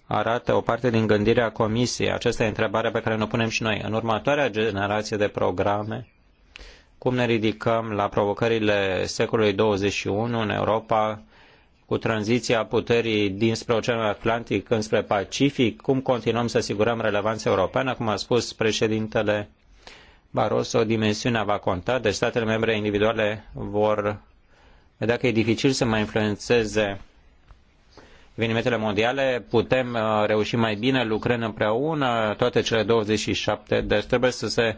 arată o parte din gândirea comisiei. Aceasta e întrebarea pe care ne punem și noi. În următoarea generație de programe, cum ne ridicăm la provocările secolului 21 în Europa cu tranziția puterii dinspre Oceanul Atlantic înspre Pacific, cum continuăm să asigurăm relevanța europeană, cum a spus președintele Barroso, dimensiunea va conta, deci statele membre individuale vor vedea că e dificil să mai influențeze evenimentele mondiale, putem uh, reuși mai bine lucrând împreună, toate cele 27, deci trebuie să se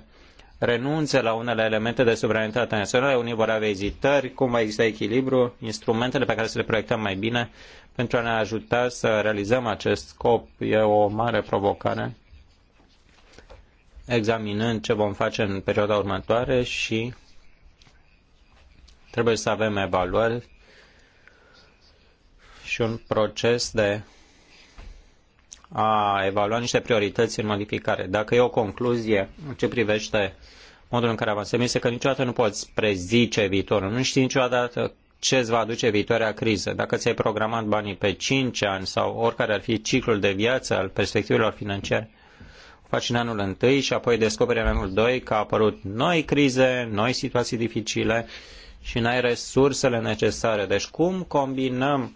renunțe la unele elemente de suveranitate națională, unii vor avea ezitări, cum va exista echilibru, instrumentele pe care să le proiectăm mai bine pentru a ne ajuta să realizăm acest scop e o mare provocare, examinând ce vom face în perioada următoare și trebuie să avem evaluări și un proces de a evalua niște priorități în modificare. Dacă e o concluzie în ce privește modul în care avansăm, este că niciodată nu poți prezice viitorul. Nu știi niciodată ce îți va aduce viitoarea criză. Dacă ți-ai programat banii pe 5 ani sau oricare ar fi ciclul de viață al perspectivelor financiare, o faci în anul întâi și apoi descoperi în anul 2 că au apărut noi crize, noi situații dificile și n-ai resursele necesare. Deci cum combinăm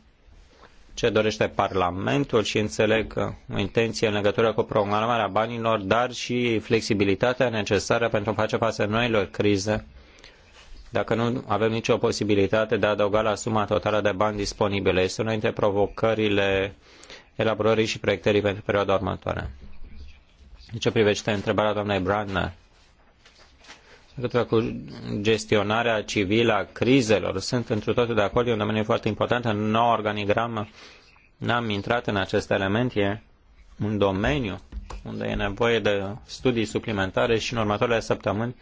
ce dorește Parlamentul și înțeleg intenție în legătură cu programarea banilor, dar și flexibilitatea necesară pentru a face față noilor crize dacă nu avem nicio posibilitate de a adăuga la suma totală de bani disponibile. Este una dintre provocările elaborării și proiectării pentru perioada următoare. În ce privește întrebarea doamnei Brandner, legătură cu gestionarea civilă a crizelor. Sunt întru totul de acord, e un domeniu foarte important. În noua organigramă n-am intrat în acest element, e un domeniu unde e nevoie de studii suplimentare și în următoarele săptămâni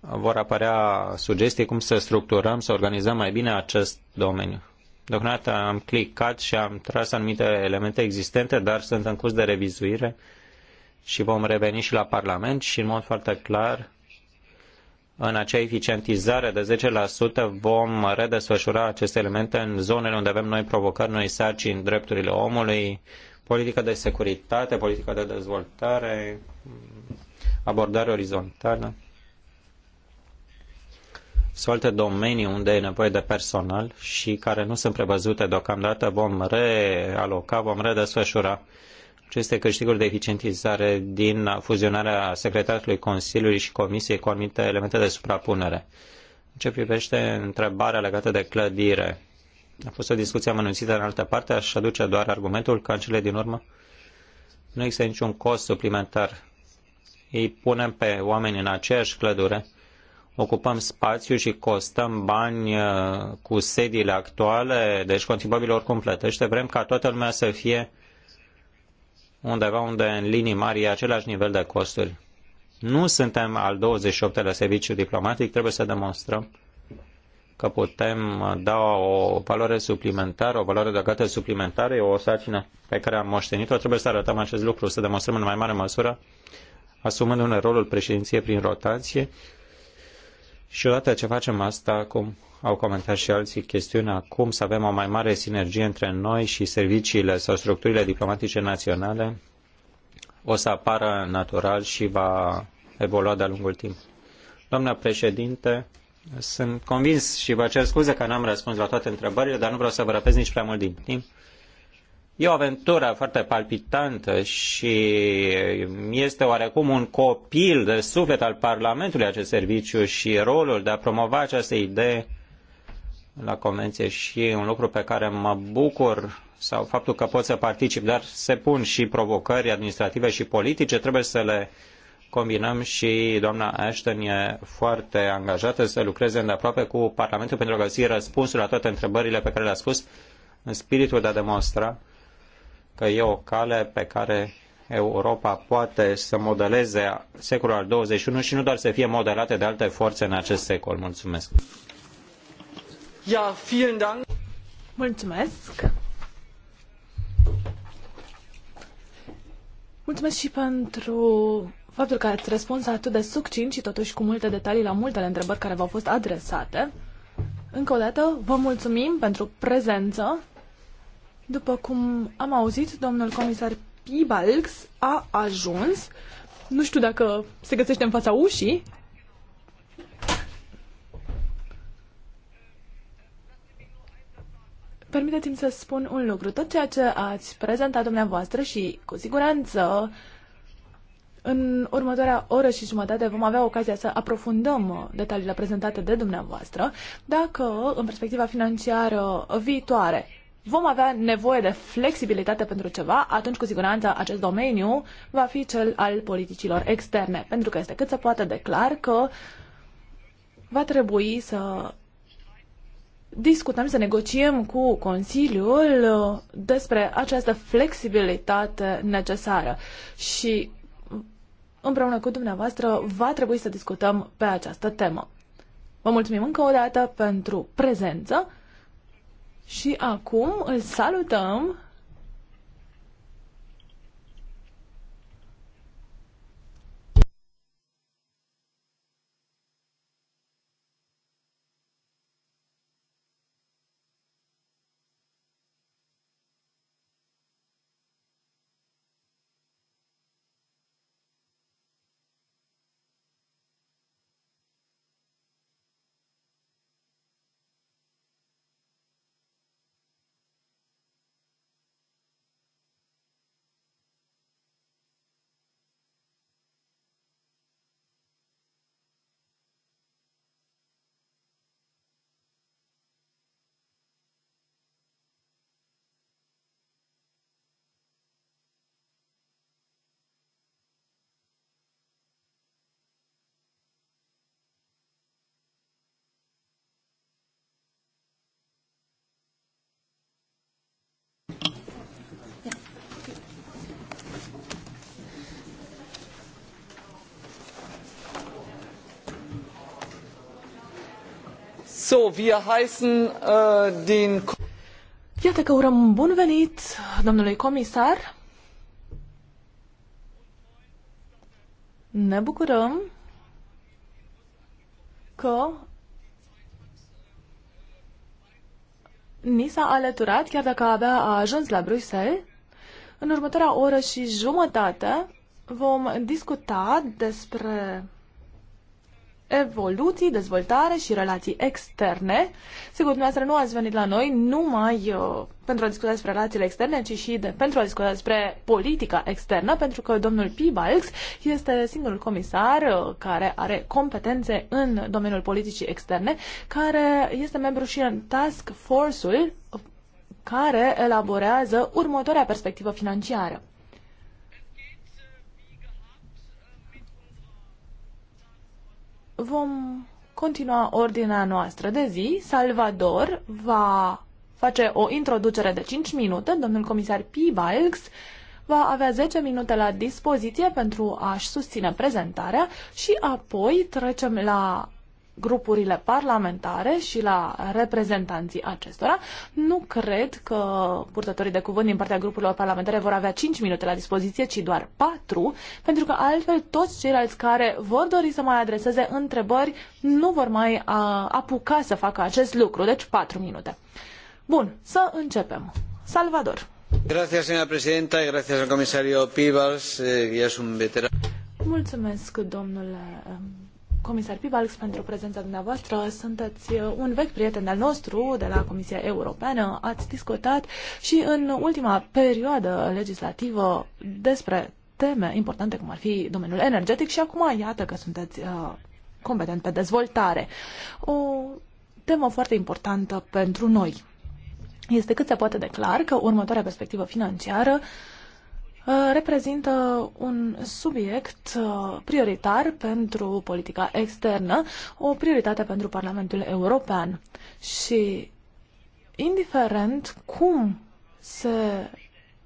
vor apărea sugestii cum să structurăm, să organizăm mai bine acest domeniu. Deocamdată am clicat și am tras anumite elemente existente, dar sunt în curs de revizuire și vom reveni și la Parlament și în mod foarte clar în acea eficientizare de 10% vom redesfășura aceste elemente în zonele unde avem noi provocări, noi sarcini, drepturile omului, politică de securitate, politică de dezvoltare, abordare orizontală Sunt alte domenii unde e nevoie de personal și care nu sunt prevăzute deocamdată, vom realoca, vom redesfășura aceste câștiguri de eficientizare din fuzionarea secretarului Consiliului și Comisiei cu anumite elemente de suprapunere. În ce privește întrebarea legată de clădire, a fost o discuție amănunțită în altă parte, aș aduce doar argumentul că în cele din urmă nu există niciun cost suplimentar. Îi punem pe oameni în aceeași clădure, ocupăm spațiu și costăm bani uh, cu sediile actuale, deci contribuabilul oricum plătește. Vrem ca toată lumea să fie undeva unde în linii mari e același nivel de costuri. Nu suntem al 28-lea serviciu diplomatic, trebuie să demonstrăm că putem da o valoare suplimentară, o valoare adăugată suplimentară, e o sarcină pe care am moștenit-o, trebuie să arătăm acest lucru, să demonstrăm în mai mare măsură, asumând un rolul președinției prin rotație. Și odată ce facem asta acum, au comentat și alții chestiunea cum să avem o mai mare sinergie între noi și serviciile sau structurile diplomatice naționale, o să apară natural și va evolua de-a lungul timpului. Doamna președinte, sunt convins și vă cer scuze că n-am răspuns la toate întrebările, dar nu vreau să vă răpesc nici prea mult din timp. E o aventură foarte palpitantă și este oarecum un copil de suflet al Parlamentului acest serviciu și rolul de a promova această idee la convenție și un lucru pe care mă bucur sau faptul că pot să particip, dar se pun și provocări administrative și politice, trebuie să le combinăm și doamna Ashton e foarte angajată să lucreze îndeaproape cu Parlamentul pentru a găsi răspunsul la toate întrebările pe care le-a spus în spiritul de a demonstra că e o cale pe care Europa poate să modeleze secolul al XXI și nu doar să fie modelată de alte forțe în acest secol. Mulțumesc! Mulțumesc. Mulțumesc și pentru faptul că ați răspuns atât de succint și totuși cu multe detalii la multele întrebări care v-au fost adresate. Încă o dată, vă mulțumim pentru prezență. După cum am auzit, domnul comisar Pibalx a ajuns. Nu știu dacă se găsește în fața ușii, Permiteți-mi să spun un lucru. Tot ceea ce ați prezentat dumneavoastră și cu siguranță în următoarea oră și jumătate vom avea ocazia să aprofundăm detaliile prezentate de dumneavoastră. Dacă în perspectiva financiară viitoare vom avea nevoie de flexibilitate pentru ceva, atunci cu siguranță acest domeniu va fi cel al politicilor externe, pentru că este cât se poate declar că va trebui să discutăm, să negociem cu Consiliul uh, despre această flexibilitate necesară și împreună cu dumneavoastră va trebui să discutăm pe această temă. Vă mulțumim încă o dată pentru prezență și acum îl salutăm So, wir heißen uh, den... Iată că urăm bun venit domnului comisar. Ne bucurăm că ni s-a alăturat, chiar dacă abia a ajuns la Bruxelles. În următoarea oră și jumătate vom discuta despre evoluții, dezvoltare și relații externe. Sigur, dumneavoastră nu ați venit la noi numai uh, pentru a discuta despre relațiile externe, ci și de, pentru a discuta despre politica externă, pentru că domnul Pibalx este singurul comisar uh, care are competențe în domeniul politicii externe, care este membru și în task force-ul uh, care elaborează următoarea perspectivă financiară. vom continua ordinea noastră de zi. Salvador va face o introducere de 5 minute. Domnul comisar P. Balks va avea 10 minute la dispoziție pentru a-și susține prezentarea și apoi trecem la grupurile parlamentare și la reprezentanții acestora. Nu cred că purtătorii de cuvânt din partea grupurilor parlamentare vor avea 5 minute la dispoziție, ci doar 4, pentru că altfel toți ceilalți care vor dori să mai adreseze întrebări nu vor mai a, apuca să facă acest lucru, deci 4 minute. Bun, să începem. Salvador. Gracias, señora presidenta, gracias al comisario Pibals, que eh, es un veterano. Mulțumesc, domnule comisar Pibalx, pentru prezența dumneavoastră. Sunteți uh, un vechi prieten al nostru de la Comisia Europeană. Ați discutat și în ultima perioadă legislativă despre teme importante, cum ar fi domeniul energetic și acum iată că sunteți uh, competent pe dezvoltare. O temă foarte importantă pentru noi. Este cât se poate de clar că următoarea perspectivă financiară uh, Uh, reprezintă un subiect uh, prioritar pentru politica externă, o prioritate pentru Parlamentul European. Și indiferent cum se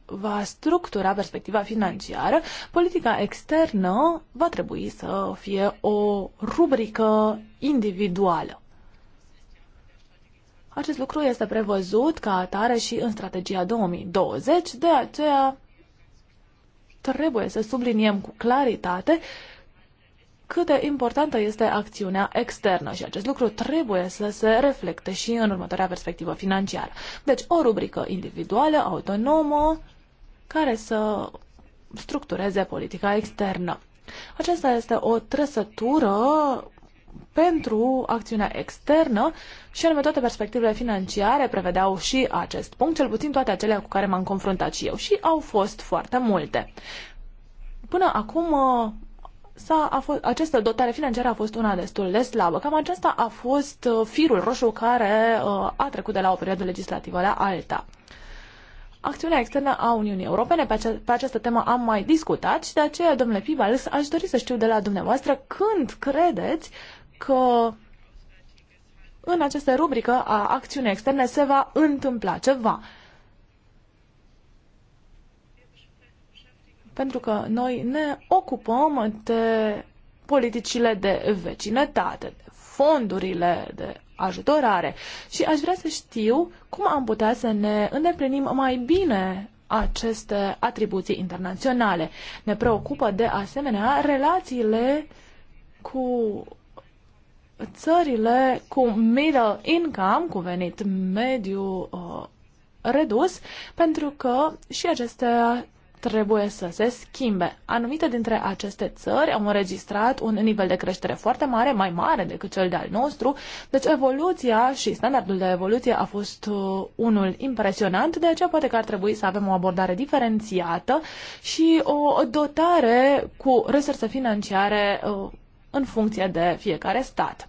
va structura perspectiva financiară, politica externă va trebui să fie o rubrică individuală. Acest lucru este prevăzut ca atare și în strategia 2020, de aceea trebuie să subliniem cu claritate cât de importantă este acțiunea externă și acest lucru trebuie să se reflecte și în următoarea perspectivă financiară. Deci o rubrică individuală, autonomă, care să structureze politica externă. Aceasta este o trăsătură pentru acțiunea externă și anume toate perspectivele financiare prevedeau și acest punct, cel puțin toate acelea cu care m-am confruntat și eu și au fost foarte multe. Până acum uh, a a fost, această dotare financiară a fost una destul de slabă. Cam aceasta a fost uh, firul roșu care uh, a trecut de la o perioadă legislativă la alta. Acțiunea externă a Uniunii Europene, pe, ace- pe această temă am mai discutat și de aceea, domnule Pibals, aș dori să știu de la dumneavoastră când credeți că în această rubrică a acțiunii externe se va întâmpla ceva. Pentru că noi ne ocupăm de politicile de vecinătate, de fondurile de ajutorare și aș vrea să știu cum am putea să ne îndeplinim mai bine aceste atribuții internaționale. Ne preocupă de asemenea relațiile cu țările cu middle income, cu venit mediu uh, redus, pentru că și acestea trebuie să se schimbe. Anumite dintre aceste țări au înregistrat un nivel de creștere foarte mare, mai mare decât cel de-al nostru, deci evoluția și standardul de evoluție a fost uh, unul impresionant, de aceea poate că ar trebui să avem o abordare diferențiată și o dotare cu resurse financiare uh, în funcție de fiecare stat.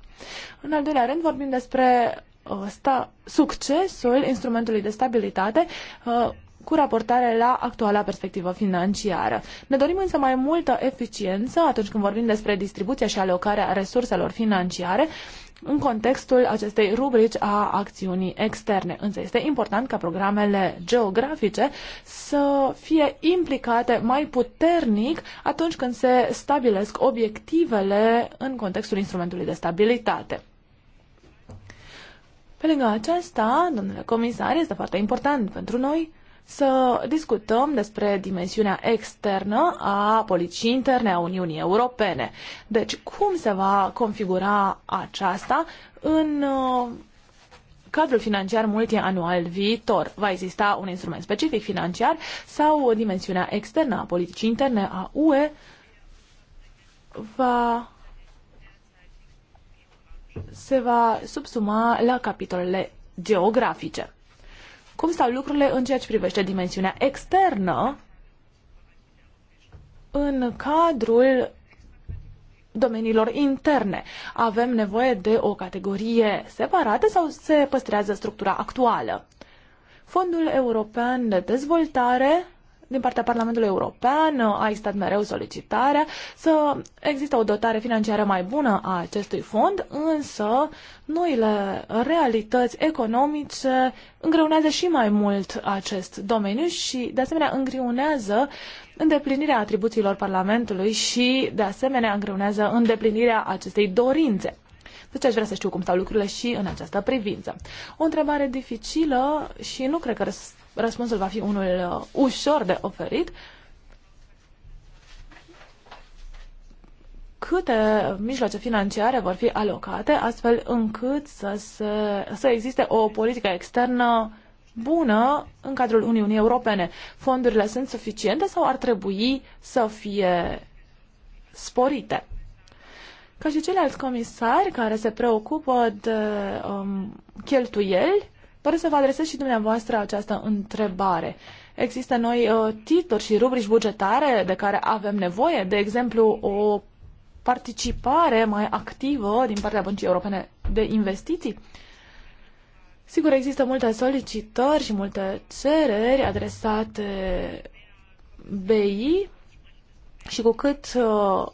În al doilea rând, vorbim despre uh, sta, succesul instrumentului de stabilitate uh, cu raportare la actuala perspectivă financiară. Ne dorim însă mai multă eficiență atunci când vorbim despre distribuția și alocarea resurselor financiare în contextul acestei rubrici a acțiunii externe. Însă este important ca programele geografice să fie implicate mai puternic atunci când se stabilesc obiectivele în contextul instrumentului de stabilitate. Pe lângă aceasta, domnule comisar, este foarte important pentru noi să discutăm despre dimensiunea externă a politicii interne a Uniunii Europene. Deci, cum se va configura aceasta în uh, cadrul financiar multianual viitor? Va exista un instrument specific financiar sau dimensiunea externă a politicii interne a UE va se va subsuma la capitolele geografice cum stau lucrurile în ceea ce privește dimensiunea externă în cadrul domeniilor interne. Avem nevoie de o categorie separată sau se păstrează structura actuală? Fondul European de Dezvoltare din partea Parlamentului European uh, a existat mereu solicitarea să există o dotare financiară mai bună a acestui fond, însă noile realități economice îngreunează și mai mult acest domeniu și, de asemenea, îngreunează îndeplinirea atribuțiilor Parlamentului și, de asemenea, îngreunează îndeplinirea acestei dorințe. Deci aș vrea să știu cum stau lucrurile și în această privință. O întrebare dificilă și nu cred că răspunsul va fi unul uh, ușor de oferit. Câte mijloace financiare vor fi alocate astfel încât să, se, să existe o politică externă bună în cadrul Uniunii Europene? Fondurile sunt suficiente sau ar trebui să fie sporite? Ca și ceilalți comisari care se preocupă de um, cheltuieli, Doresc să vă adresez și dumneavoastră această întrebare. Există noi uh, titluri și rubrici bugetare de care avem nevoie, de exemplu o participare mai activă din partea Băncii Europene de Investiții. Sigur, există multe solicitări și multe cereri adresate BI și cu cât uh,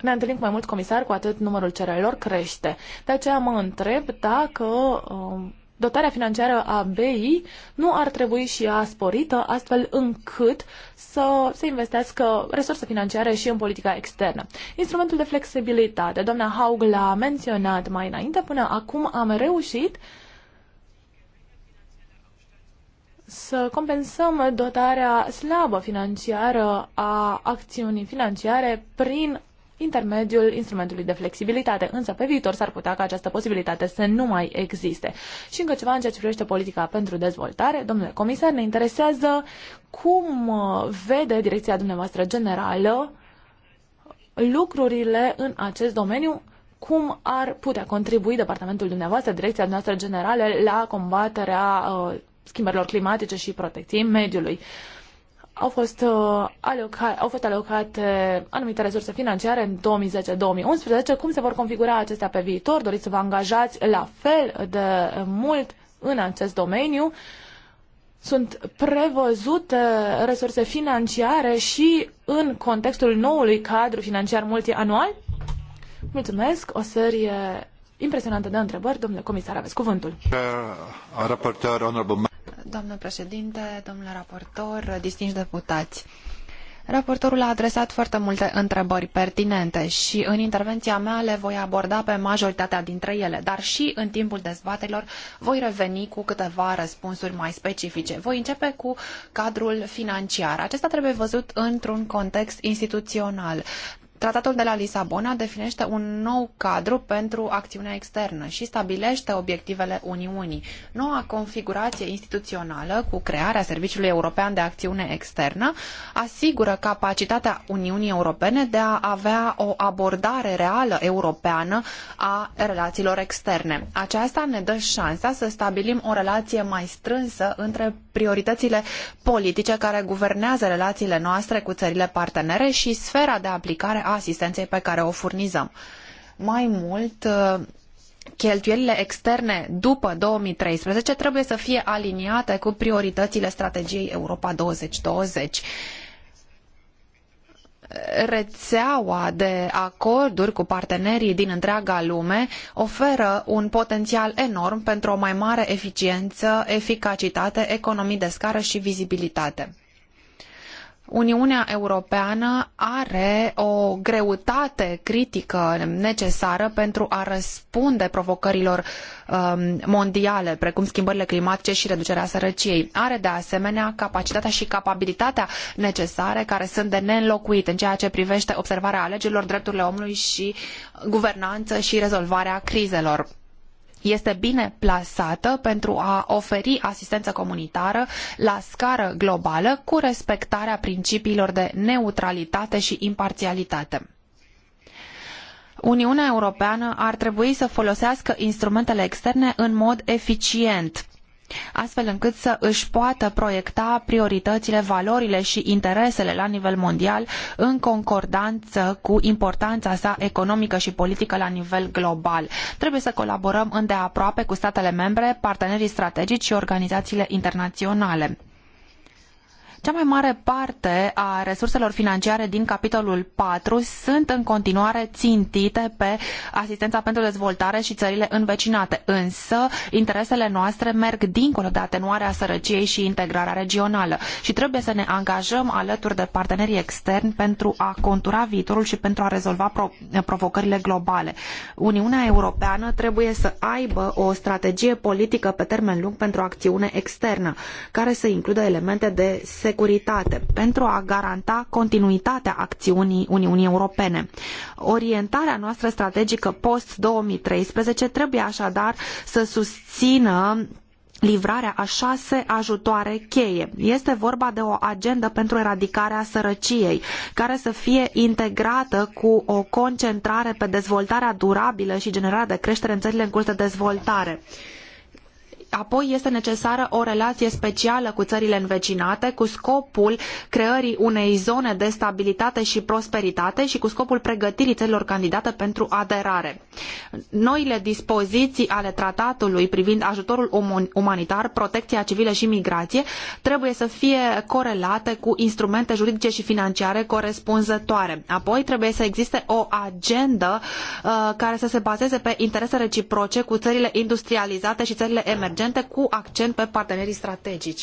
ne întâlnim cu mai mulți comisari, cu atât numărul cererilor crește. De aceea mă întreb dacă uh, dotarea financiară a BI nu ar trebui și ea sporită, astfel încât să se investească resurse financiare și în politica externă. Instrumentul de flexibilitate, doamna Haug l-a menționat mai înainte, până acum am reușit să compensăm dotarea slabă financiară a acțiunii financiare prin intermediul instrumentului de flexibilitate, însă pe viitor s-ar putea ca această posibilitate să nu mai existe. Și încă ceva în ceea ce privește politica pentru dezvoltare, domnule comisar, ne interesează cum uh, vede direcția dumneavoastră generală lucrurile în acest domeniu, cum ar putea contribui departamentul dumneavoastră, direcția noastră generală, la combaterea uh, schimbărilor climatice și protecției mediului. Uh, au fost, uh, aloca- au fost alocate anumite resurse financiare în 2010-2011. Cum se vor configura acestea pe viitor? Doriți să vă angajați la fel de mult în acest domeniu? Sunt prevăzute resurse financiare și în contextul noului cadru financiar multianual? Mulțumesc, o serie impresionantă de întrebări. Domnule comisar, aveți cuvântul. Uh, Doamnă președinte, domnule raportor, distinși deputați, Raportorul a adresat foarte multe întrebări pertinente și în intervenția mea le voi aborda pe majoritatea dintre ele, dar și în timpul dezbaterilor voi reveni cu câteva răspunsuri mai specifice. Voi începe cu cadrul financiar. Acesta trebuie văzut într-un context instituțional. Tratatul de la Lisabona definește un nou cadru pentru acțiunea externă și stabilește obiectivele Uniunii. Noua configurație instituțională cu crearea Serviciului European de Acțiune Externă asigură capacitatea Uniunii Europene de a avea o abordare reală europeană a relațiilor externe. Aceasta ne dă șansa să stabilim o relație mai strânsă între prioritățile politice care guvernează relațiile noastre cu țările partenere și sfera de aplicare a asistenței pe care o furnizăm. Mai mult, cheltuielile externe după 2013 trebuie să fie aliniate cu prioritățile strategiei Europa 2020 rețeaua de acorduri cu partenerii din întreaga lume oferă un potențial enorm pentru o mai mare eficiență, eficacitate, economii de scară și vizibilitate. Uniunea Europeană are o greutate critică necesară pentru a răspunde provocărilor um, mondiale, precum schimbările climatice și reducerea sărăciei. Are de asemenea capacitatea și capabilitatea necesare care sunt de neînlocuit în ceea ce privește observarea alegerilor, drepturile omului și guvernanță și rezolvarea crizelor este bine plasată pentru a oferi asistență comunitară la scară globală cu respectarea principiilor de neutralitate și imparțialitate. Uniunea Europeană ar trebui să folosească instrumentele externe în mod eficient astfel încât să își poată proiecta prioritățile, valorile și interesele la nivel mondial în concordanță cu importanța sa economică și politică la nivel global. Trebuie să colaborăm îndeaproape cu statele membre, partenerii strategici și organizațiile internaționale. Cea mai mare parte a resurselor financiare din capitolul 4 sunt în continuare țintite pe asistența pentru dezvoltare și țările învecinate, însă interesele noastre merg dincolo de atenuarea sărăciei și integrarea regională și trebuie să ne angajăm alături de partenerii externi pentru a contura viitorul și pentru a rezolva provocările globale. Uniunea Europeană trebuie să aibă o strategie politică pe termen lung pentru acțiune externă, care să includă elemente de securitate securitate pentru a garanta continuitatea acțiunii Uniunii Europene. Orientarea noastră strategică post-2013 trebuie așadar să susțină livrarea a șase ajutoare cheie. Este vorba de o agendă pentru eradicarea sărăciei, care să fie integrată cu o concentrare pe dezvoltarea durabilă și generarea de creștere în țările în curs de dezvoltare Apoi este necesară o relație specială cu țările învecinate cu scopul creării unei zone de stabilitate și prosperitate și cu scopul pregătirii țărilor candidate pentru aderare. Noile dispoziții ale tratatului privind ajutorul umanitar, protecția civilă și migrație trebuie să fie corelate cu instrumente juridice și financiare corespunzătoare. Apoi trebuie să existe o agendă uh, care să se bazeze pe interese reciproce cu țările industrializate și țările emergente inteligente cu accent pe partenerii strategici.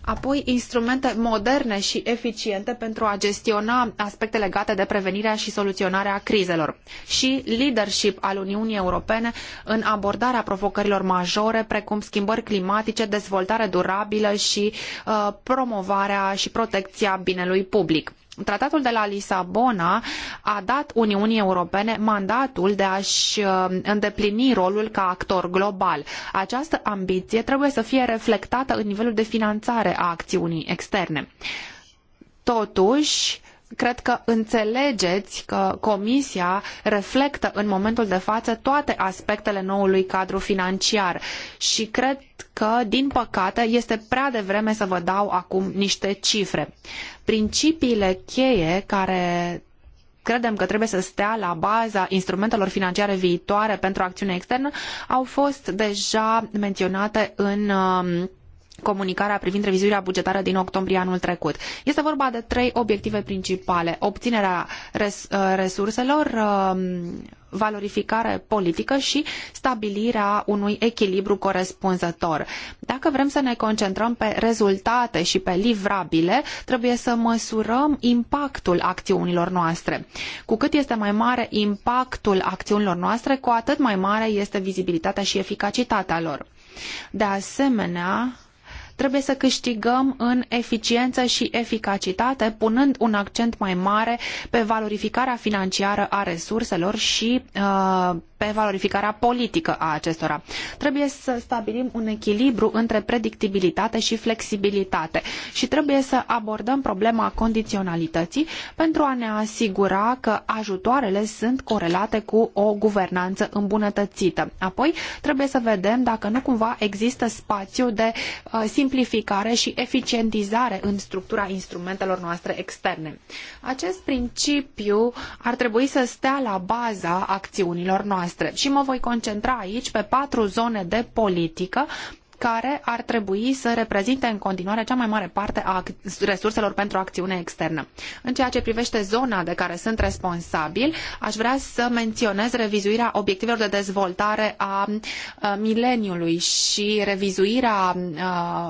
Apoi, instrumente moderne și eficiente pentru a gestiona aspecte legate de prevenirea și soluționarea crizelor și leadership al Uniunii Europene în abordarea provocărilor majore, precum schimbări climatice, dezvoltare durabilă și uh, promovarea și protecția binelui public. Tratatul de la Lisabona a dat Uniunii Europene mandatul de a-și uh, îndeplini rolul ca actor global. Această ambiție trebuie să fie reflectată în nivelul de finanțare a acțiunii externe. Totuși, cred că înțelegeți că Comisia reflectă în momentul de față toate aspectele noului cadru financiar și cred că, din păcate, este prea devreme să vă dau acum niște cifre. Principiile cheie care credem că trebuie să stea la baza instrumentelor financiare viitoare pentru acțiune externă au fost deja menționate în um, comunicarea privind revizuirea bugetară din octombrie anul trecut. Este vorba de trei obiective principale. Obținerea res uh, resurselor, um, valorificare politică și stabilirea unui echilibru corespunzător. Dacă vrem să ne concentrăm pe rezultate și pe livrabile, trebuie să măsurăm impactul acțiunilor noastre. Cu cât este mai mare impactul acțiunilor noastre, cu atât mai mare este vizibilitatea și eficacitatea lor. De asemenea, Trebuie să câștigăm în eficiență și eficacitate, punând un accent mai mare pe valorificarea financiară a resurselor și uh, pe valorificarea politică a acestora. Trebuie să stabilim un echilibru între predictibilitate și flexibilitate și trebuie să abordăm problema condiționalității pentru a ne asigura că ajutoarele sunt corelate cu o guvernanță îmbunătățită. Apoi trebuie să vedem dacă nu cumva există spațiu de uh, simplificare și eficientizare în structura instrumentelor noastre externe. Acest principiu ar trebui să stea la baza acțiunilor noastre noastre și mă voi concentra aici pe patru zone de politică care ar trebui să reprezinte în continuare cea mai mare parte a resurselor pentru acțiune externă. În ceea ce privește zona de care sunt responsabil, aș vrea să menționez revizuirea obiectivelor de dezvoltare a mileniului și revizuirea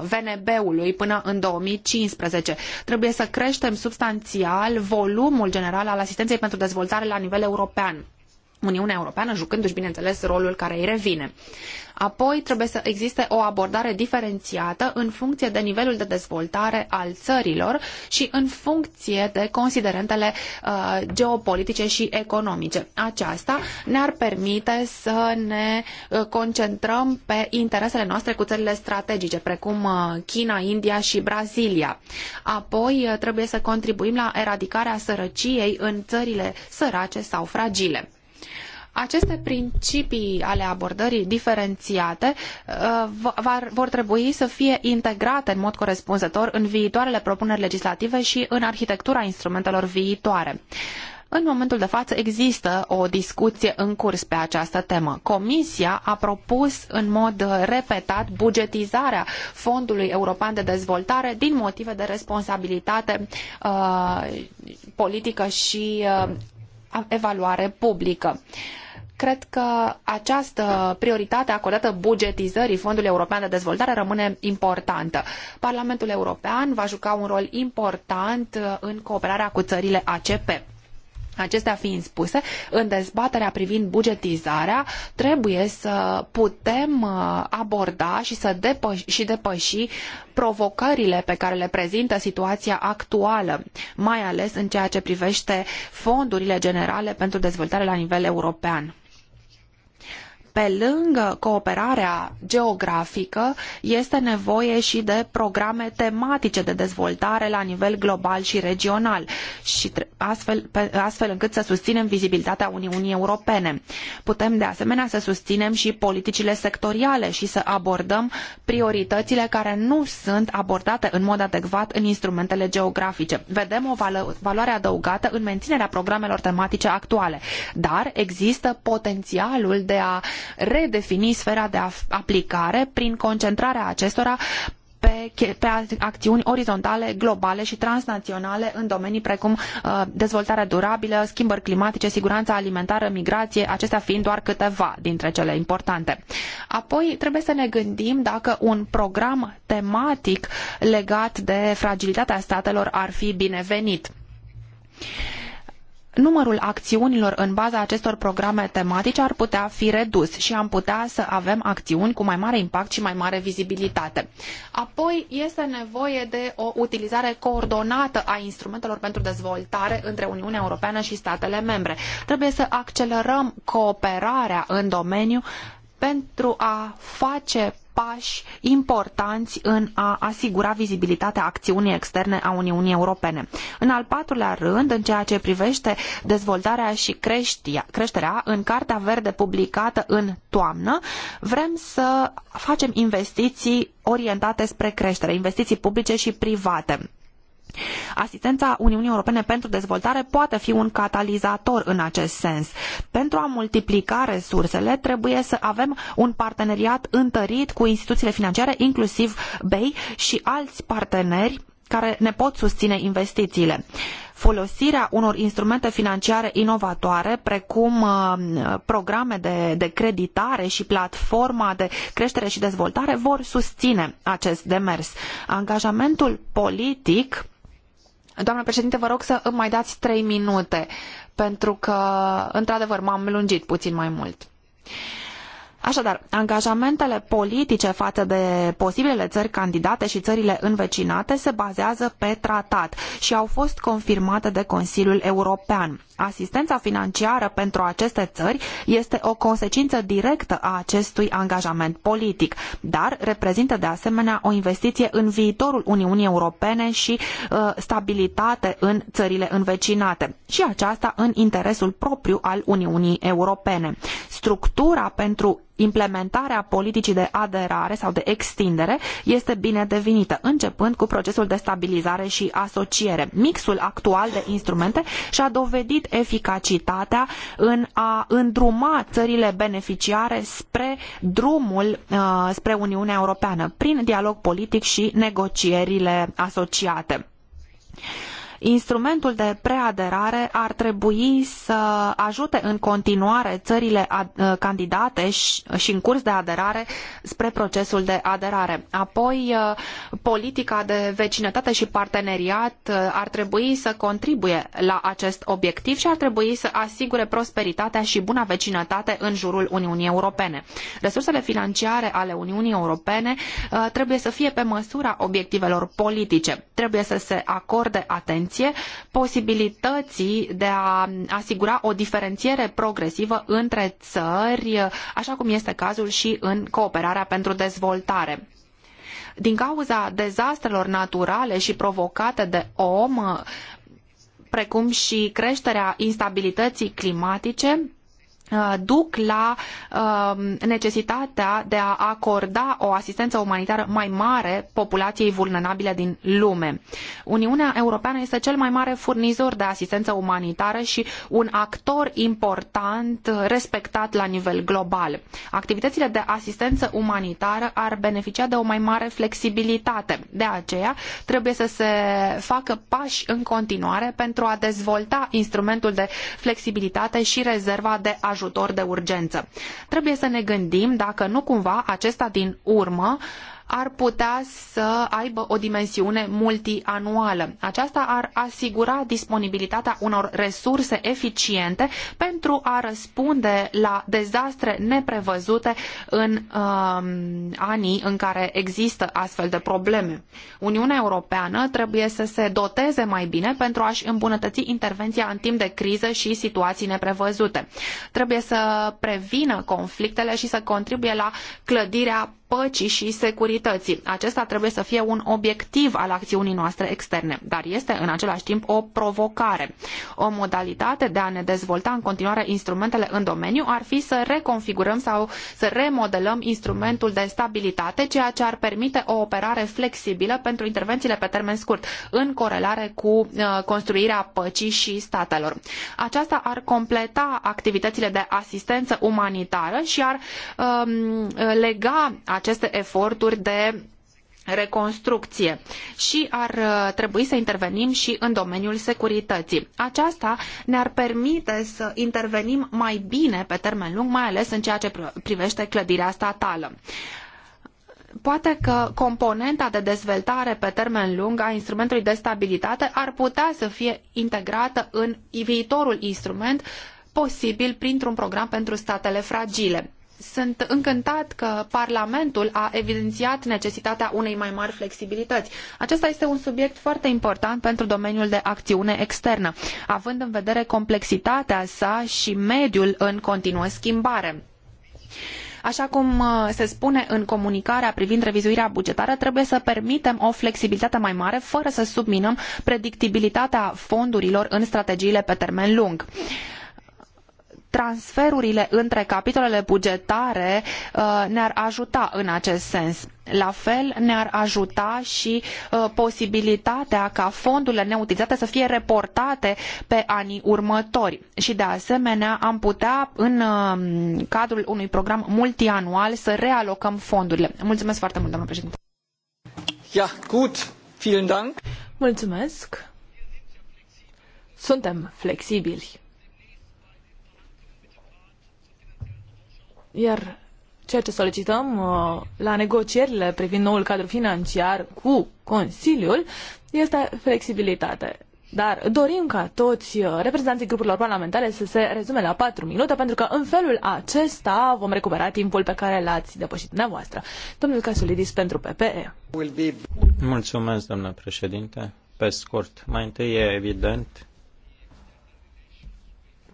VNB-ului până în 2015. Trebuie să creștem substanțial volumul general al asistenței pentru dezvoltare la nivel european Uniunea Europeană, jucându-și, bineînțeles, rolul care îi revine. Apoi trebuie să existe o abordare diferențiată în funcție de nivelul de dezvoltare al țărilor și în funcție de considerentele uh, geopolitice și economice. Aceasta ne-ar permite să ne uh, concentrăm pe interesele noastre cu țările strategice, precum uh, China, India și Brazilia. Apoi uh, trebuie să contribuim la eradicarea sărăciei în țările sărace sau fragile. Aceste principii ale abordării diferențiate uh, vor trebui să fie integrate în mod corespunzător în viitoarele propuneri legislative și în arhitectura instrumentelor viitoare. În momentul de față există o discuție în curs pe această temă. Comisia a propus în mod repetat bugetizarea Fondului European de Dezvoltare din motive de responsabilitate uh, politică și uh, evaluare publică. Uh, Cred că această prioritate acordată bugetizării Fondului European de Dezvoltare rămâne importantă. Parlamentul European va juca un rol important în cooperarea cu țările ACP. Acestea fiind spuse, în dezbaterea privind bugetizarea, trebuie să putem uh, aborda și să depăș- și depăși provocările pe care le prezintă situația actuală, mai ales în ceea ce privește fondurile generale pentru dezvoltare la nivel european pe lângă cooperarea geografică, este nevoie și de programe tematice de dezvoltare la nivel global și regional, și astfel, astfel încât să susținem vizibilitatea Uniunii Europene. Putem de asemenea să susținem și politicile sectoriale și să abordăm prioritățile care nu sunt abordate în mod adecvat în instrumentele geografice. Vedem o valo valoare adăugată în menținerea programelor tematice actuale, dar există potențialul de a redefini sfera de aplicare prin concentrarea acestora pe, pe acțiuni orizontale, globale și transnaționale în domenii precum uh, dezvoltarea durabilă, schimbări climatice, siguranța alimentară, migrație, acestea fiind doar câteva dintre cele importante. Apoi trebuie să ne gândim dacă un program tematic legat de fragilitatea statelor ar fi binevenit numărul acțiunilor în baza acestor programe tematice ar putea fi redus și am putea să avem acțiuni cu mai mare impact și mai mare vizibilitate. Apoi este nevoie de o utilizare coordonată a instrumentelor pentru dezvoltare între Uniunea Europeană și statele membre. Trebuie să accelerăm cooperarea în domeniu pentru a face pași importanți în a asigura vizibilitatea acțiunii externe a Uniunii Europene. În al patrulea rând, în ceea ce privește dezvoltarea și creșterea, în Cartea Verde publicată în toamnă, vrem să facem investiții orientate spre creștere, investiții publice și private Asistența Uniunii Europene pentru dezvoltare poate fi un catalizator în acest sens. Pentru a multiplica resursele, trebuie să avem un parteneriat întărit cu instituțiile financiare, inclusiv BEI și alți parteneri care ne pot susține investițiile. Folosirea unor instrumente financiare inovatoare, precum uh, programe de, de creditare și platforma de creștere și dezvoltare, vor susține acest demers. Angajamentul politic Doamnă președinte, vă rog să îmi mai dați trei minute, pentru că, într-adevăr, m-am lungit puțin mai mult. Așadar, angajamentele politice față de posibilele țări candidate și țările învecinate se bazează pe tratat și au fost confirmate de Consiliul European. Asistența financiară pentru aceste țări este o consecință directă a acestui angajament politic, dar reprezintă de asemenea o investiție în viitorul Uniunii Europene și uh, stabilitate în țările învecinate și aceasta în interesul propriu al Uniunii Europene. Structura pentru implementarea politicii de aderare sau de extindere este bine devenită, începând cu procesul de stabilizare și asociere. Mixul actual de instrumente și-a dovedit eficacitatea în a îndruma țările beneficiare spre drumul uh, spre Uniunea Europeană, prin dialog politic și negocierile asociate. Instrumentul de preaderare ar trebui să ajute în continuare țările uh, candidate și în curs de aderare spre procesul de aderare. Apoi, uh, politica de vecinătate și parteneriat uh, ar trebui să contribuie la acest obiectiv și ar trebui să asigure prosperitatea și buna vecinătate în jurul Uniunii Europene. Resursele financiare ale Uniunii Europene trebuie să fie pe măsura obiectivelor politice. Trebuie să se acorde atenție atenție posibilității de a asigura o diferențiere progresivă între țări, așa cum este cazul și în cooperarea pentru dezvoltare. Din cauza dezastrelor naturale și provocate de om, precum și creșterea instabilității climatice, Uh, duc la uh, necesitatea de a acorda o asistență umanitară mai mare populației vulnerabile din lume. Uniunea Europeană este cel mai mare furnizor de asistență umanitară și un actor important respectat la nivel global. Activitățile de asistență umanitară ar beneficia de o mai mare flexibilitate. De aceea trebuie să se facă pași în continuare pentru a dezvolta instrumentul de flexibilitate și rezerva de ajutor ajutor de urgență. Trebuie să ne gândim dacă nu cumva acesta din urmă ar putea să aibă o dimensiune multianuală. Aceasta ar asigura disponibilitatea unor resurse eficiente pentru a răspunde la dezastre neprevăzute în um, anii în care există astfel de probleme. Uniunea Europeană trebuie să se doteze mai bine pentru a-și îmbunătăți intervenția în timp de criză și situații neprevăzute. Trebuie să prevină conflictele și să contribuie la clădirea păcii și securității. Acesta trebuie să fie un obiectiv al acțiunii noastre externe, dar este în același timp o provocare. O modalitate de a ne dezvolta în continuare instrumentele în domeniu ar fi să reconfigurăm sau să remodelăm instrumentul de stabilitate, ceea ce ar permite o operare flexibilă pentru intervențiile pe termen scurt, în corelare cu uh, construirea păcii și statelor. Aceasta ar completa activitățile de asistență umanitară și ar um, lega aceste eforturi de reconstrucție și ar uh, trebui să intervenim și în domeniul securității. Aceasta ne-ar permite să intervenim mai bine pe termen lung, mai ales în ceea ce privește clădirea statală poate că componenta de dezvoltare pe termen lung a instrumentului de stabilitate ar putea să fie integrată în viitorul instrument posibil printr-un program pentru statele fragile sunt încântat că Parlamentul a evidențiat necesitatea unei mai mari flexibilități. Acesta este un subiect foarte important pentru domeniul de acțiune externă, având în vedere complexitatea sa și mediul în continuă schimbare. Așa cum uh, se spune în comunicarea privind revizuirea bugetară, trebuie să permitem o flexibilitate mai mare fără să subminăm predictibilitatea fondurilor în strategiile pe termen lung transferurile între capitolele bugetare uh, ne-ar ajuta în acest sens. La fel ne-ar ajuta și uh, posibilitatea ca fondurile neutilizate să fie reportate pe anii următori și de asemenea am putea în uh, cadrul unui program multianual să realocăm fondurile. Mulțumesc foarte mult, doamnă președinte. Ja, gut. Vielen Dank. Mulțumesc. Suntem flexibili. Iar ceea ce solicităm uh, la negocierile privind noul cadru financiar cu Consiliul este flexibilitate. Dar dorim ca toți uh, reprezentanții grupurilor parlamentare să se rezume la patru minute, pentru că în felul acesta vom recupera timpul pe care l-ați depășit dumneavoastră. Domnul Casulidis pentru PPE. Mulțumesc, domnule președinte. Pe scurt, mai întâi e evident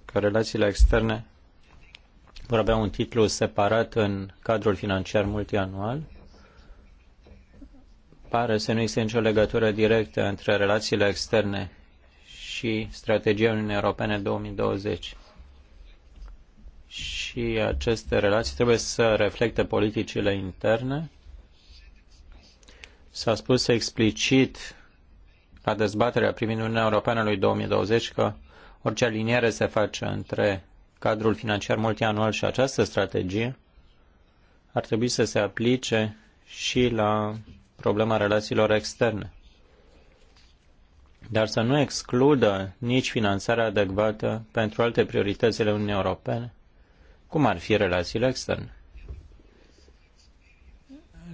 că relațiile externe vor avea un titlu separat în cadrul financiar multianual. Pare să nu există nicio legătură directă între relațiile externe și strategia Uniunii Europene 2020. Și aceste relații trebuie să reflecte politicile interne. S-a spus explicit la dezbaterea privind Uniunea Europeană lui 2020 că orice aliniere se face între cadrul financiar multianual și această strategie ar trebui să se aplice și la problema relațiilor externe, dar să nu excludă nici finanțarea adecvată pentru alte prioritățile Uniunii Europene, cum ar fi relațiile externe.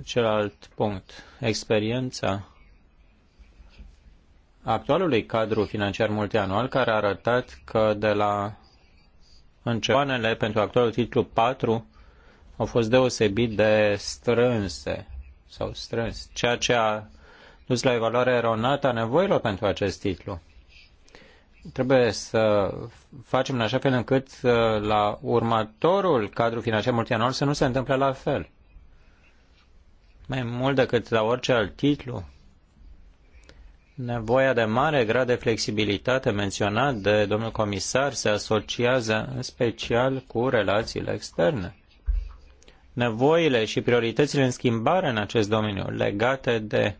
Celălalt punct, experiența actualului cadru financiar multianual care a arătat că de la începoanele pentru actualul titlu 4 au fost deosebit de strânse sau strâns, ceea ce a dus la evaluare eronată a nevoilor pentru acest titlu. Trebuie să facem în așa fel încât uh, la următorul cadru financiar multianual să nu se întâmple la fel. Mai mult decât la orice alt titlu, Nevoia de mare grad de flexibilitate menționat de domnul comisar se asociază în special cu relațiile externe. Nevoile și prioritățile în schimbare în acest domeniu legate de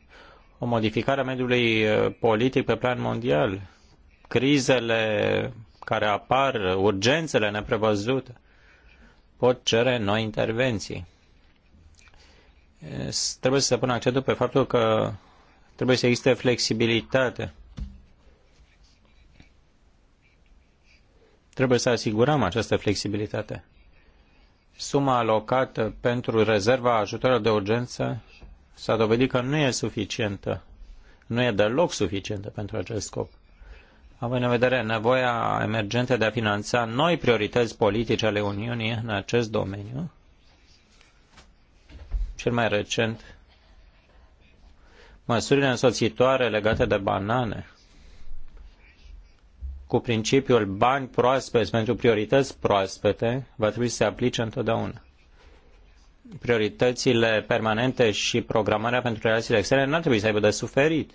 o modificare a mediului uh, politic pe plan mondial, crizele care apar, urgențele neprevăzute, pot cere noi intervenții. Trebuie să se pună accentul pe faptul că Trebuie să existe flexibilitate. Trebuie să asigurăm această flexibilitate. Suma alocată pentru rezerva ajutorului de urgență s-a dovedit că nu e suficientă. Nu e deloc suficientă pentru acest scop. Având în vedere nevoia emergentă de a finanța noi priorități politice ale Uniunii în acest domeniu, cel mai recent măsurile însoțitoare legate de banane, cu principiul bani proaspeți pentru priorități proaspete, va trebui să se aplice întotdeauna. Prioritățile permanente și programarea pentru relațiile externe nu ar trebui să aibă de suferit.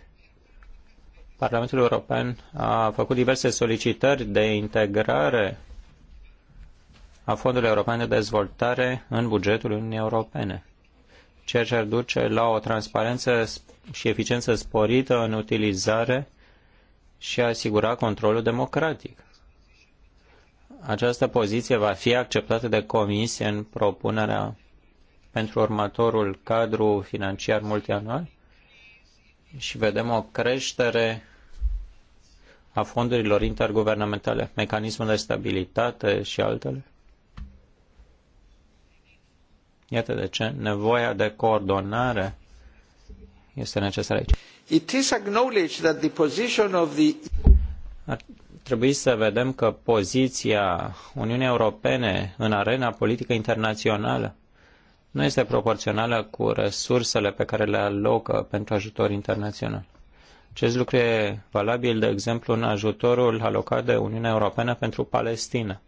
Parlamentul European a făcut diverse solicitări de integrare a Fondului European de Dezvoltare în bugetul Uniunii Europene ceea ce ar duce la o transparență și eficiență sporită în utilizare și a asigura controlul democratic. Această poziție va fi acceptată de comisie în propunerea pentru următorul cadru financiar multianual și vedem o creștere a fondurilor interguvernamentale, mecanismul de stabilitate și altele Iată de ce nevoia de coordonare este necesară aici. It is acknowledged that the position of the... Ar trebui să vedem că poziția Uniunii Europene în arena politică internațională nu este proporțională cu resursele pe care le alocă pentru ajutor internațional. Acest lucru e valabil, de exemplu, în ajutorul alocat de Uniunea Europeană pentru Palestina.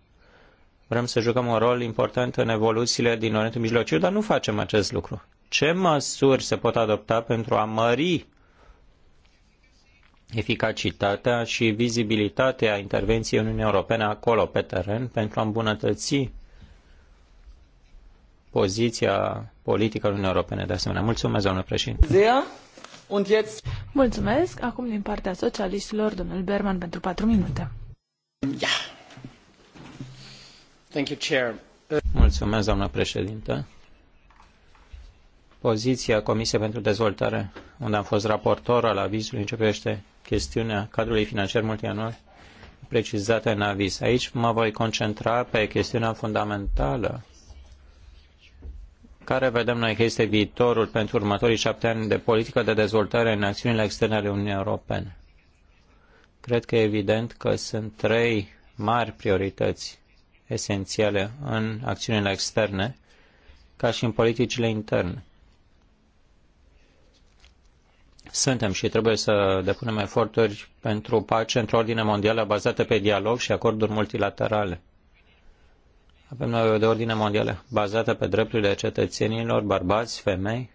Vrem să jucăm un rol important în evoluțiile din Orientul Mijlociu, dar nu facem acest lucru. Ce măsuri se pot adopta pentru a mări eficacitatea și vizibilitatea intervenției Uniunii Europene acolo, pe teren, pentru a îmbunătăți poziția politică a Uniunii Europene. De asemenea, mulțumesc, domnule președinte. Mulțumesc. Acum, din partea socialiștilor, domnul Berman, pentru patru minute. Yeah. Mulțumesc, doamnă președintă. Poziția Comisiei pentru Dezvoltare, unde am fost raportor al avizului, începește chestiunea cadrului financiar multianual precizată în aviz. Aici mă voi concentra pe chestiunea fundamentală care vedem noi că este viitorul pentru următorii șapte ani de politică de dezvoltare în acțiunile externe ale Uniunii Europene. Cred că e evident că sunt trei mari priorități esențiale în acțiunile externe, ca și în politicile interne. Suntem și trebuie să depunem eforturi pentru pace într-o ordine mondială bazată pe dialog și acorduri multilaterale. Avem nevoie de ordine mondială bazată pe drepturile cetățenilor, bărbați, femei,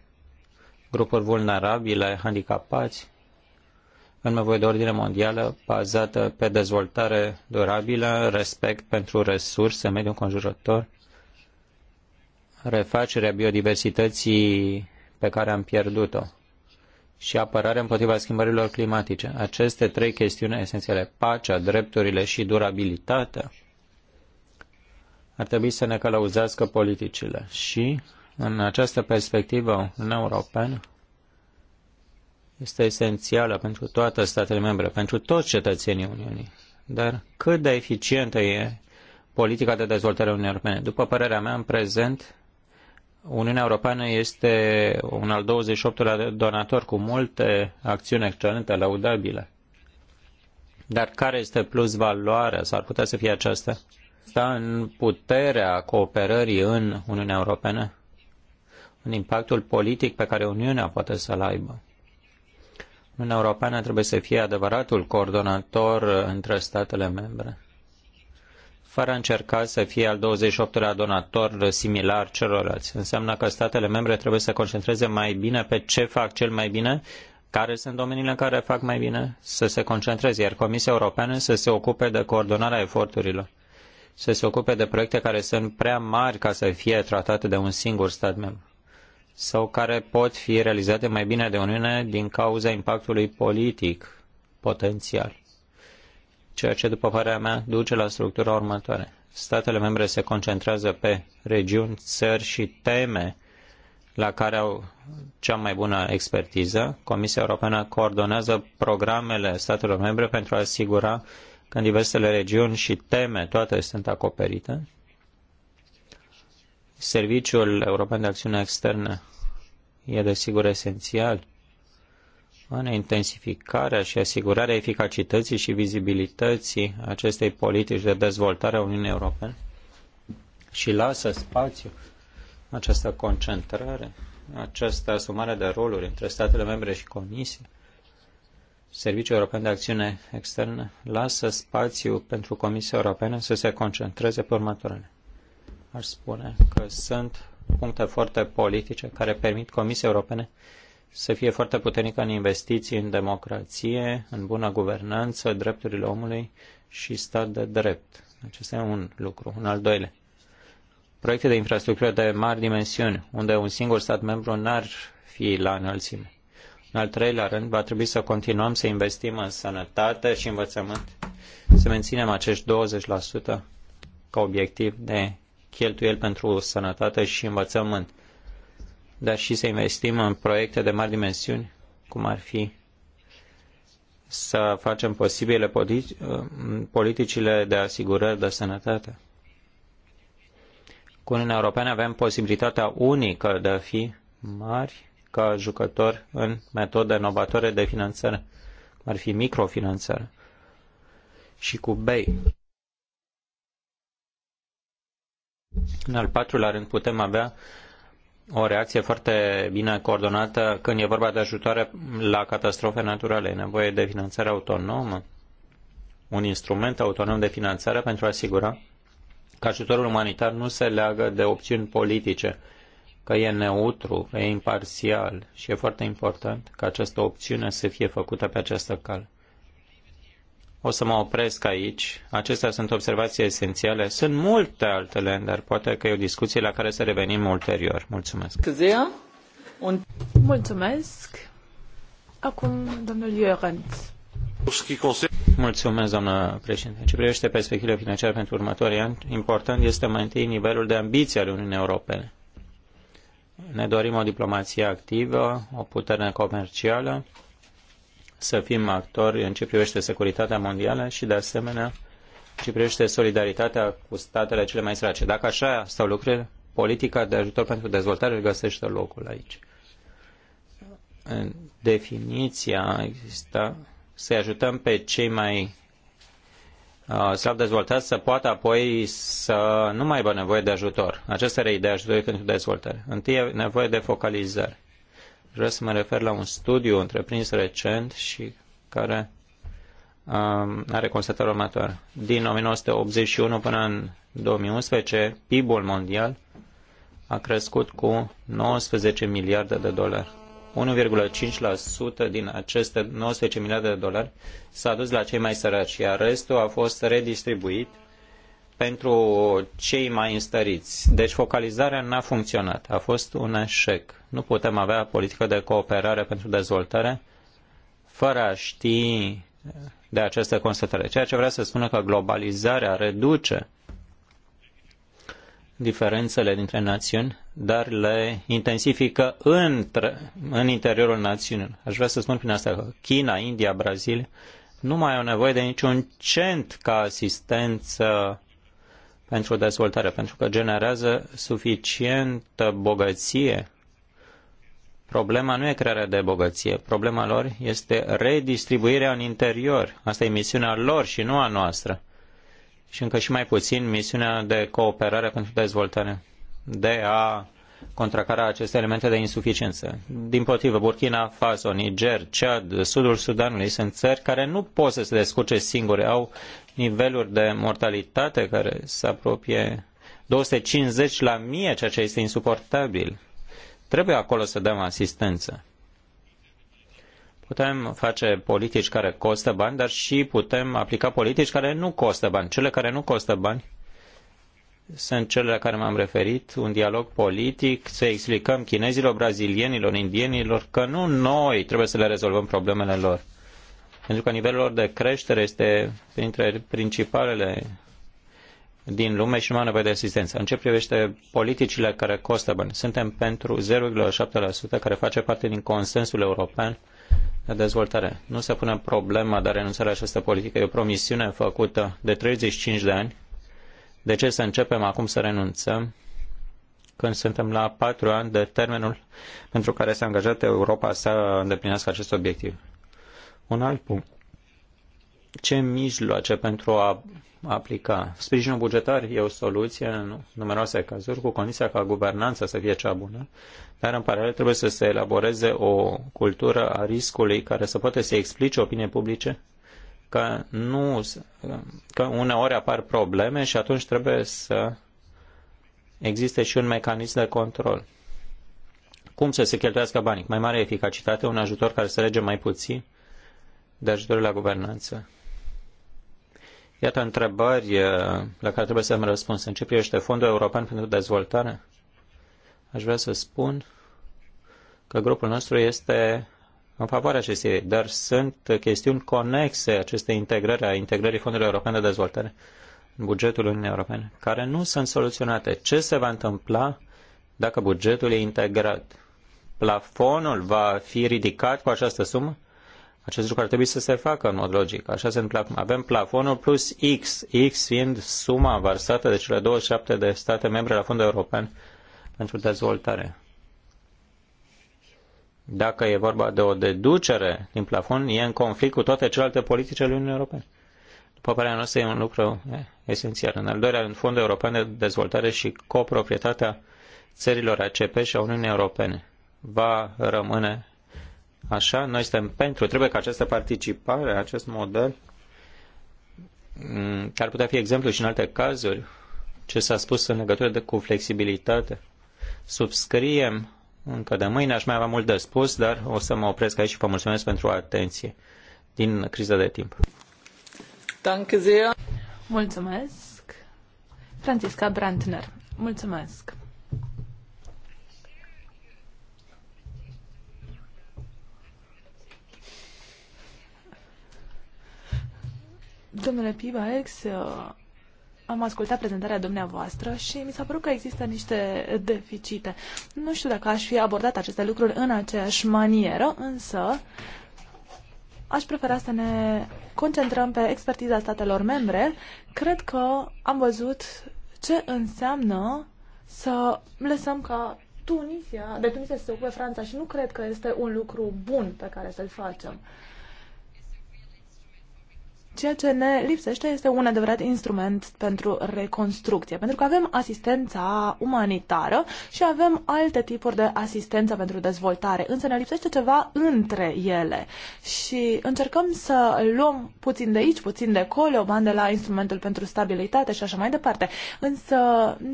grupuri vulnerabile, handicapați, în nevoie de da ordine mondială bazată pe dezvoltare durabilă, respect pentru resurse, mediul înconjurător, refacerea biodiversității pe care am pierdut-o și apărare împotriva schimbărilor climatice. Aceste trei chestiuni esențiale, pacea, drepturile și durabilitatea, ar trebui să ne călăuzească politicile. Și, în această perspectivă, în Europeană, este esențială pentru toate statele membre, pentru toți cetățenii Uniunii. Dar cât de eficientă e politica de dezvoltare a Uniunii Europene? După părerea mea, în prezent, Uniunea Europeană este un al 28-lea donator cu multe acțiuni excelente, laudabile. Dar care este plus valoarea? S-ar putea să fie aceasta? Sta în puterea cooperării în Uniunea Europeană? În impactul politic pe care Uniunea poate să-l aibă? Uniunea Europeană trebuie să fie adevăratul coordonator între statele membre, fără a încerca să fie al 28-lea donator similar celorlalți. Înseamnă că statele membre trebuie să concentreze mai bine pe ce fac cel mai bine, care sunt domeniile în care fac mai bine, să se concentreze, iar Comisia Europeană să se ocupe de coordonarea eforturilor să se ocupe de proiecte care sunt prea mari ca să fie tratate de un singur stat membru sau care pot fi realizate mai bine de Uniune din cauza impactului politic potențial, ceea ce, după părerea mea, duce la structura următoare. Statele membre se concentrează pe regiuni, țări și teme la care au cea mai bună expertiză. Comisia Europeană coordonează programele statelor membre pentru a asigura că în diversele regiuni și teme toate sunt acoperite. Serviciul European de Acțiune Externă e desigur esențial în intensificarea și asigurarea eficacității și vizibilității acestei politici de dezvoltare a Uniunii Europene și lasă spațiu această concentrare, această asumare de roluri între statele membre și Comisie. Serviciul European de Acțiune Externă lasă spațiu pentru Comisia Europeană să se concentreze pe următoarele. Aș spune că sunt puncte foarte politice care permit Comisiei Europene să fie foarte puternică în investiții în democrație, în bună guvernanță, drepturile omului și stat de drept. Acesta e un lucru. Un al doilea. Proiecte de infrastructură de mari dimensiuni, unde un singur stat membru n-ar fi la înălțime. În al treilea rând, va trebui să continuăm să investim în sănătate și învățământ, să menținem acești 20% ca obiectiv de cheltuieli pentru sănătate și învățământ, dar și să investim în proiecte de mari dimensiuni, cum ar fi să facem posibile politicile de asigurări de sănătate. Cu Uniunea Europeană avem posibilitatea unică de a fi mari ca jucători în metode inovatoare de finanțare, cum ar fi microfinanțare și cu BEI. În al patrulea rând putem avea o reacție foarte bine coordonată când e vorba de ajutoare la catastrofe naturale. E nevoie de finanțare autonomă, un instrument autonom de finanțare pentru a asigura că ajutorul umanitar nu se leagă de opțiuni politice, că e neutru, că e imparțial și e foarte important ca această opțiune să fie făcută pe această cale. O să mă opresc aici. Acestea sunt observații esențiale. Sunt multe altele, dar poate că e o discuție la care să revenim ulterior. Mulțumesc. Mulțumesc. Acum, domnul Iorenț. Mulțumesc, doamnă președinte. ce privește perspectivele financiare pentru următorii ani, important este mai întâi nivelul de ambiție al Uniunii Europene. Ne dorim o diplomație activă, o putere comercială, să fim actori în ce privește securitatea mondială și, de asemenea, ce privește solidaritatea cu statele cele mai sărace. Dacă așa stau lucrurile, politica de ajutor pentru dezvoltare își găsește locul aici. În definiția există să ajutăm pe cei mai uh, slab dezvoltați să poată apoi să nu mai aibă nevoie de ajutor. Acesta era ideea ajutorului pentru dezvoltare. Întâi e nevoie de focalizare vreau să mă refer la un studiu întreprins recent și care uh, are constatarea următoare. Din 1981 până în 2011, PIB-ul mondial a crescut cu 19 miliarde de dolari. 1,5% din aceste 19 miliarde de dolari s-a dus la cei mai săraci, iar restul a fost redistribuit pentru cei mai înstăriți. Deci focalizarea n-a funcționat, a fost un eșec. Nu putem avea politică de cooperare pentru dezvoltare fără a ști de aceste constatări. Ceea ce vrea să spună că globalizarea reduce diferențele dintre națiuni, dar le intensifică între, în interiorul națiunilor. Aș vrea să spun prin asta că China, India, Brazilia nu mai au nevoie de niciun cent ca asistență pentru dezvoltare, pentru că generează suficientă bogăție Problema nu e crearea de bogăție, problema lor este redistribuirea în interior. Asta e misiunea lor și nu a noastră. Și încă și mai puțin misiunea de cooperare pentru dezvoltare, de a contracara aceste elemente de insuficiență. Din potrivă, Burkina Faso, Niger, Chad, Sudul Sudanului sunt țări care nu pot să se descurce singure, au niveluri de mortalitate care se apropie 250 la mie, ceea ce este insuportabil Trebuie acolo să dăm asistență. Putem face politici care costă bani, dar și putem aplica politici care nu costă bani. Cele care nu costă bani sunt cele la care m-am referit, un dialog politic, să explicăm chinezilor, brazilienilor, indienilor că nu noi trebuie să le rezolvăm problemele lor. Pentru că nivelul lor de creștere este printre principalele din lume și nu mai nevoie de asistență. În ce privește politicile care costă bani, suntem pentru 0,7% care face parte din consensul european de dezvoltare. Nu se pune problema de a renunța la această politică. E o promisiune făcută de 35 de ani. De ce să începem acum să renunțăm când suntem la patru ani de termenul pentru care s-a angajat Europa să îndeplinească acest obiectiv? Un alt punct. Ce mijloace pentru a aplica. Sprijinul bugetar e o soluție în numeroase cazuri, cu condiția ca guvernanța să fie cea bună, dar în paralel trebuie să se elaboreze o cultură a riscului care să poate să explice opinie publice că, nu, că uneori apar probleme și atunci trebuie să existe și un mecanism de control. Cum să se cheltuiască banii? Mai mare eficacitate, un ajutor care să lege mai puțin de ajutorul la guvernanță Iată întrebări eh, la care trebuie să-mi răspuns. În ce privește Fondul European pentru Dezvoltare? Aș vrea să spun că grupul nostru este în favoarea acestei, dar sunt chestiuni conexe acestei integrări, a integrării Fondului European de Dezvoltare în bugetul Uniunii Europene, care nu sunt soluționate. Ce se va întâmpla dacă bugetul e integrat? Plafonul va fi ridicat cu această sumă? Acest lucru ar trebui să se facă în mod logic. Așa se întâmplă acum. Avem plafonul plus X, X fiind suma varsată de cele 27 de state membre la Fondul European pentru Dezvoltare. Dacă e vorba de o deducere din plafon, e în conflict cu toate celelalte politici ale Uniunii Europene. După părerea noastră, e un lucru esențial. În al doilea rând, Fondul European de Dezvoltare și coproprietatea țărilor ACP și a Uniunii Europene va rămâne Așa, noi suntem pentru. Trebuie ca această participare, acest model, mm, care ar putea fi exemplu și în alte cazuri, ce s-a spus în legătură de, cu flexibilitate. Subscriem încă de mâine, aș mai avea mult de spus, dar o să mă opresc aici și vă mulțumesc pentru atenție din criza de timp. Danke sehr. Mulțumesc. Francisca Brandner. Mulțumesc. Domnule Piba, Ex, uh, am ascultat prezentarea dumneavoastră și mi s-a părut că există niște deficite. Nu știu dacă aș fi abordat aceste lucruri în aceeași manieră, însă aș prefera să ne concentrăm pe expertiza statelor membre. Cred că am văzut ce înseamnă să lăsăm ca Tunisia, de Tunisia să se ocupe Franța și nu cred că este un lucru bun pe care să-l facem. Uh, Ceea ce ne lipsește este un adevărat instrument pentru reconstrucție, pentru că avem asistența umanitară și avem alte tipuri de asistență pentru dezvoltare, însă ne lipsește ceva între ele. Și încercăm să luăm puțin de aici, puțin de acolo, bani de la instrumentul pentru stabilitate și așa mai departe, însă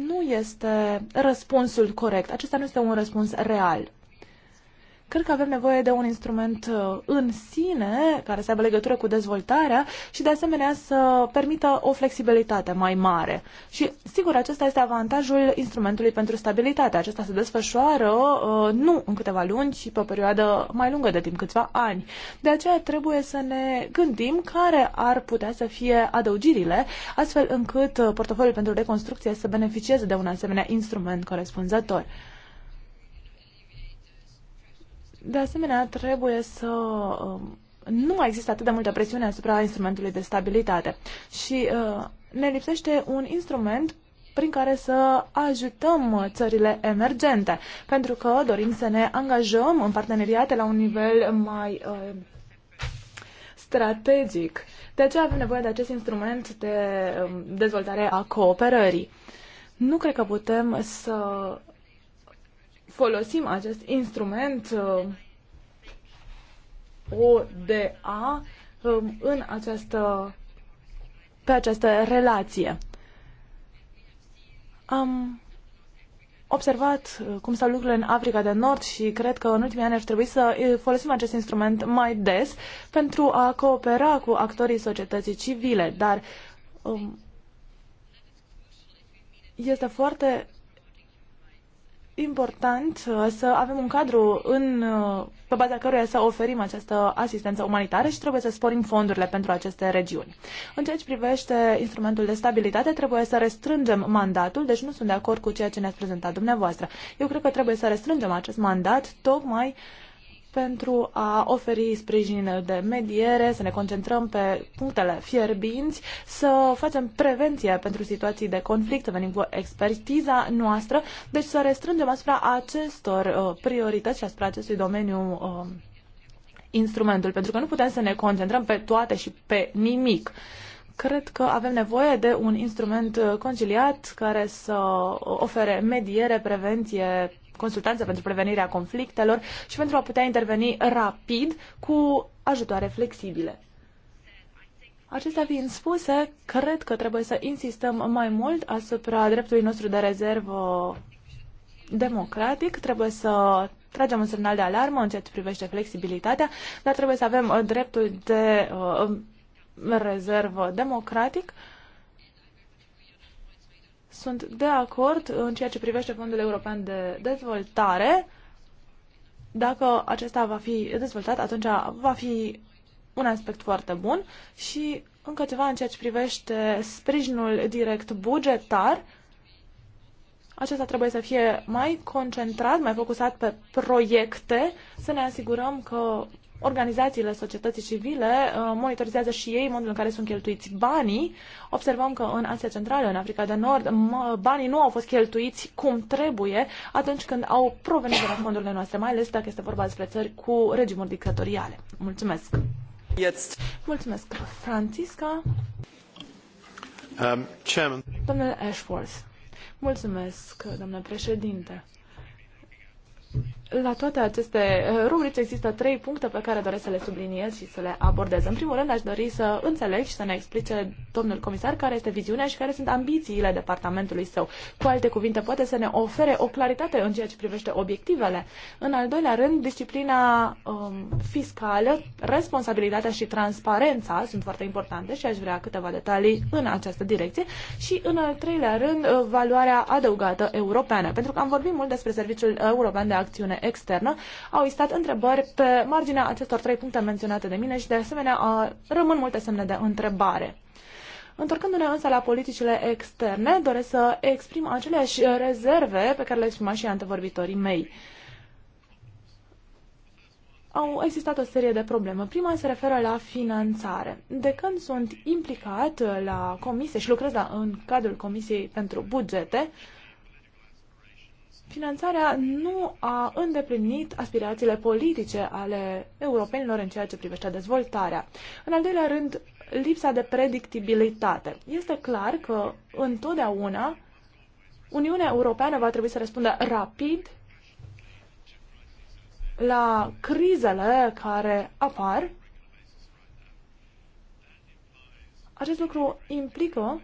nu este răspunsul corect. Acesta nu este un răspuns real. Cred că avem nevoie de un instrument uh, în sine care să aibă legătură cu dezvoltarea și de asemenea să permită o flexibilitate mai mare. Și sigur, acesta este avantajul instrumentului pentru stabilitate. Acesta se desfășoară uh, nu în câteva luni, ci pe o perioadă mai lungă de timp, câțiva ani. De aceea trebuie să ne gândim care ar putea să fie adăugirile, astfel încât uh, portofoliul pentru reconstrucție să beneficieze de un asemenea instrument corespunzător. De asemenea, trebuie să um, nu mai există atât de multă presiune asupra instrumentului de stabilitate și uh, ne lipsește un instrument prin care să ajutăm țările emergente, pentru că dorim să ne angajăm în parteneriate la un nivel mai uh, strategic. De aceea avem nevoie de acest instrument de um, dezvoltare a cooperării. Nu cred că putem să folosim acest instrument uh, ODA um, în această, pe această relație. Am observat uh, cum stau lucrurile în Africa de Nord și cred că în ultimii ani ar trebui să uh, folosim acest instrument mai des pentru a coopera cu actorii societății civile, dar um, este foarte important uh, să avem un cadru în, uh, pe baza căruia să oferim această asistență umanitară și trebuie să sporim fondurile pentru aceste regiuni. În ceea ce privește instrumentul de stabilitate, trebuie să restrângem mandatul, deci nu sunt de acord cu ceea ce ne-ați prezentat dumneavoastră. Eu cred că trebuie să restrângem acest mandat tocmai uh, pentru a oferi sprijin de mediere, să ne concentrăm pe punctele fierbinți, să facem prevenție pentru situații de conflict, să venim cu expertiza noastră, deci să restrângem asupra acestor uh, priorități și asupra acestui domeniu uh, instrumentul, pentru că nu putem să ne concentrăm pe toate și pe nimic. Cred că avem nevoie de un instrument uh, conciliat care să ofere mediere, prevenție, consultanță pentru prevenirea conflictelor și pentru a putea interveni rapid cu ajutoare flexibile. Acestea fiind spuse, cred că trebuie să insistăm mai mult asupra dreptului nostru de rezervă democratic. Trebuie să tragem un semnal de alarmă în ceea ce privește flexibilitatea, dar trebuie să avem dreptul de uh, rezervă democratic uh, sunt de acord în ceea ce privește Fondul European de Dezvoltare. Dacă acesta va fi dezvoltat, atunci va fi un aspect foarte bun și încă ceva în ceea ce privește sprijinul direct bugetar. Acesta trebuie să fie mai concentrat, mai focusat pe proiecte, să ne asigurăm că organizațiile societății civile uh, monitorizează și ei modul în care sunt cheltuiți banii. Observăm că în Asia Centrală, în Africa de Nord, banii nu au fost cheltuiți cum trebuie atunci când au provenit de la fondurile noastre, mai ales dacă este vorba despre țări cu regimuri dictatoriale. Mulțumesc! Jetzt. Mulțumesc, Francisca! Um, chairman. Domnule Ashworth, mulțumesc, domnule președinte la toate aceste uh, rubrici există trei puncte pe care doresc să le subliniez și să le abordez. În primul rând, aș dori să înțeleg și să ne explice domnul comisar care este viziunea și care sunt ambițiile departamentului său. Cu alte cuvinte, poate să ne ofere o claritate în ceea ce privește obiectivele. În al doilea rând, disciplina um, fiscală, responsabilitatea și transparența sunt foarte importante și aș vrea câteva detalii în această direcție. Și în al treilea rând, uh, valoarea adăugată europeană, pentru că am vorbit mult despre Serviciul European de Acțiune externă, au existat întrebări pe marginea acestor trei puncte menționate de mine și de asemenea rămân multe semne de întrebare. Întorcându-ne însă la politicile externe, doresc să exprim aceleași rezerve pe care le exprima și antevorbitorii mei. Au existat o serie de probleme. Prima se referă la finanțare. De când sunt implicat la comisie și lucrez la, în cadrul Comisiei pentru Bugete, uh, finanțarea nu a îndeplinit aspirațiile politice ale europenilor în ceea ce privește dezvoltarea. În al doilea rând, lipsa de predictibilitate. Este clar că întotdeauna Uniunea Europeană va trebui să răspundă rapid la crizele care apar. Acest lucru implică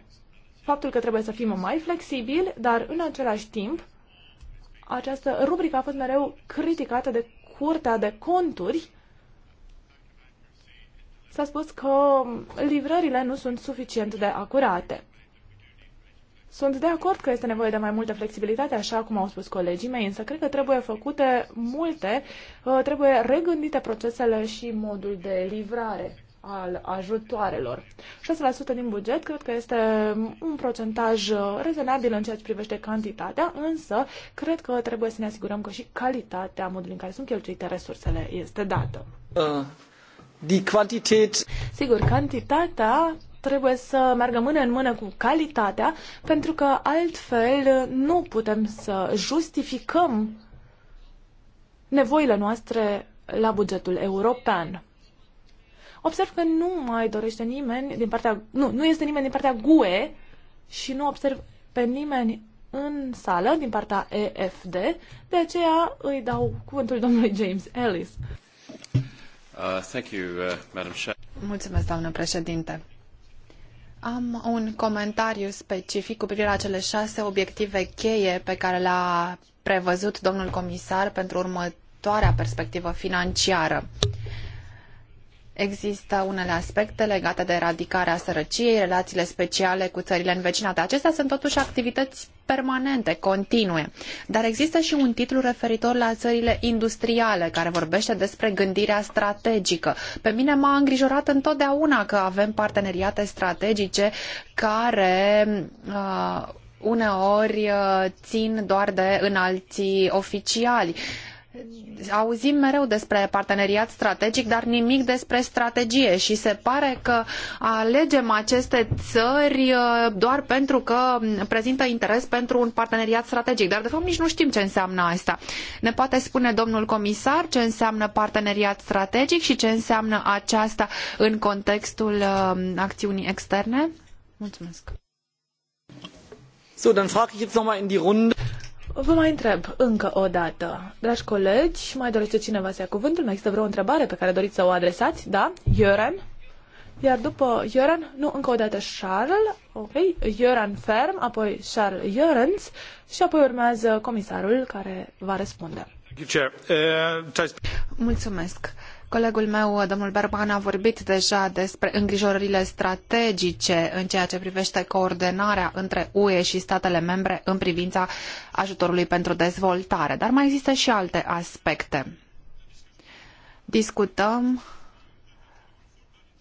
faptul că trebuie să fim mai flexibili, dar în același timp această rubrică a fost mereu criticată de Curtea de Conturi. S-a spus că livrările nu sunt suficient de acurate. Sunt de acord că este nevoie de mai multă flexibilitate, așa cum au spus colegii mei, însă cred că trebuie făcute multe, uh, trebuie regândite procesele și modul de livrare al ajutoarelor. 6% din buget cred că este un procentaj uh, rezonabil în ceea ce privește cantitatea, însă cred că trebuie să ne asigurăm că și calitatea modului în care sunt cheltuite resursele este dată. Uh, die Quantität. Sigur, cantitatea trebuie să meargă mână în mână cu calitatea, pentru că altfel nu putem să justificăm nevoile noastre la bugetul european observ că nu mai dorește nimeni din partea... Nu, nu este nimeni din partea GUE și nu observ pe nimeni în sală din partea EFD, de aceea îi dau cuvântul domnului James Ellis. Uh, thank you, uh, Madam Mulțumesc, doamnă președinte. Am un comentariu specific cu privire la cele șase obiective cheie pe care le-a prevăzut domnul comisar pentru următoarea perspectivă financiară. Există unele aspecte legate de eradicarea sărăciei, relațiile speciale cu țările învecinate. Acestea sunt totuși activități permanente, continue. Dar există și un titlu referitor la țările industriale, care vorbește despre gândirea strategică. Pe mine m-a îngrijorat întotdeauna că avem parteneriate strategice care uh, uneori uh, țin doar de înalții oficiali. Uh, auzim mereu despre parteneriat strategic, dar nimic despre strategie și se pare că alegem aceste țări uh, doar pentru că prezintă interes pentru un parteneriat strategic, dar de fapt nici nu știm ce înseamnă asta. Ne poate spune domnul comisar ce înseamnă parteneriat strategic și ce înseamnă aceasta în contextul uh, acțiunii externe? Mulțumesc. So, dann frage ich jetzt nochmal in die Runde. Vă mai întreb încă o dată. Dragi colegi, mai dorește cineva să ia cuvântul? Mai există vreo întrebare pe care doriți să o adresați? Da? Ioren? Iar după Ioren, nu, încă o dată Charles, ok, Ioran Ferm, apoi Charles Jörens și apoi urmează comisarul care va răspunde. Eh, Mulțumesc. Colegul meu, domnul Berban, a vorbit deja despre îngrijorările strategice în ceea ce privește coordonarea între UE și statele membre în privința ajutorului pentru dezvoltare. Dar mai există și alte aspecte. Discutăm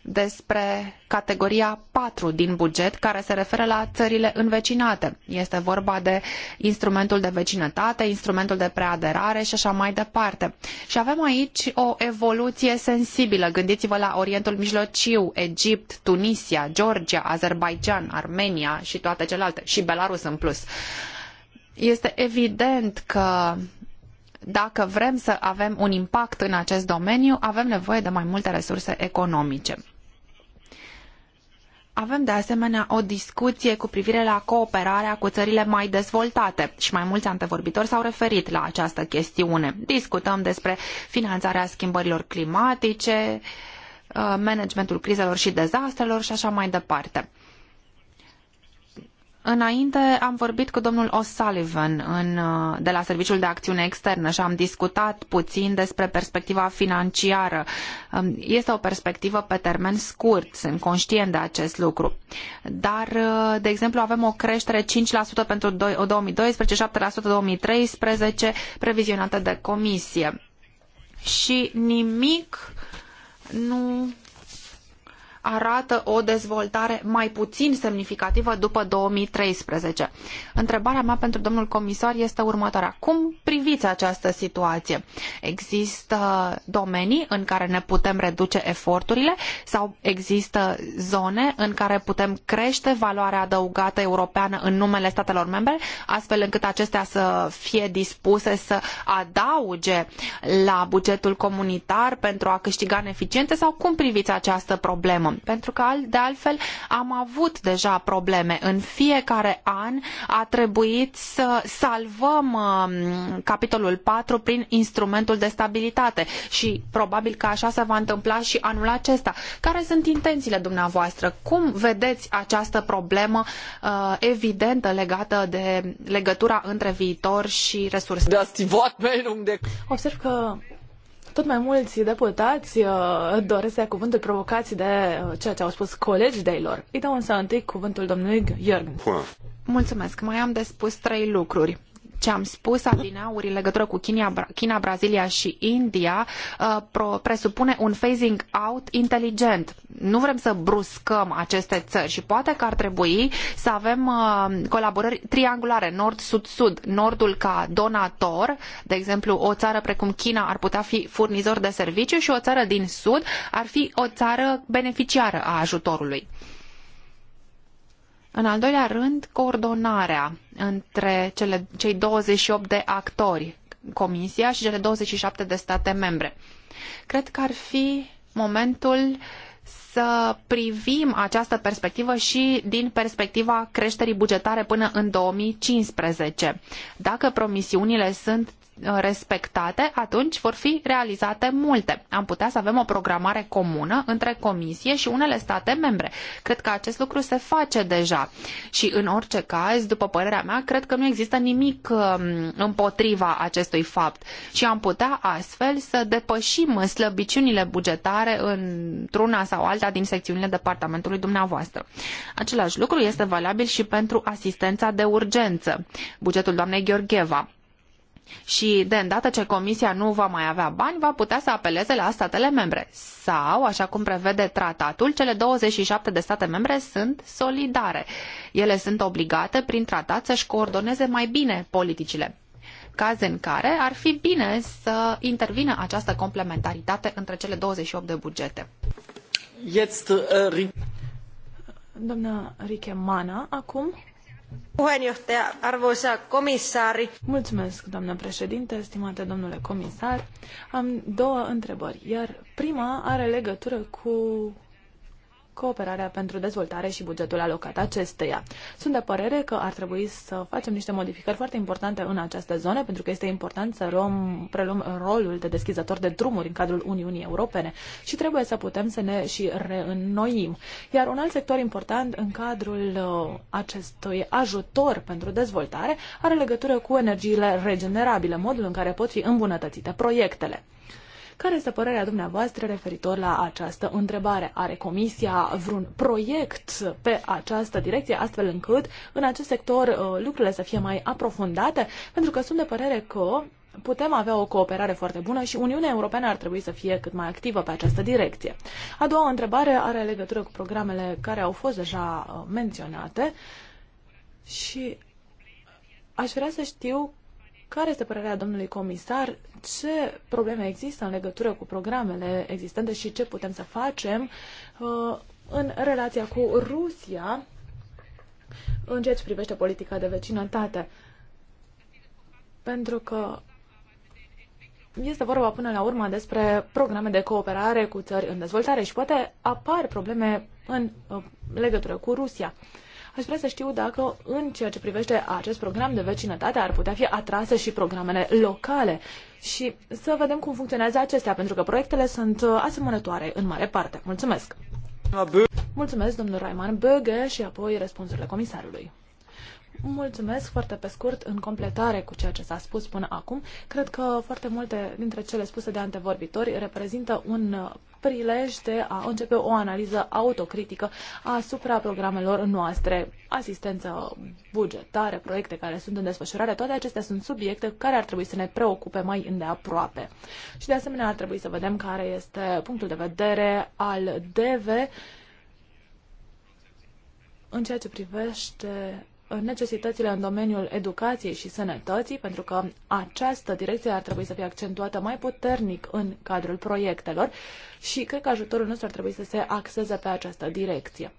despre categoria patru din buget care se referă la țările învecinate. Este vorba de instrumentul de vecinătate, instrumentul de preaderare și așa mai departe. Și avem aici o evoluție sensibilă. Gândiți-vă la Orientul Mijlociu, Egipt, Tunisia, Georgia, Azerbaijan, Armenia și toate celelalte și Belarus în plus. Este evident că dacă vrem să avem un impact în acest domeniu, avem nevoie de mai multe resurse economice. Avem de asemenea o discuție cu privire la cooperarea cu țările mai dezvoltate și mai mulți antevorbitori s-au referit la această chestiune. Discutăm despre finanțarea schimbărilor climatice, uh, managementul crizelor și dezastrelor și așa mai departe. Înainte am vorbit cu domnul O'Sullivan în, uh, de la Serviciul de Acțiune Externă și am discutat puțin despre perspectiva financiară. Um, este o perspectivă pe termen scurt, sunt conștient de acest lucru. Dar, uh, de exemplu, avem o creștere 5% pentru 2012, 7% 2013, previzionată de comisie. Și nimic nu arată o dezvoltare mai puțin semnificativă după 2013. Întrebarea mea pentru domnul comisar este următoarea. Cum priviți această situație? Există domenii în care ne putem reduce eforturile sau există zone în care putem crește valoarea adăugată europeană în numele statelor membre, astfel încât acestea să fie dispuse să adauge la bugetul comunitar pentru a câștiga în eficiență sau cum priviți această problemă? acționăm, pentru că de altfel am avut deja probleme. În fiecare an a trebuit să salvăm um, capitolul patru prin instrumentul de stabilitate și probabil că așa se va întâmpla și anul acesta. Care sunt intențiile dumneavoastră? Cum vedeți această problemă uh, evidentă legată de legătura între viitor și resurse? Da, Observ că tot mai mulți deputați uh, doresc să ia cuvântul provocații de uh, ceea ce au spus colegii de lor. Îi dau însă întâi cuvântul domnului Iorg. Mulțumesc. Mai am de spus trei lucruri ce am spus adinauri în legătură cu China, China Brazilia și India uh, presupune un phasing out inteligent. Nu vrem să bruscăm aceste țări și poate că ar trebui să avem uh, colaborări triangulare, nord-sud-sud, nordul ca donator, de exemplu o țară precum China ar putea fi furnizor de servicii și o țară din sud ar fi o țară beneficiară a ajutorului. În al doilea rând, coordonarea între cele, cei 28 de actori, Comisia și cele 27 de state membre. Cred că ar fi momentul să privim această perspectivă și din perspectiva creșterii bugetare până în 2015. Dacă promisiunile sunt respectate, atunci vor fi realizate multe. Am putea să avem o programare comună între Comisie și unele state membre. Cred că acest lucru se face deja. Și în orice caz, după părerea mea, cred că nu există nimic um, împotriva acestui fapt. Și am putea astfel să depășim slăbiciunile bugetare într-una sau alta din secțiunile departamentului dumneavoastră. Același lucru este valabil și pentru asistența de urgență, bugetul doamnei Gheorgheva și de îndată ce Comisia nu va mai avea bani, va putea să apeleze la statele membre. Sau, așa cum prevede tratatul, cele 27 de state membre sunt solidare. Ele sunt obligate prin tratat să-și coordoneze mai bine politicile caz în care ar fi bine să intervină această complementaritate între cele 28 de bugete. Uh, Doamna Riche Mana, acum Puheenjohtaja, arvoisa comisari. Mulțumesc, doamnă președinte, stimate domnule comisar. Am două întrebări, iar prima are legătură cu cooperarea pentru dezvoltare și bugetul alocat acesteia. Sunt de părere că ar trebui să facem niște modificări foarte importante în această zonă, pentru că este important să luăm, preluăm rolul de deschizător de drumuri în cadrul Uniunii Europene și trebuie să putem să ne și reînnoim. Iar un alt sector important în cadrul uh, acestui ajutor pentru dezvoltare are legătură cu energiile regenerabile, modul în care pot fi îmbunătățite proiectele. Care este părerea dumneavoastră referitor la această întrebare? Are Comisia vreun proiect pe această direcție, astfel încât în acest sector uh, lucrurile să fie mai aprofundate? Pentru că sunt de părere că putem avea o cooperare foarte bună și Uniunea Europeană ar trebui să fie cât mai activă pe această direcție. A doua întrebare are legătură cu programele care au fost deja uh, menționate și aș vrea să știu care este părerea domnului comisar? Ce probleme există în legătură cu programele existente și ce putem să facem uh, în relația cu Rusia în ceea ce privește politica de vecinătate? Pentru că este vorba până la urmă despre programe de cooperare cu țări în dezvoltare și poate apar probleme în uh, legătură cu Rusia. Uh, Aș vrea să știu dacă în ceea ce privește acest program de vecinătate ar putea fi atrase și programele locale și să vedem cum funcționează acestea, pentru că proiectele sunt uh, asemănătoare în mare parte. Mulțumesc! Mulțumesc, domnul Raiman Böge și apoi răspunsurile comisarului. Mulțumesc foarte pe scurt în completare cu ceea ce s-a spus până acum. Cred că foarte multe dintre cele spuse de antevorbitori reprezintă un uh, prilej de a începe o analiză autocritică asupra programelor noastre, asistență bugetare, proiecte care sunt în desfășurare, toate acestea sunt subiecte care ar trebui să ne preocupe mai îndeaproape. Și de asemenea ar trebui să vedem care este punctul de vedere al DV în ceea ce privește necesitățile în domeniul educației și sănătății, pentru că această direcție ar trebui să fie accentuată mai puternic în cadrul proiectelor și cred că ajutorul nostru ar trebui să se axeze pe această direcție.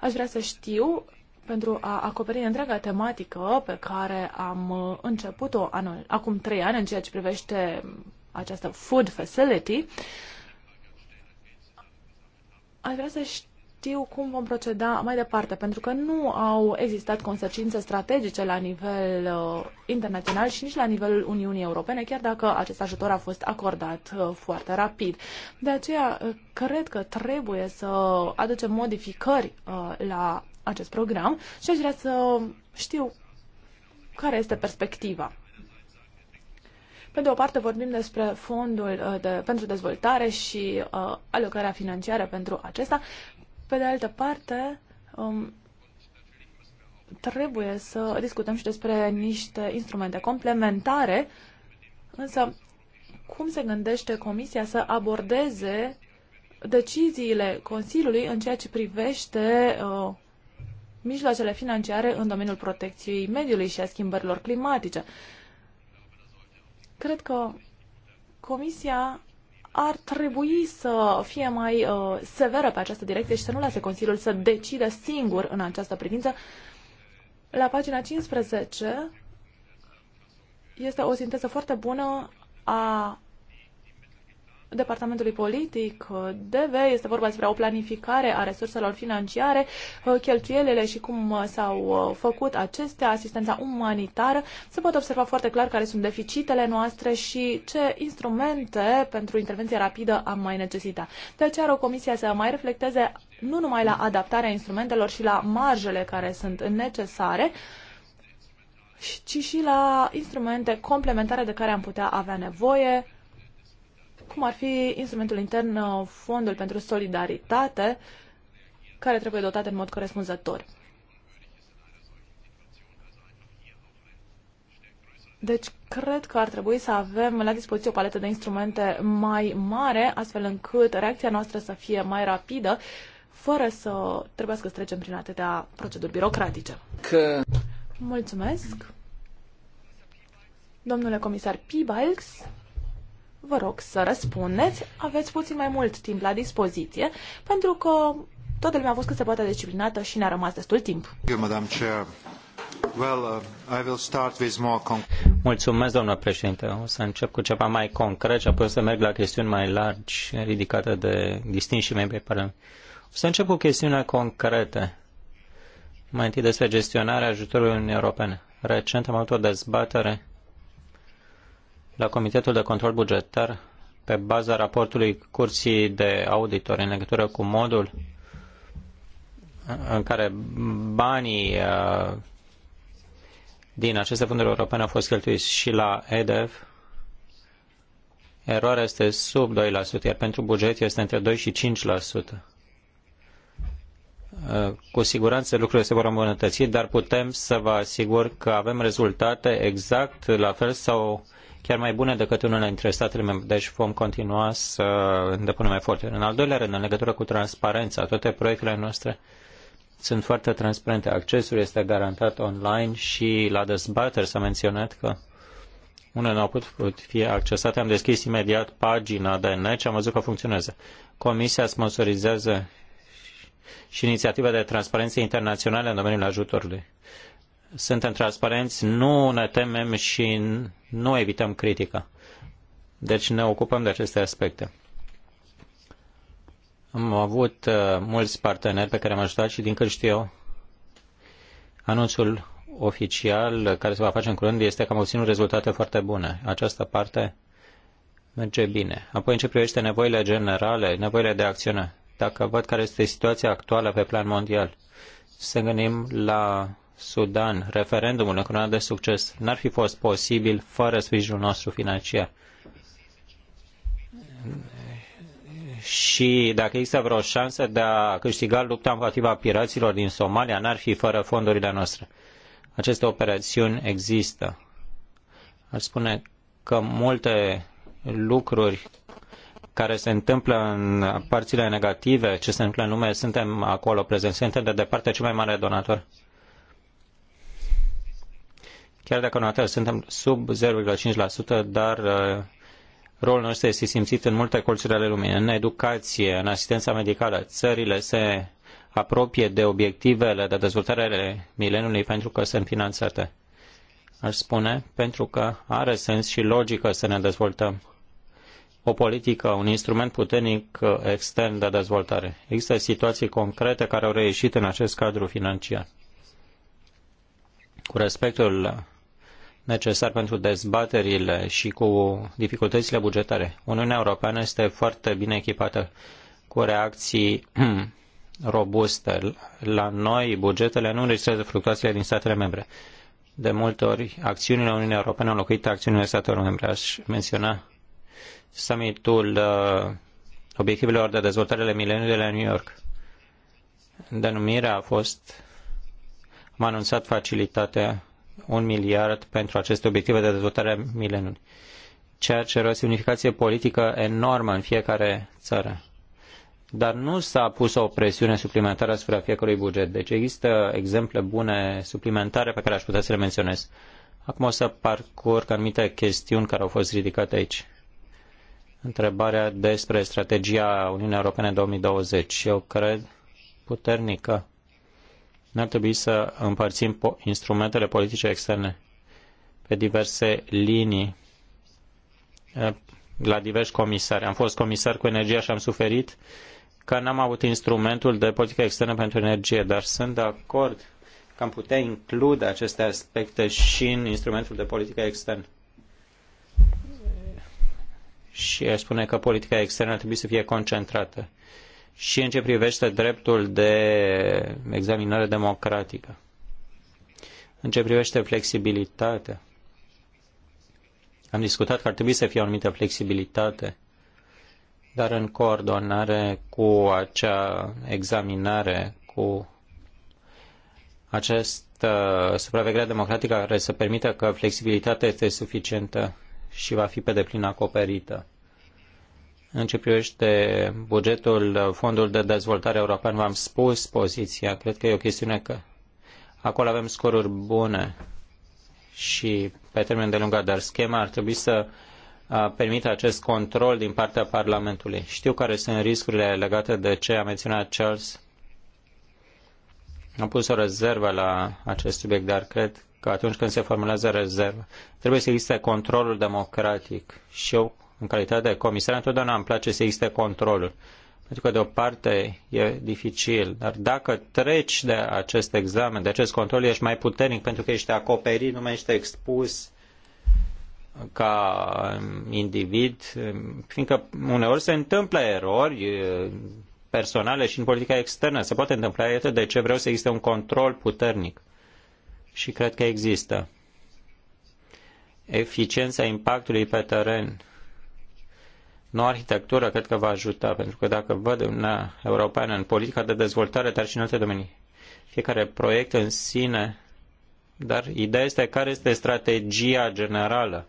Aș vrea să știu, pentru a acoperi întreaga tematică pe care am început-o anul, acum trei ani în ceea ce privește această food facility, aș vrea să știu știu cum vom proceda mai departe, pentru că nu au existat consecințe strategice la nivel uh, internațional și nici la nivelul Uniunii Europene, chiar dacă acest ajutor a fost acordat uh, foarte rapid. De aceea, uh, cred că trebuie să aducem modificări uh, la acest program și aș vrea să știu care este perspectiva. Pe de o parte vorbim despre fondul uh, de, pentru dezvoltare și uh, alocarea financiară pentru acesta pe de altă parte, um, trebuie să discutăm și despre niște instrumente complementare, însă cum se gândește Comisia să abordeze deciziile Consiliului în ceea ce privește uh, mijloacele financiare în domeniul protecției mediului și a schimbărilor climatice. Cred că Comisia ar trebui să fie mai uh, severă pe această direcție și să nu lase Consiliul să decide singur în această privință. La pagina 15 este o sinteză foarte bună a departamentului politic, uh, DV, este vorba despre o planificare a resurselor financiare, uh, cheltuielile și cum uh, s-au făcut acestea, asistența umanitară. Se pot observa foarte clar care sunt deficitele noastre și ce instrumente pentru intervenție rapidă am mai necesita. De aceea o Comisia să mai reflecteze nu numai la adaptarea instrumentelor și la marjele care sunt necesare, ci și la instrumente complementare de care am putea avea nevoie cum ar fi instrumentul intern, uh, fondul pentru solidaritate, care trebuie dotat în mod corespunzător. Deci, cred că ar trebui să avem la dispoziție o paletă de instrumente mai mare, astfel încât reacția noastră să fie mai rapidă, fără să trebuiască să trecem prin atâtea proceduri birocratice. Că... Mulțumesc! Domnule comisar Pibalx, vă rog să răspundeți. Aveți puțin mai mult timp la dispoziție, pentru că toată lumea a fost cât se poate disciplinată și ne-a rămas destul timp. Uh, Mulțumesc, doamnă președinte. O să încep cu ceva mai concret și apoi o să merg la chestiuni mai largi ridicate de distinși membrii Parlamentului. O să încep cu chestiunea concrete. Mai întâi despre gestionarea ajutorului Uniunii Europene. Recent am avut o dezbatere la Comitetul de Control Bugetar pe baza raportului Curții de auditor, în legătură cu modul în care banii uh, din aceste fonduri europene au fost cheltuiți și la EDF, eroarea este sub 2%, iar pentru buget este între 2 și 5%. Uh, cu siguranță lucrurile se vor îmbunătăți, dar putem să vă asigur că avem rezultate exact la fel sau uh, chiar mai bune decât unele dintre statele membre. Deci vom continua să îndepunem eforturi. În al doilea rând, în legătură cu transparența, toate proiectele noastre sunt foarte transparente. Accesul este garantat online și la dezbateri s-a menționat că unele nu au putut fi accesate. Am deschis imediat pagina de net și am văzut că funcționează. Comisia sponsorizează și inițiativa de transparență internațională în domeniul ajutorului suntem transparenți, nu ne temem și nu evităm critica. Deci ne ocupăm de aceste aspecte. Am avut uh, mulți parteneri pe care am ajutat și din cât știu eu, anunțul oficial care se va face în curând este că am obținut rezultate foarte bune. Această parte merge bine. Apoi în ce privește nevoile generale, nevoile de acțiune, dacă văd care este situația actuală pe plan mondial, să gândim la Sudan, referendumul încununat de succes, n-ar fi fost posibil fără sprijinul nostru financiar. Și dacă există vreo șansă de a câștiga lupta împotriva piraților din Somalia, n-ar fi fără fondurile noastre. Aceste operațiuni există. Ar spune că multe lucruri care se întâmplă în părțile negative, ce se întâmplă în lume, suntem acolo prezenți, suntem de departe cel mai mare donator. Chiar dacă notează, suntem sub 0,5%, dar uh, rolul nostru este simțit în multe colțuri ale lumii, în educație, în asistența medicală. Țările se apropie de obiectivele de dezvoltare ale mileniului pentru că sunt finanțate. Aș spune, pentru că are sens și logică să ne dezvoltăm o politică, un instrument puternic uh, extern de dezvoltare. Există situații concrete care au reieșit în acest cadru financiar. Cu respectul necesar pentru dezbaterile și cu dificultățile bugetare. Uniunea Europeană este foarte bine echipată cu reacții robuste. La noi, bugetele nu înregistrează fluctuațiile din statele membre. De multe ori, acțiunile Uniunii Europene au înlocuit acțiunile statelor membre. Aș menționa summitul uh, obiectivelor de dezvoltare ale mileniului de la New York. Denumirea a fost, am anunțat facilitatea un miliard pentru aceste obiective de dezvoltare a mileniului, ceea ce are o semnificație politică enormă în fiecare țară. Dar nu s-a pus o presiune suplimentară asupra fiecărui buget. Deci există exemple bune suplimentare pe care aș putea să le menționez. Acum o să parcurg anumite chestiuni care au fost ridicate aici. Întrebarea despre strategia Uniunii Europene 2020. Eu cred puternică. N-ar trebui să împărțim instrumentele politice externe pe diverse linii eh, la diversi comisari. Am fost comisar cu energia și am suferit că n-am avut instrumentul de politică externă pentru energie, dar sunt de acord că am putea include aceste aspecte și în instrumentul de politică externă. Și aș spune că politica externă ar trebui să fie concentrată și în ce privește dreptul de examinare democratică. În ce privește flexibilitatea, am discutat că ar trebui să fie o anumită flexibilitate, dar în coordonare cu acea examinare, cu această supraveghere democratică care să permită că flexibilitatea este suficientă și va fi pe deplin acoperită. În ce privește bugetul, fondul de dezvoltare european, v-am spus poziția, cred că e o chestiune că acolo avem scoruri bune și pe termen de lungat, dar schema ar trebui să permită acest control din partea Parlamentului. Știu care sunt riscurile legate de ce a menționat Charles. Am pus o rezervă la acest subiect, dar cred că atunci când se formulează rezervă, trebuie să existe controlul democratic. Și eu în calitate de comisar, întotdeauna îmi place să existe controlul. Pentru că, de o parte, e dificil, dar dacă treci de acest examen, de acest control, ești mai puternic pentru că ești acoperit, nu mai ești expus ca individ, fiindcă uneori se întâmplă erori personale și în politica externă. Se poate întâmpla, iată de ce vreau să existe un control puternic. Și cred că există. Eficiența impactului pe teren Noua arhitectură cred că va ajuta, pentru că dacă văd Uniunea Europeană în politica de dezvoltare, dar și în alte domenii, fiecare proiect în sine, dar ideea este care este strategia generală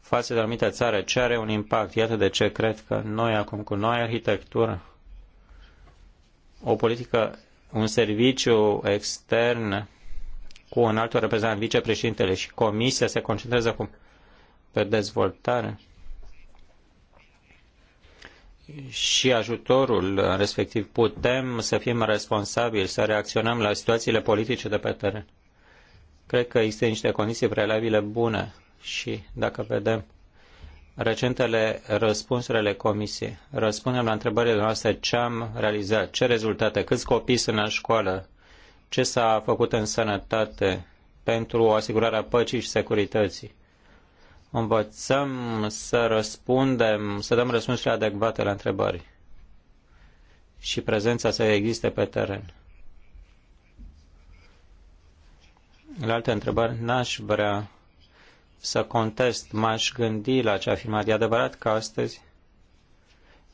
față de o anumită țară, ce are un impact. Iată de ce cred că noi acum cu noi arhitectură, o politică, un serviciu extern cu un altul reprezentant, vicepreședintele și comisia se concentrează acum pe dezvoltare și ajutorul respectiv. Putem să fim responsabili, să reacționăm la situațiile politice de pe teren. Cred că există niște condiții prealabile bune și dacă vedem recentele răspunsuri ale comisiei, răspundem la întrebările noastre ce am realizat, ce rezultate, câți copii sunt la școală, ce s-a făcut în sănătate pentru asigurarea păcii și securității învățăm să răspundem, să dăm răspunsuri adecvate la întrebări și prezența să existe pe teren. La alte întrebări, n-aș vrea să contest, m-aș gândi la ce afirmat. E adevărat că astăzi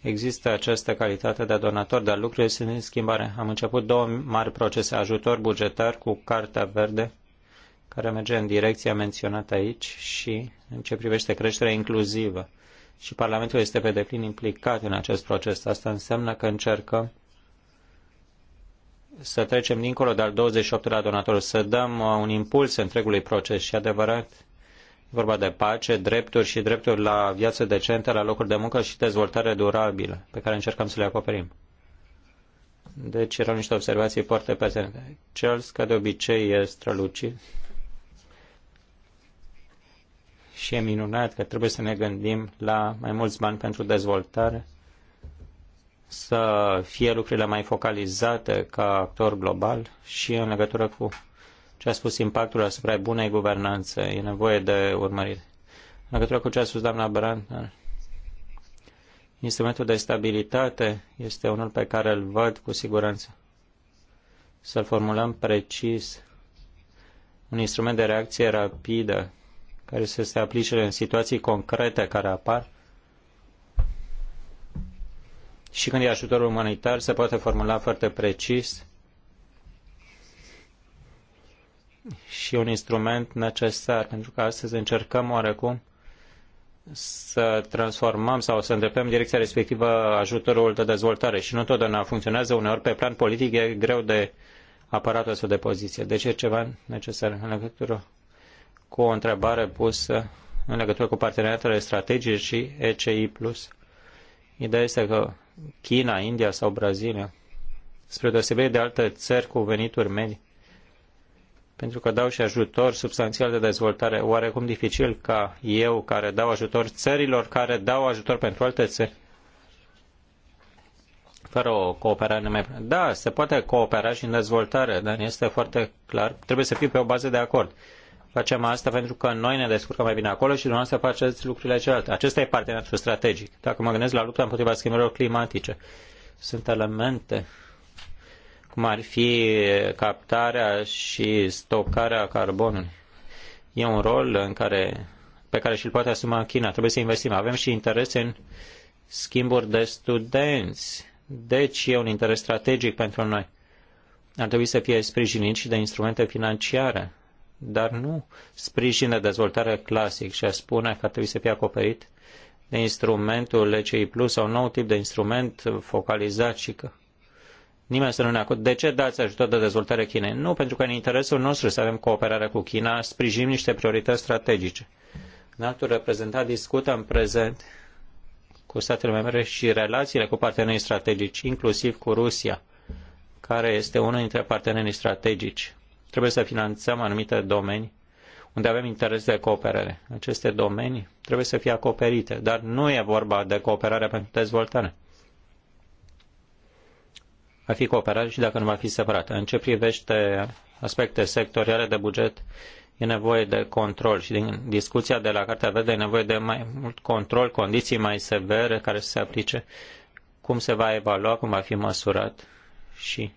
există această calitate de donator, dar lucrurile sunt în schimbare. Am început două mari procese, ajutor bugetar cu Cartea Verde, care merge în direcția menționată aici și în ce privește creșterea inclusivă. Și Parlamentul este pe deplin implicat în acest proces. Asta înseamnă că încercăm să trecem dincolo de al 28-lea donator, să dăm uh, un impuls întregului proces și adevărat e vorba de pace, drepturi și drepturi la viață decentă, la locuri de muncă și dezvoltare durabilă, pe care încercăm să le acoperim. Deci erau niște observații foarte pertinente. Charles, ca de obicei, e strălucit și e minunat că trebuie să ne gândim la mai mulți bani pentru dezvoltare, să fie lucrurile mai focalizate ca actor global și în legătură cu ce a spus impactul asupra bunei guvernanțe. E nevoie de urmărire. În legătură cu ce a spus doamna Brandner, instrumentul de stabilitate este unul pe care îl văd cu siguranță. Să-l formulăm precis. Un instrument de reacție rapidă care să se aplice în situații concrete care apar și când e ajutorul umanitar se poate formula foarte precis și un instrument necesar, pentru că astăzi încercăm oarecum să transformăm sau să îndreptăm în direcția respectivă ajutorul de dezvoltare și nu totdeauna funcționează, uneori pe plan politic e greu de apărat astfel de poziție. Deci e ceva necesar în legătură cu o întrebare pusă în legătură cu parteneriatele strategice și ECI+. Ideea este că China, India sau Brazilia, spre deosebire de alte țări cu venituri medii, pentru că dau și ajutor substanțial de dezvoltare, oarecum dificil ca eu care dau ajutor țărilor care dau ajutor pentru alte țări, fără o cooperare mai... Da, se poate coopera și în dezvoltare, dar este foarte clar, trebuie să fie pe o bază de acord. Facem asta pentru că noi ne descurcăm mai bine acolo și dumneavoastră faceți lucrurile celelalte. Acesta e parteneriatul strategic. Dacă mă gândesc la lupta împotriva schimbărilor climatice, sunt elemente cum ar fi captarea și stocarea carbonului. E un rol în care, pe care și-l poate asuma China. Trebuie să investim. Avem și interese în schimburi de studenți. Deci e un interes strategic pentru noi. Ar trebui să fie sprijinit și de instrumente financiare dar nu sprijină dezvoltarea clasic și a spune că ar trebui să fie acoperit de instrumentul LCI Plus sau un nou tip de instrument focalizat și că nimeni să nu ne acord. De ce dați ajutor de dezvoltare Chinei? Nu, pentru că în interesul nostru să avem cooperarea cu China, sprijinim niște priorități strategice. altul reprezentat discută în prezent cu statele membre și relațiile cu partenerii strategici, inclusiv cu Rusia, care este unul dintre partenerii strategici. Trebuie să finanțăm anumite domenii unde avem interes de cooperare. Aceste domenii trebuie să fie acoperite, dar nu e vorba de cooperare pentru dezvoltare. Va fi cooperare și dacă nu va fi separată. În ce privește aspecte sectoriale de buget, e nevoie de control și din discuția de la Cartea Verde e nevoie de mai mult control, condiții mai severe care să se aplice, cum se va evalua, cum va fi măsurat și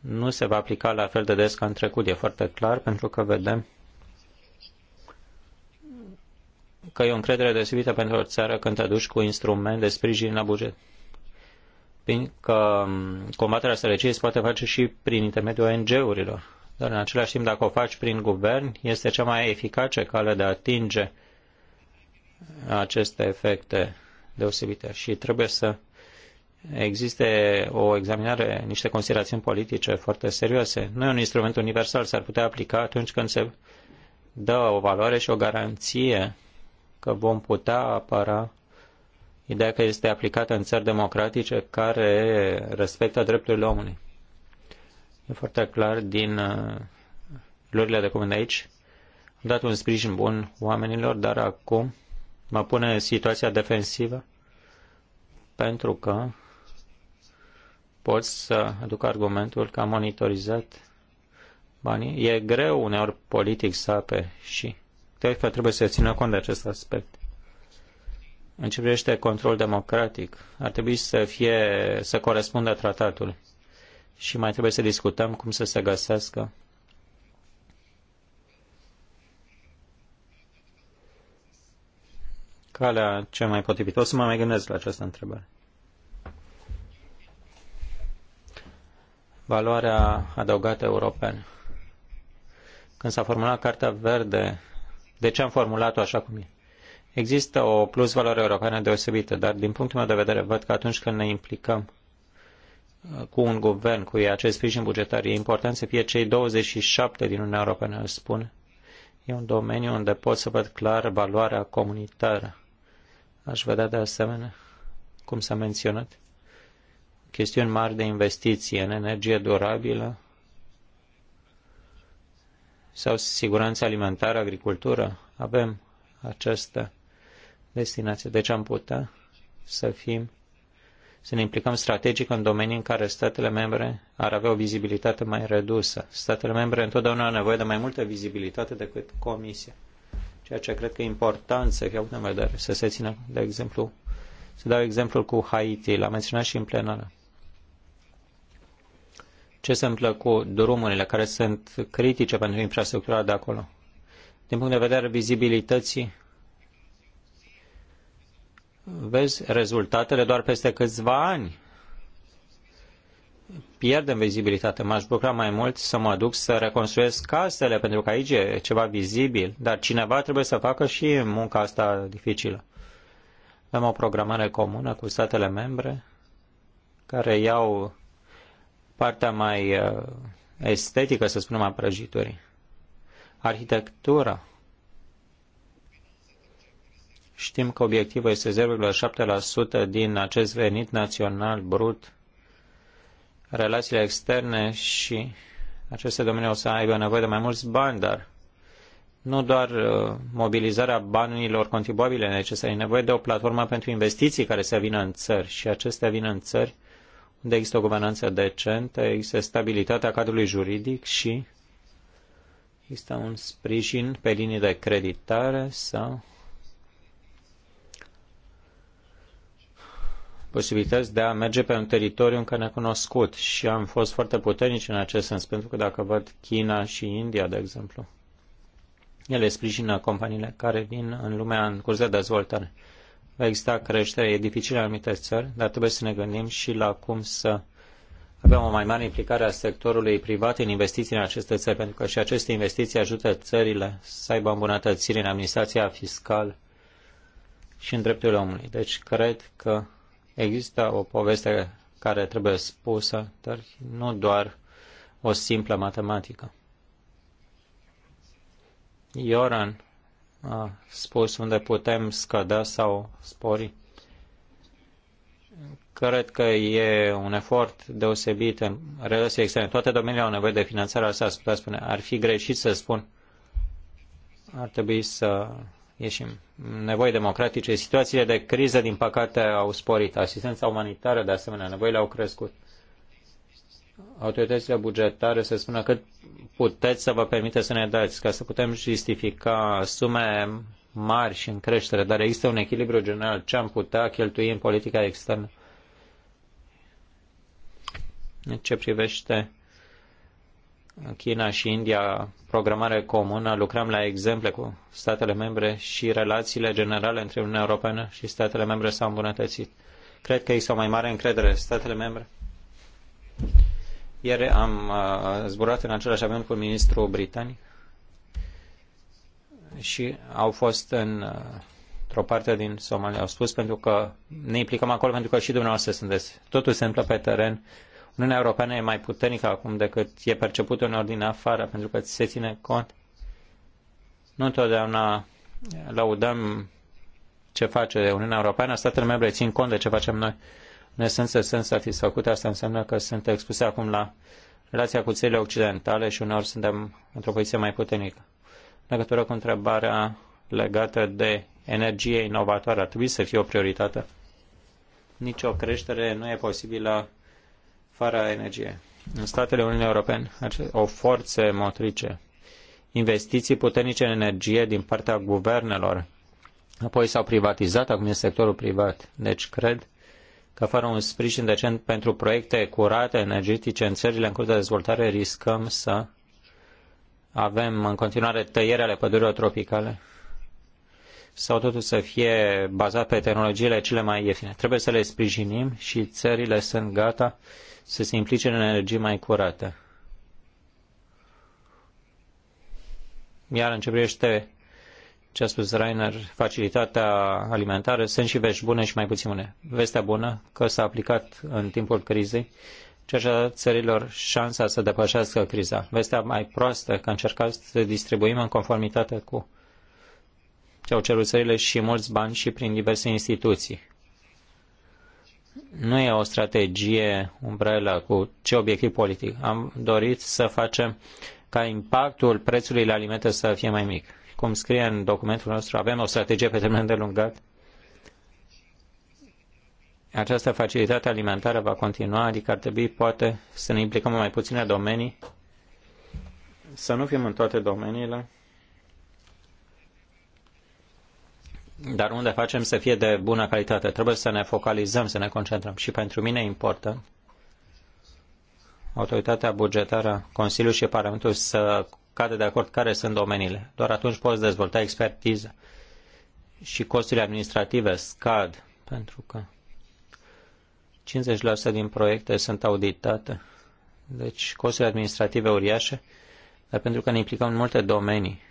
nu se va aplica la fel de des ca în trecut. E foarte clar pentru că vedem că e o încredere deosebită pentru o țară când te duci cu instrument de sprijin la buget. Că combaterea sărăciei se poate face și prin intermediul ONG-urilor. Dar în același timp, dacă o faci prin guvern, este cea mai eficace cale de a atinge aceste efecte deosebite. Și trebuie să existe o examinare, niște considerații politice foarte serioase. Nu e un instrument universal, s-ar putea aplica atunci când se dă o valoare și o garanție că vom putea apăra ideea că este aplicată în țări democratice care respectă drepturile omului. E foarte clar din uh, luările de cuvânt aici. Am dat un sprijin bun oamenilor, dar acum mă pune situația defensivă pentru că Poți să aduc argumentul că am monitorizat banii. E greu uneori politic să ape și cred că trebuie să țină cont de acest aspect. În ce privește control democratic, ar trebui să fie, să corespundă tratatul. Și mai trebuie să discutăm cum să se găsească calea cea mai potrivită. O să mă mai gândesc la această întrebare. valoarea adăugată europeană. Când s-a formulat Cartea Verde, de ce am formulat-o așa cum e? Există o plus valoare europeană deosebită, dar din punctul meu de vedere văd că atunci când ne implicăm uh, cu un guvern, cu acest sprijin bugetar, e important să fie cei 27 din Uniunea Europeană, îl spun. E un domeniu unde pot să văd clar valoarea comunitară. Aș vedea de asemenea, cum s-a menționat, chestiuni mari de investiții în energie durabilă sau siguranță alimentară, agricultură. Avem această destinație. Deci am putea să fim să ne implicăm strategic în domenii în care statele membre ar avea o vizibilitate mai redusă. Statele membre întotdeauna au nevoie de mai multă vizibilitate decât Comisia. Ceea ce cred că e important să fie avut în vedere, să se țină, de exemplu, să dau exemplul cu Haiti, l-am menționat și în plenară ce se întâmplă cu drumurile care sunt critice pentru infrastructura de acolo. Din punct de vedere vizibilității, vezi rezultatele doar peste câțiva ani. Pierdem vizibilitate. M-aș bucura mai mult să mă duc să reconstruiesc casele, pentru că aici e ceva vizibil, dar cineva trebuie să facă și munca asta dificilă. Avem o programare comună cu statele membre care iau partea mai uh, estetică, să spunem, a prăjiturii. Arhitectura. Știm că obiectivul este 0,7% din acest venit național brut. Relațiile externe și aceste domenii o să aibă nevoie de mai mulți bani, dar nu doar uh, mobilizarea banilor contribuabile necesare, e nevoie de o platformă pentru investiții care să vină în țări și acestea vin în țări unde există o guvernanță decentă, există stabilitatea cadrului juridic și există un sprijin pe linii de creditare sau posibilități de a merge pe un teritoriu încă necunoscut și am fost foarte puternici în acest sens, pentru că dacă văd China și India, de exemplu, ele sprijină companiile care vin în lumea în curs de dezvoltare va exista creștere, e dificil în anumite țări, dar trebuie să ne gândim și la cum să avem o mai mare implicare a sectorului privat în investiții în aceste țări, pentru că și aceste investiții ajută țările să aibă îmbunătățiri în administrația fiscală și în drepturile omului. Deci cred că există o poveste care trebuie spusă, dar nu doar o simplă matematică. Ioran a spus unde putem scădea sau spori. Cred că e un efort deosebit în relații externe. Toate domeniile au nevoie de finanțare, asta aș putea spune. Ar fi greșit să spun. Ar trebui să ieșim. Nevoi democratice. Situațiile de criză, din păcate, au sporit. Asistența umanitară, de asemenea, nevoile au crescut autoritățile bugetare să spună cât puteți să vă permite să ne dați, ca să putem justifica sume mari și în creștere, dar există un echilibru general ce am putea cheltui în politica externă. În ce privește China și India, programare comună, lucrăm la exemple cu statele membre și relațiile generale între Uniunea Europeană și statele membre s-au îmbunătățit. Cred că există o mai mare încredere statele membre ieri am uh, zburat în același avion cu ministrul britanic și au fost în uh, o parte din Somalia. Au spus pentru că ne implicăm acolo pentru că și dumneavoastră sunteți. Totul se întâmplă pe teren. Uniunea Europeană e mai puternică acum decât e percepută uneori din afară, pentru că se ține cont. Nu întotdeauna laudăm ce face Uniunea Europeană, statele membre țin cont de ce facem noi în esență sunt satisfăcute, asta înseamnă că sunt expuse acum la relația cu țările occidentale și uneori suntem într-o poziție mai puternică. În legătură cu întrebarea legată de energie inovatoare, ar trebui să fie o prioritate. Nici o creștere nu e posibilă fără energie. În Statele Uniunii Europene o forță motrice, investiții puternice în energie din partea guvernelor, apoi s-au privatizat, acum e sectorul privat. Deci cred că fără un sprijin decent pentru proiecte curate, energetice în țările în curs de dezvoltare, riscăm să avem în continuare tăieri ale pădurilor tropicale sau totul să fie bazat pe tehnologiile cele mai ieftine. Trebuie să le sprijinim și țările sunt gata să se implice în energii mai curate. Iar în ce privește ce a spus Rainer, facilitatea alimentară, sunt și vești bune și mai puțin bune. Vestea bună că s-a aplicat în timpul crizei, ceea ce a dat țărilor șansa să depășească criza. Vestea mai proastă că încercați să distribuim în conformitate cu ce au cerut țările și mulți bani și prin diverse instituții. Nu e o strategie umbrelă cu ce obiectiv politic. Am dorit să facem ca impactul prețului la alimente să fie mai mic cum scrie în documentul nostru, avem o strategie pe termen de lungat. Această facilitate alimentară va continua, adică ar trebui poate să ne implicăm în mai puține domenii, să nu fim în toate domeniile, dar unde facem să fie de bună calitate. Trebuie să ne focalizăm, să ne concentrăm. Și pentru mine e important autoritatea bugetară, Consiliul și Parlamentul să cadă de acord care sunt domeniile. Doar atunci poți dezvolta expertiză și costurile administrative scad pentru că 50% din proiecte sunt auditate. Deci costurile administrative uriașe, dar pentru că ne implicăm în multe domenii.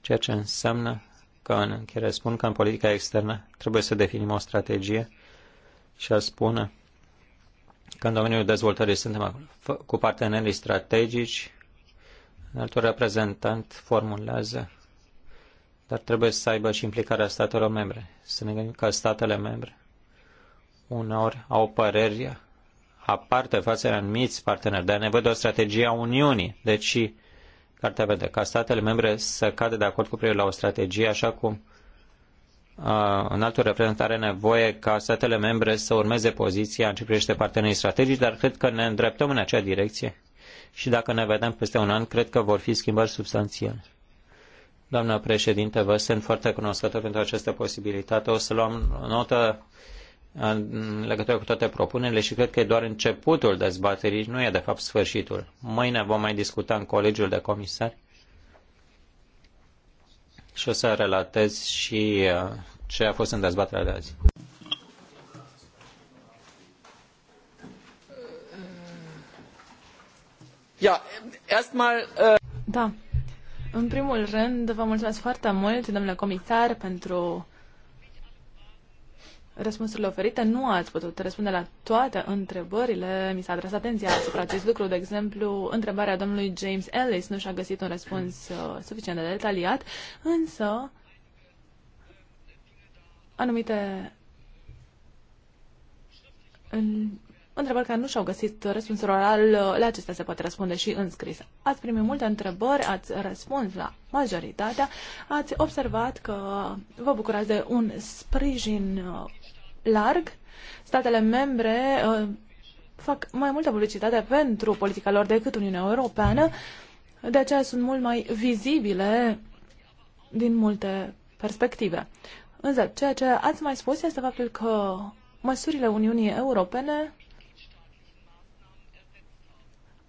Ceea ce înseamnă că în încheiere spun că în politica externă trebuie să definim o strategie și a spune că în domeniul dezvoltării suntem cu partenerii strategici altul reprezentant formulează, dar trebuie să aibă și implicarea statelor membre. Să ne gândim că statele membre uneori au păreri aparte față de anumiți parteneri, dar ne văd o strategie a Uniunii. Deci, Cartea vede ca statele membre să cadă de acord cu privire la o strategie, așa cum uh, în altul reprezentare nevoie ca statele membre să urmeze poziția în ce privește partenerii strategici, dar cred că ne îndreptăm în acea direcție și dacă ne vedem peste un an, cred că vor fi schimbări substanțiale. Doamna președinte, vă sunt foarte cunoscător pentru această posibilitate. O să luăm notă în legătură cu toate propunerile și cred că e doar începutul dezbaterii, nu e de fapt sfârșitul. Mâine vom mai discuta în colegiul de comisari și o să relatez și uh, ce a fost în dezbaterea de azi. Äh, da. În primul rând, vă mulțumesc foarte mult, domnule comisar, pentru răspunsurile oferite. Nu ați putut răspunde la toate întrebările. Mi s-a adresat atenția asupra acest lucru. De exemplu, întrebarea domnului James Ellis nu și-a găsit un răspuns uh, suficient de detaliat, însă anumite întrebări care nu și-au găsit răspunsul oral, la acestea se poate răspunde și în scris. Ați primit multe întrebări, ați răspuns la majoritatea, ați observat că vă bucurați de un sprijin uh, larg. Statele membre uh, fac mai multă publicitate pentru politica lor decât Uniunea Europeană, de aceea sunt mult mai vizibile din multe perspective. Însă, ceea ce ați mai spus este faptul că măsurile Uniunii Europene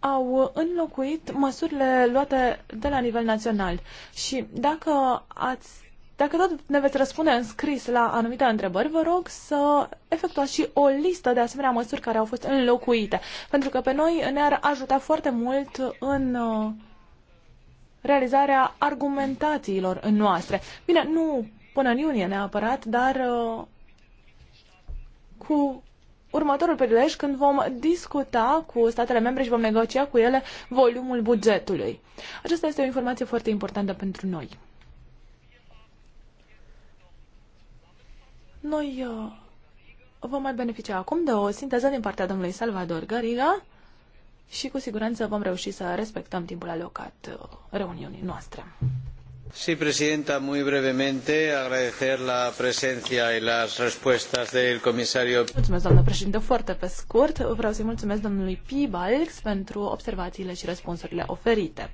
au înlocuit măsurile luate de la nivel național. Și dacă ați dacă tot ne veți răspunde în scris la anumite întrebări, vă rog să efectuați și o listă de asemenea măsuri care au fost înlocuite, pentru că pe noi ne-ar ajuta foarte mult în uh, realizarea argumentațiilor noastre. Bine, nu până în iunie neapărat, dar uh, cu următorul prilej când vom discuta cu statele membre și vom negocia cu ele volumul bugetului. Aceasta este o informație foarte importantă pentru noi. Noi uh, vom mai beneficia acum de o sinteză din partea domnului Salvador Gariga și cu siguranță vom reuși să respectăm timpul alocat uh, reuniunii noastre. Sí, Presidenta, muy brevemente, agradecer la presencia y las respuestas del comisario. Mulțumesc, doamnă președinte. Foarte pe scurt, vreau să-i mulțumesc domnului Pibalx pentru observațiile și răspunsurile oferite.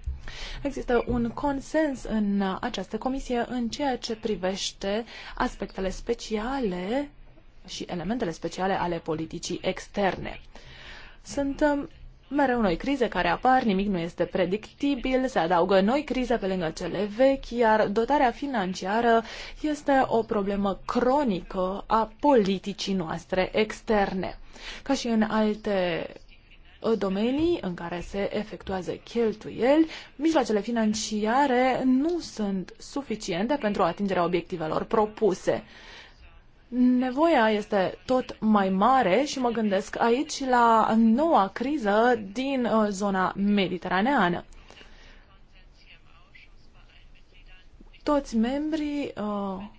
Există un consens în această comisie în ceea ce privește aspectele speciale și elementele speciale ale politicii externe. Sunt mereu noi crize care apar, nimic nu este predictibil, se adaugă noi crize pe lângă cele vechi, iar dotarea financiară este o problemă cronică a politicii noastre externe. Ca și în alte uh, domenii în care se efectuează cheltuieli, mijloacele financiare nu sunt suficiente pentru atingerea obiectivelor propuse. Nevoia este tot mai mare și mă gândesc aici la noua criză din uh, zona mediteraneană. Toți membrii uh,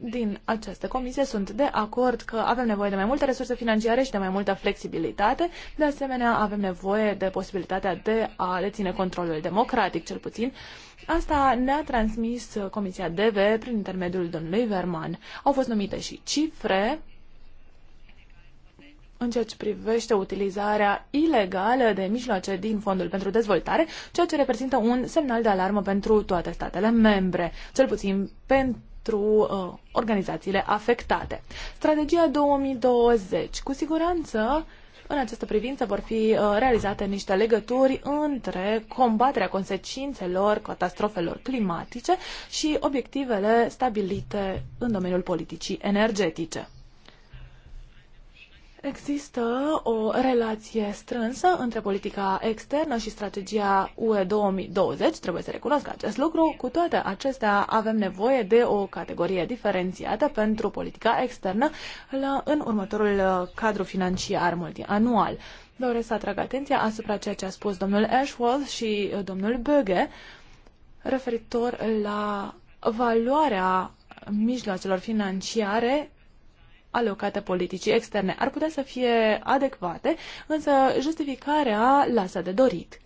din această comisie sunt de acord că avem nevoie de mai multe resurse financiare și de mai multă flexibilitate. De asemenea, avem nevoie de posibilitatea de a deține controlul democratic, cel puțin. Asta ne-a transmis Comisia DV prin intermediul domnului Verman. Au fost numite și cifre în ceea ce privește utilizarea ilegală de mijloace din Fondul pentru Dezvoltare, ceea ce reprezintă un semnal de alarmă pentru toate statele membre, cel puțin pentru pentru uh, organizațiile afectate. Strategia 2020. Cu siguranță, în această privință vor fi uh, realizate niște legături între combaterea consecințelor catastrofelor climatice și obiectivele stabilite în domeniul politicii energetice. Există o relație strânsă între politica externă și strategia UE 2020, trebuie să recunosc acest lucru. Cu toate acestea, avem nevoie de o categorie diferențiată pentru politica externă la, în următorul uh, cadru financiar multianual. Doresc să atrag atenția asupra ceea ce a spus domnul Ashworth și uh, domnul Böge referitor la valoarea mijloacelor financiare alocate politicii externe. Ar putea să fie adecvate, însă justificarea lasă de dorit.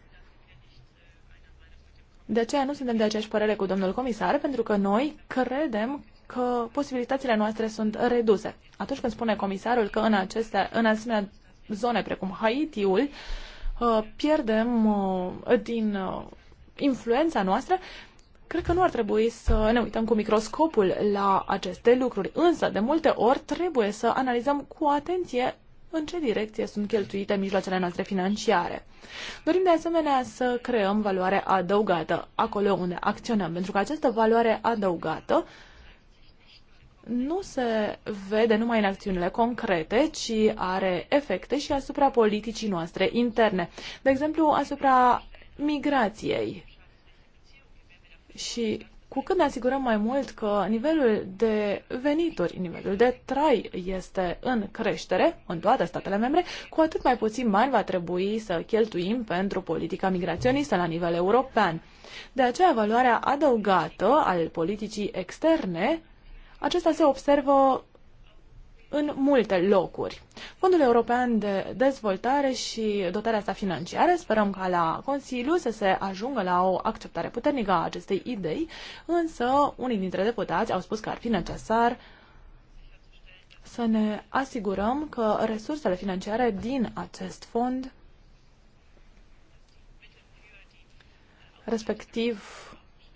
De aceea nu suntem de aceeași părere cu domnul comisar, pentru că noi credem că posibilitățile noastre sunt reduse. Atunci când spune comisarul că în, aceste, în asemenea zone precum Haitiul uh, pierdem uh, din uh, influența noastră, Cred că nu ar trebui să ne uităm cu microscopul la aceste lucruri, însă de multe ori trebuie să analizăm cu atenție în ce direcție sunt cheltuite mijloacele noastre financiare. Dorim de asemenea să creăm valoare adăugată acolo unde acționăm, pentru că această valoare adăugată nu se vede numai în acțiunile concrete, ci are efecte și asupra politicii noastre interne. De exemplu, asupra migrației. Și cu cât ne asigurăm mai mult că nivelul de venituri, nivelul de trai este în creștere în toate statele membre, cu atât mai puțin bani va trebui să cheltuim pentru politica migraționistă la nivel european. De aceea, valoarea adăugată al politicii externe, acesta se observă în multe locuri. Fondul European de Dezvoltare și dotarea sa financiară sperăm ca la Consiliu să se ajungă la o acceptare puternică a acestei idei, însă unii dintre deputați au spus că ar fi necesar să ne asigurăm că resursele financiare din acest fond respectiv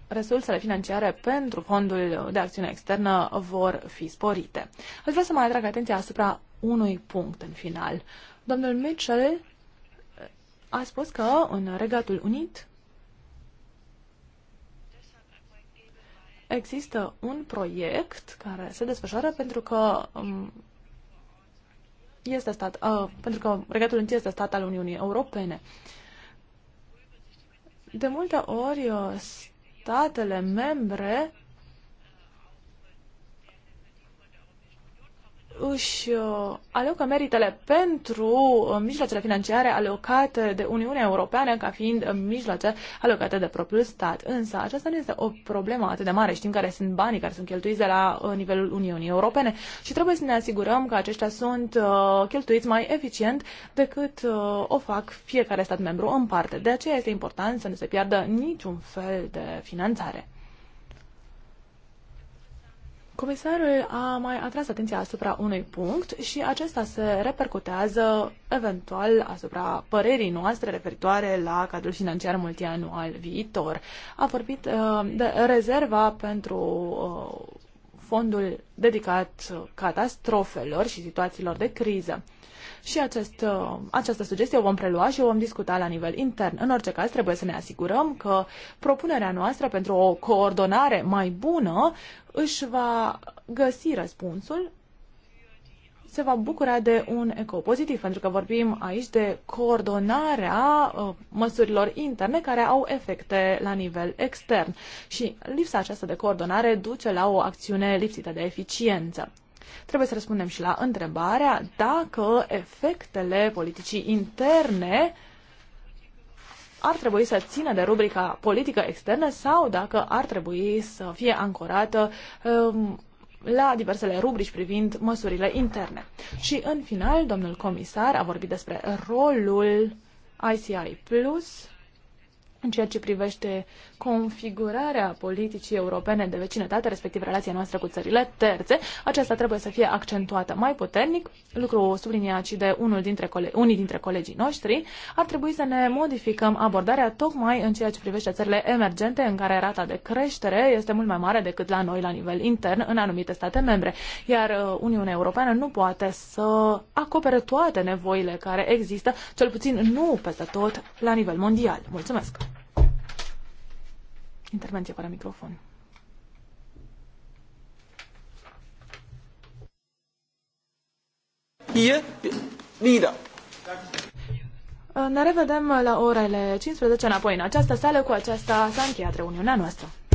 resursele financiare pentru fondul de acțiune externă vor fi sporite. Aș vrea să mai atrag atenția asupra unui punct în final. Domnul Mitchell a spus că în Regatul Unit există un proiect care se desfășoară pentru că um, este stat, uh, pentru că Regatul Unit este stat al Uniunii Europene. De multe ori uh, statele membre își uh, alocă meritele pentru uh, mijloacele financiare alocate de Uniunea Europeană ca fiind uh, mijloace alocate de propriul stat. Însă aceasta nu este o problemă atât de mare. Știm care sunt banii care sunt cheltuiți de la nivelul Uniunii Europene și trebuie să ne asigurăm că aceștia sunt cheltuiți mai eficient decât o fac fiecare stat membru în parte. De aceea este important să nu se piardă niciun fel de finanțare. Comisarul a mai atras atenția asupra unui punct și acesta se repercutează eventual asupra părerii noastre referitoare la cadrul financiar multianual viitor. A vorbit uh, de rezerva pentru uh, fondul dedicat catastrofelor și situațiilor de criză. Și acest, uh, această sugestie o vom prelua și o vom discuta la nivel intern. În orice caz, trebuie să ne asigurăm că propunerea noastră pentru o coordonare mai bună își va găsi răspunsul, se va bucura de un eco pozitiv, pentru că vorbim aici de coordonarea uh, măsurilor interne care au efecte la nivel extern. Și lipsa aceasta de coordonare duce la o acțiune lipsită de eficiență. Trebuie să răspundem și la întrebarea dacă efectele politicii interne uh, ar trebui să țină de rubrica politică externă sau dacă ar trebui să fie ancorată um, la diversele rubrici privind măsurile interne. Și în final, domnul comisar a vorbit despre rolul ICI Plus în ceea ce privește configurarea politicii europene de vecinătate, respectiv relația noastră cu țările terțe, aceasta trebuie să fie accentuată mai puternic, lucru subliniat și de unul dintre cole- unii dintre colegii noștri, ar trebui să ne modificăm abordarea tocmai în ceea ce privește țările emergente, în care rata de creștere este mult mai mare decât la noi la nivel intern în anumite state membre, iar uh, Uniunea Europeană nu poate să acopere toate nevoile care există, cel puțin nu peste tot la nivel mondial. Mulțumesc! Intervenție fără microfon. Ie bine. Ne revedem la orele 15 înapoi în această sală. Cu aceasta s-a încheiat reuniunea noastră.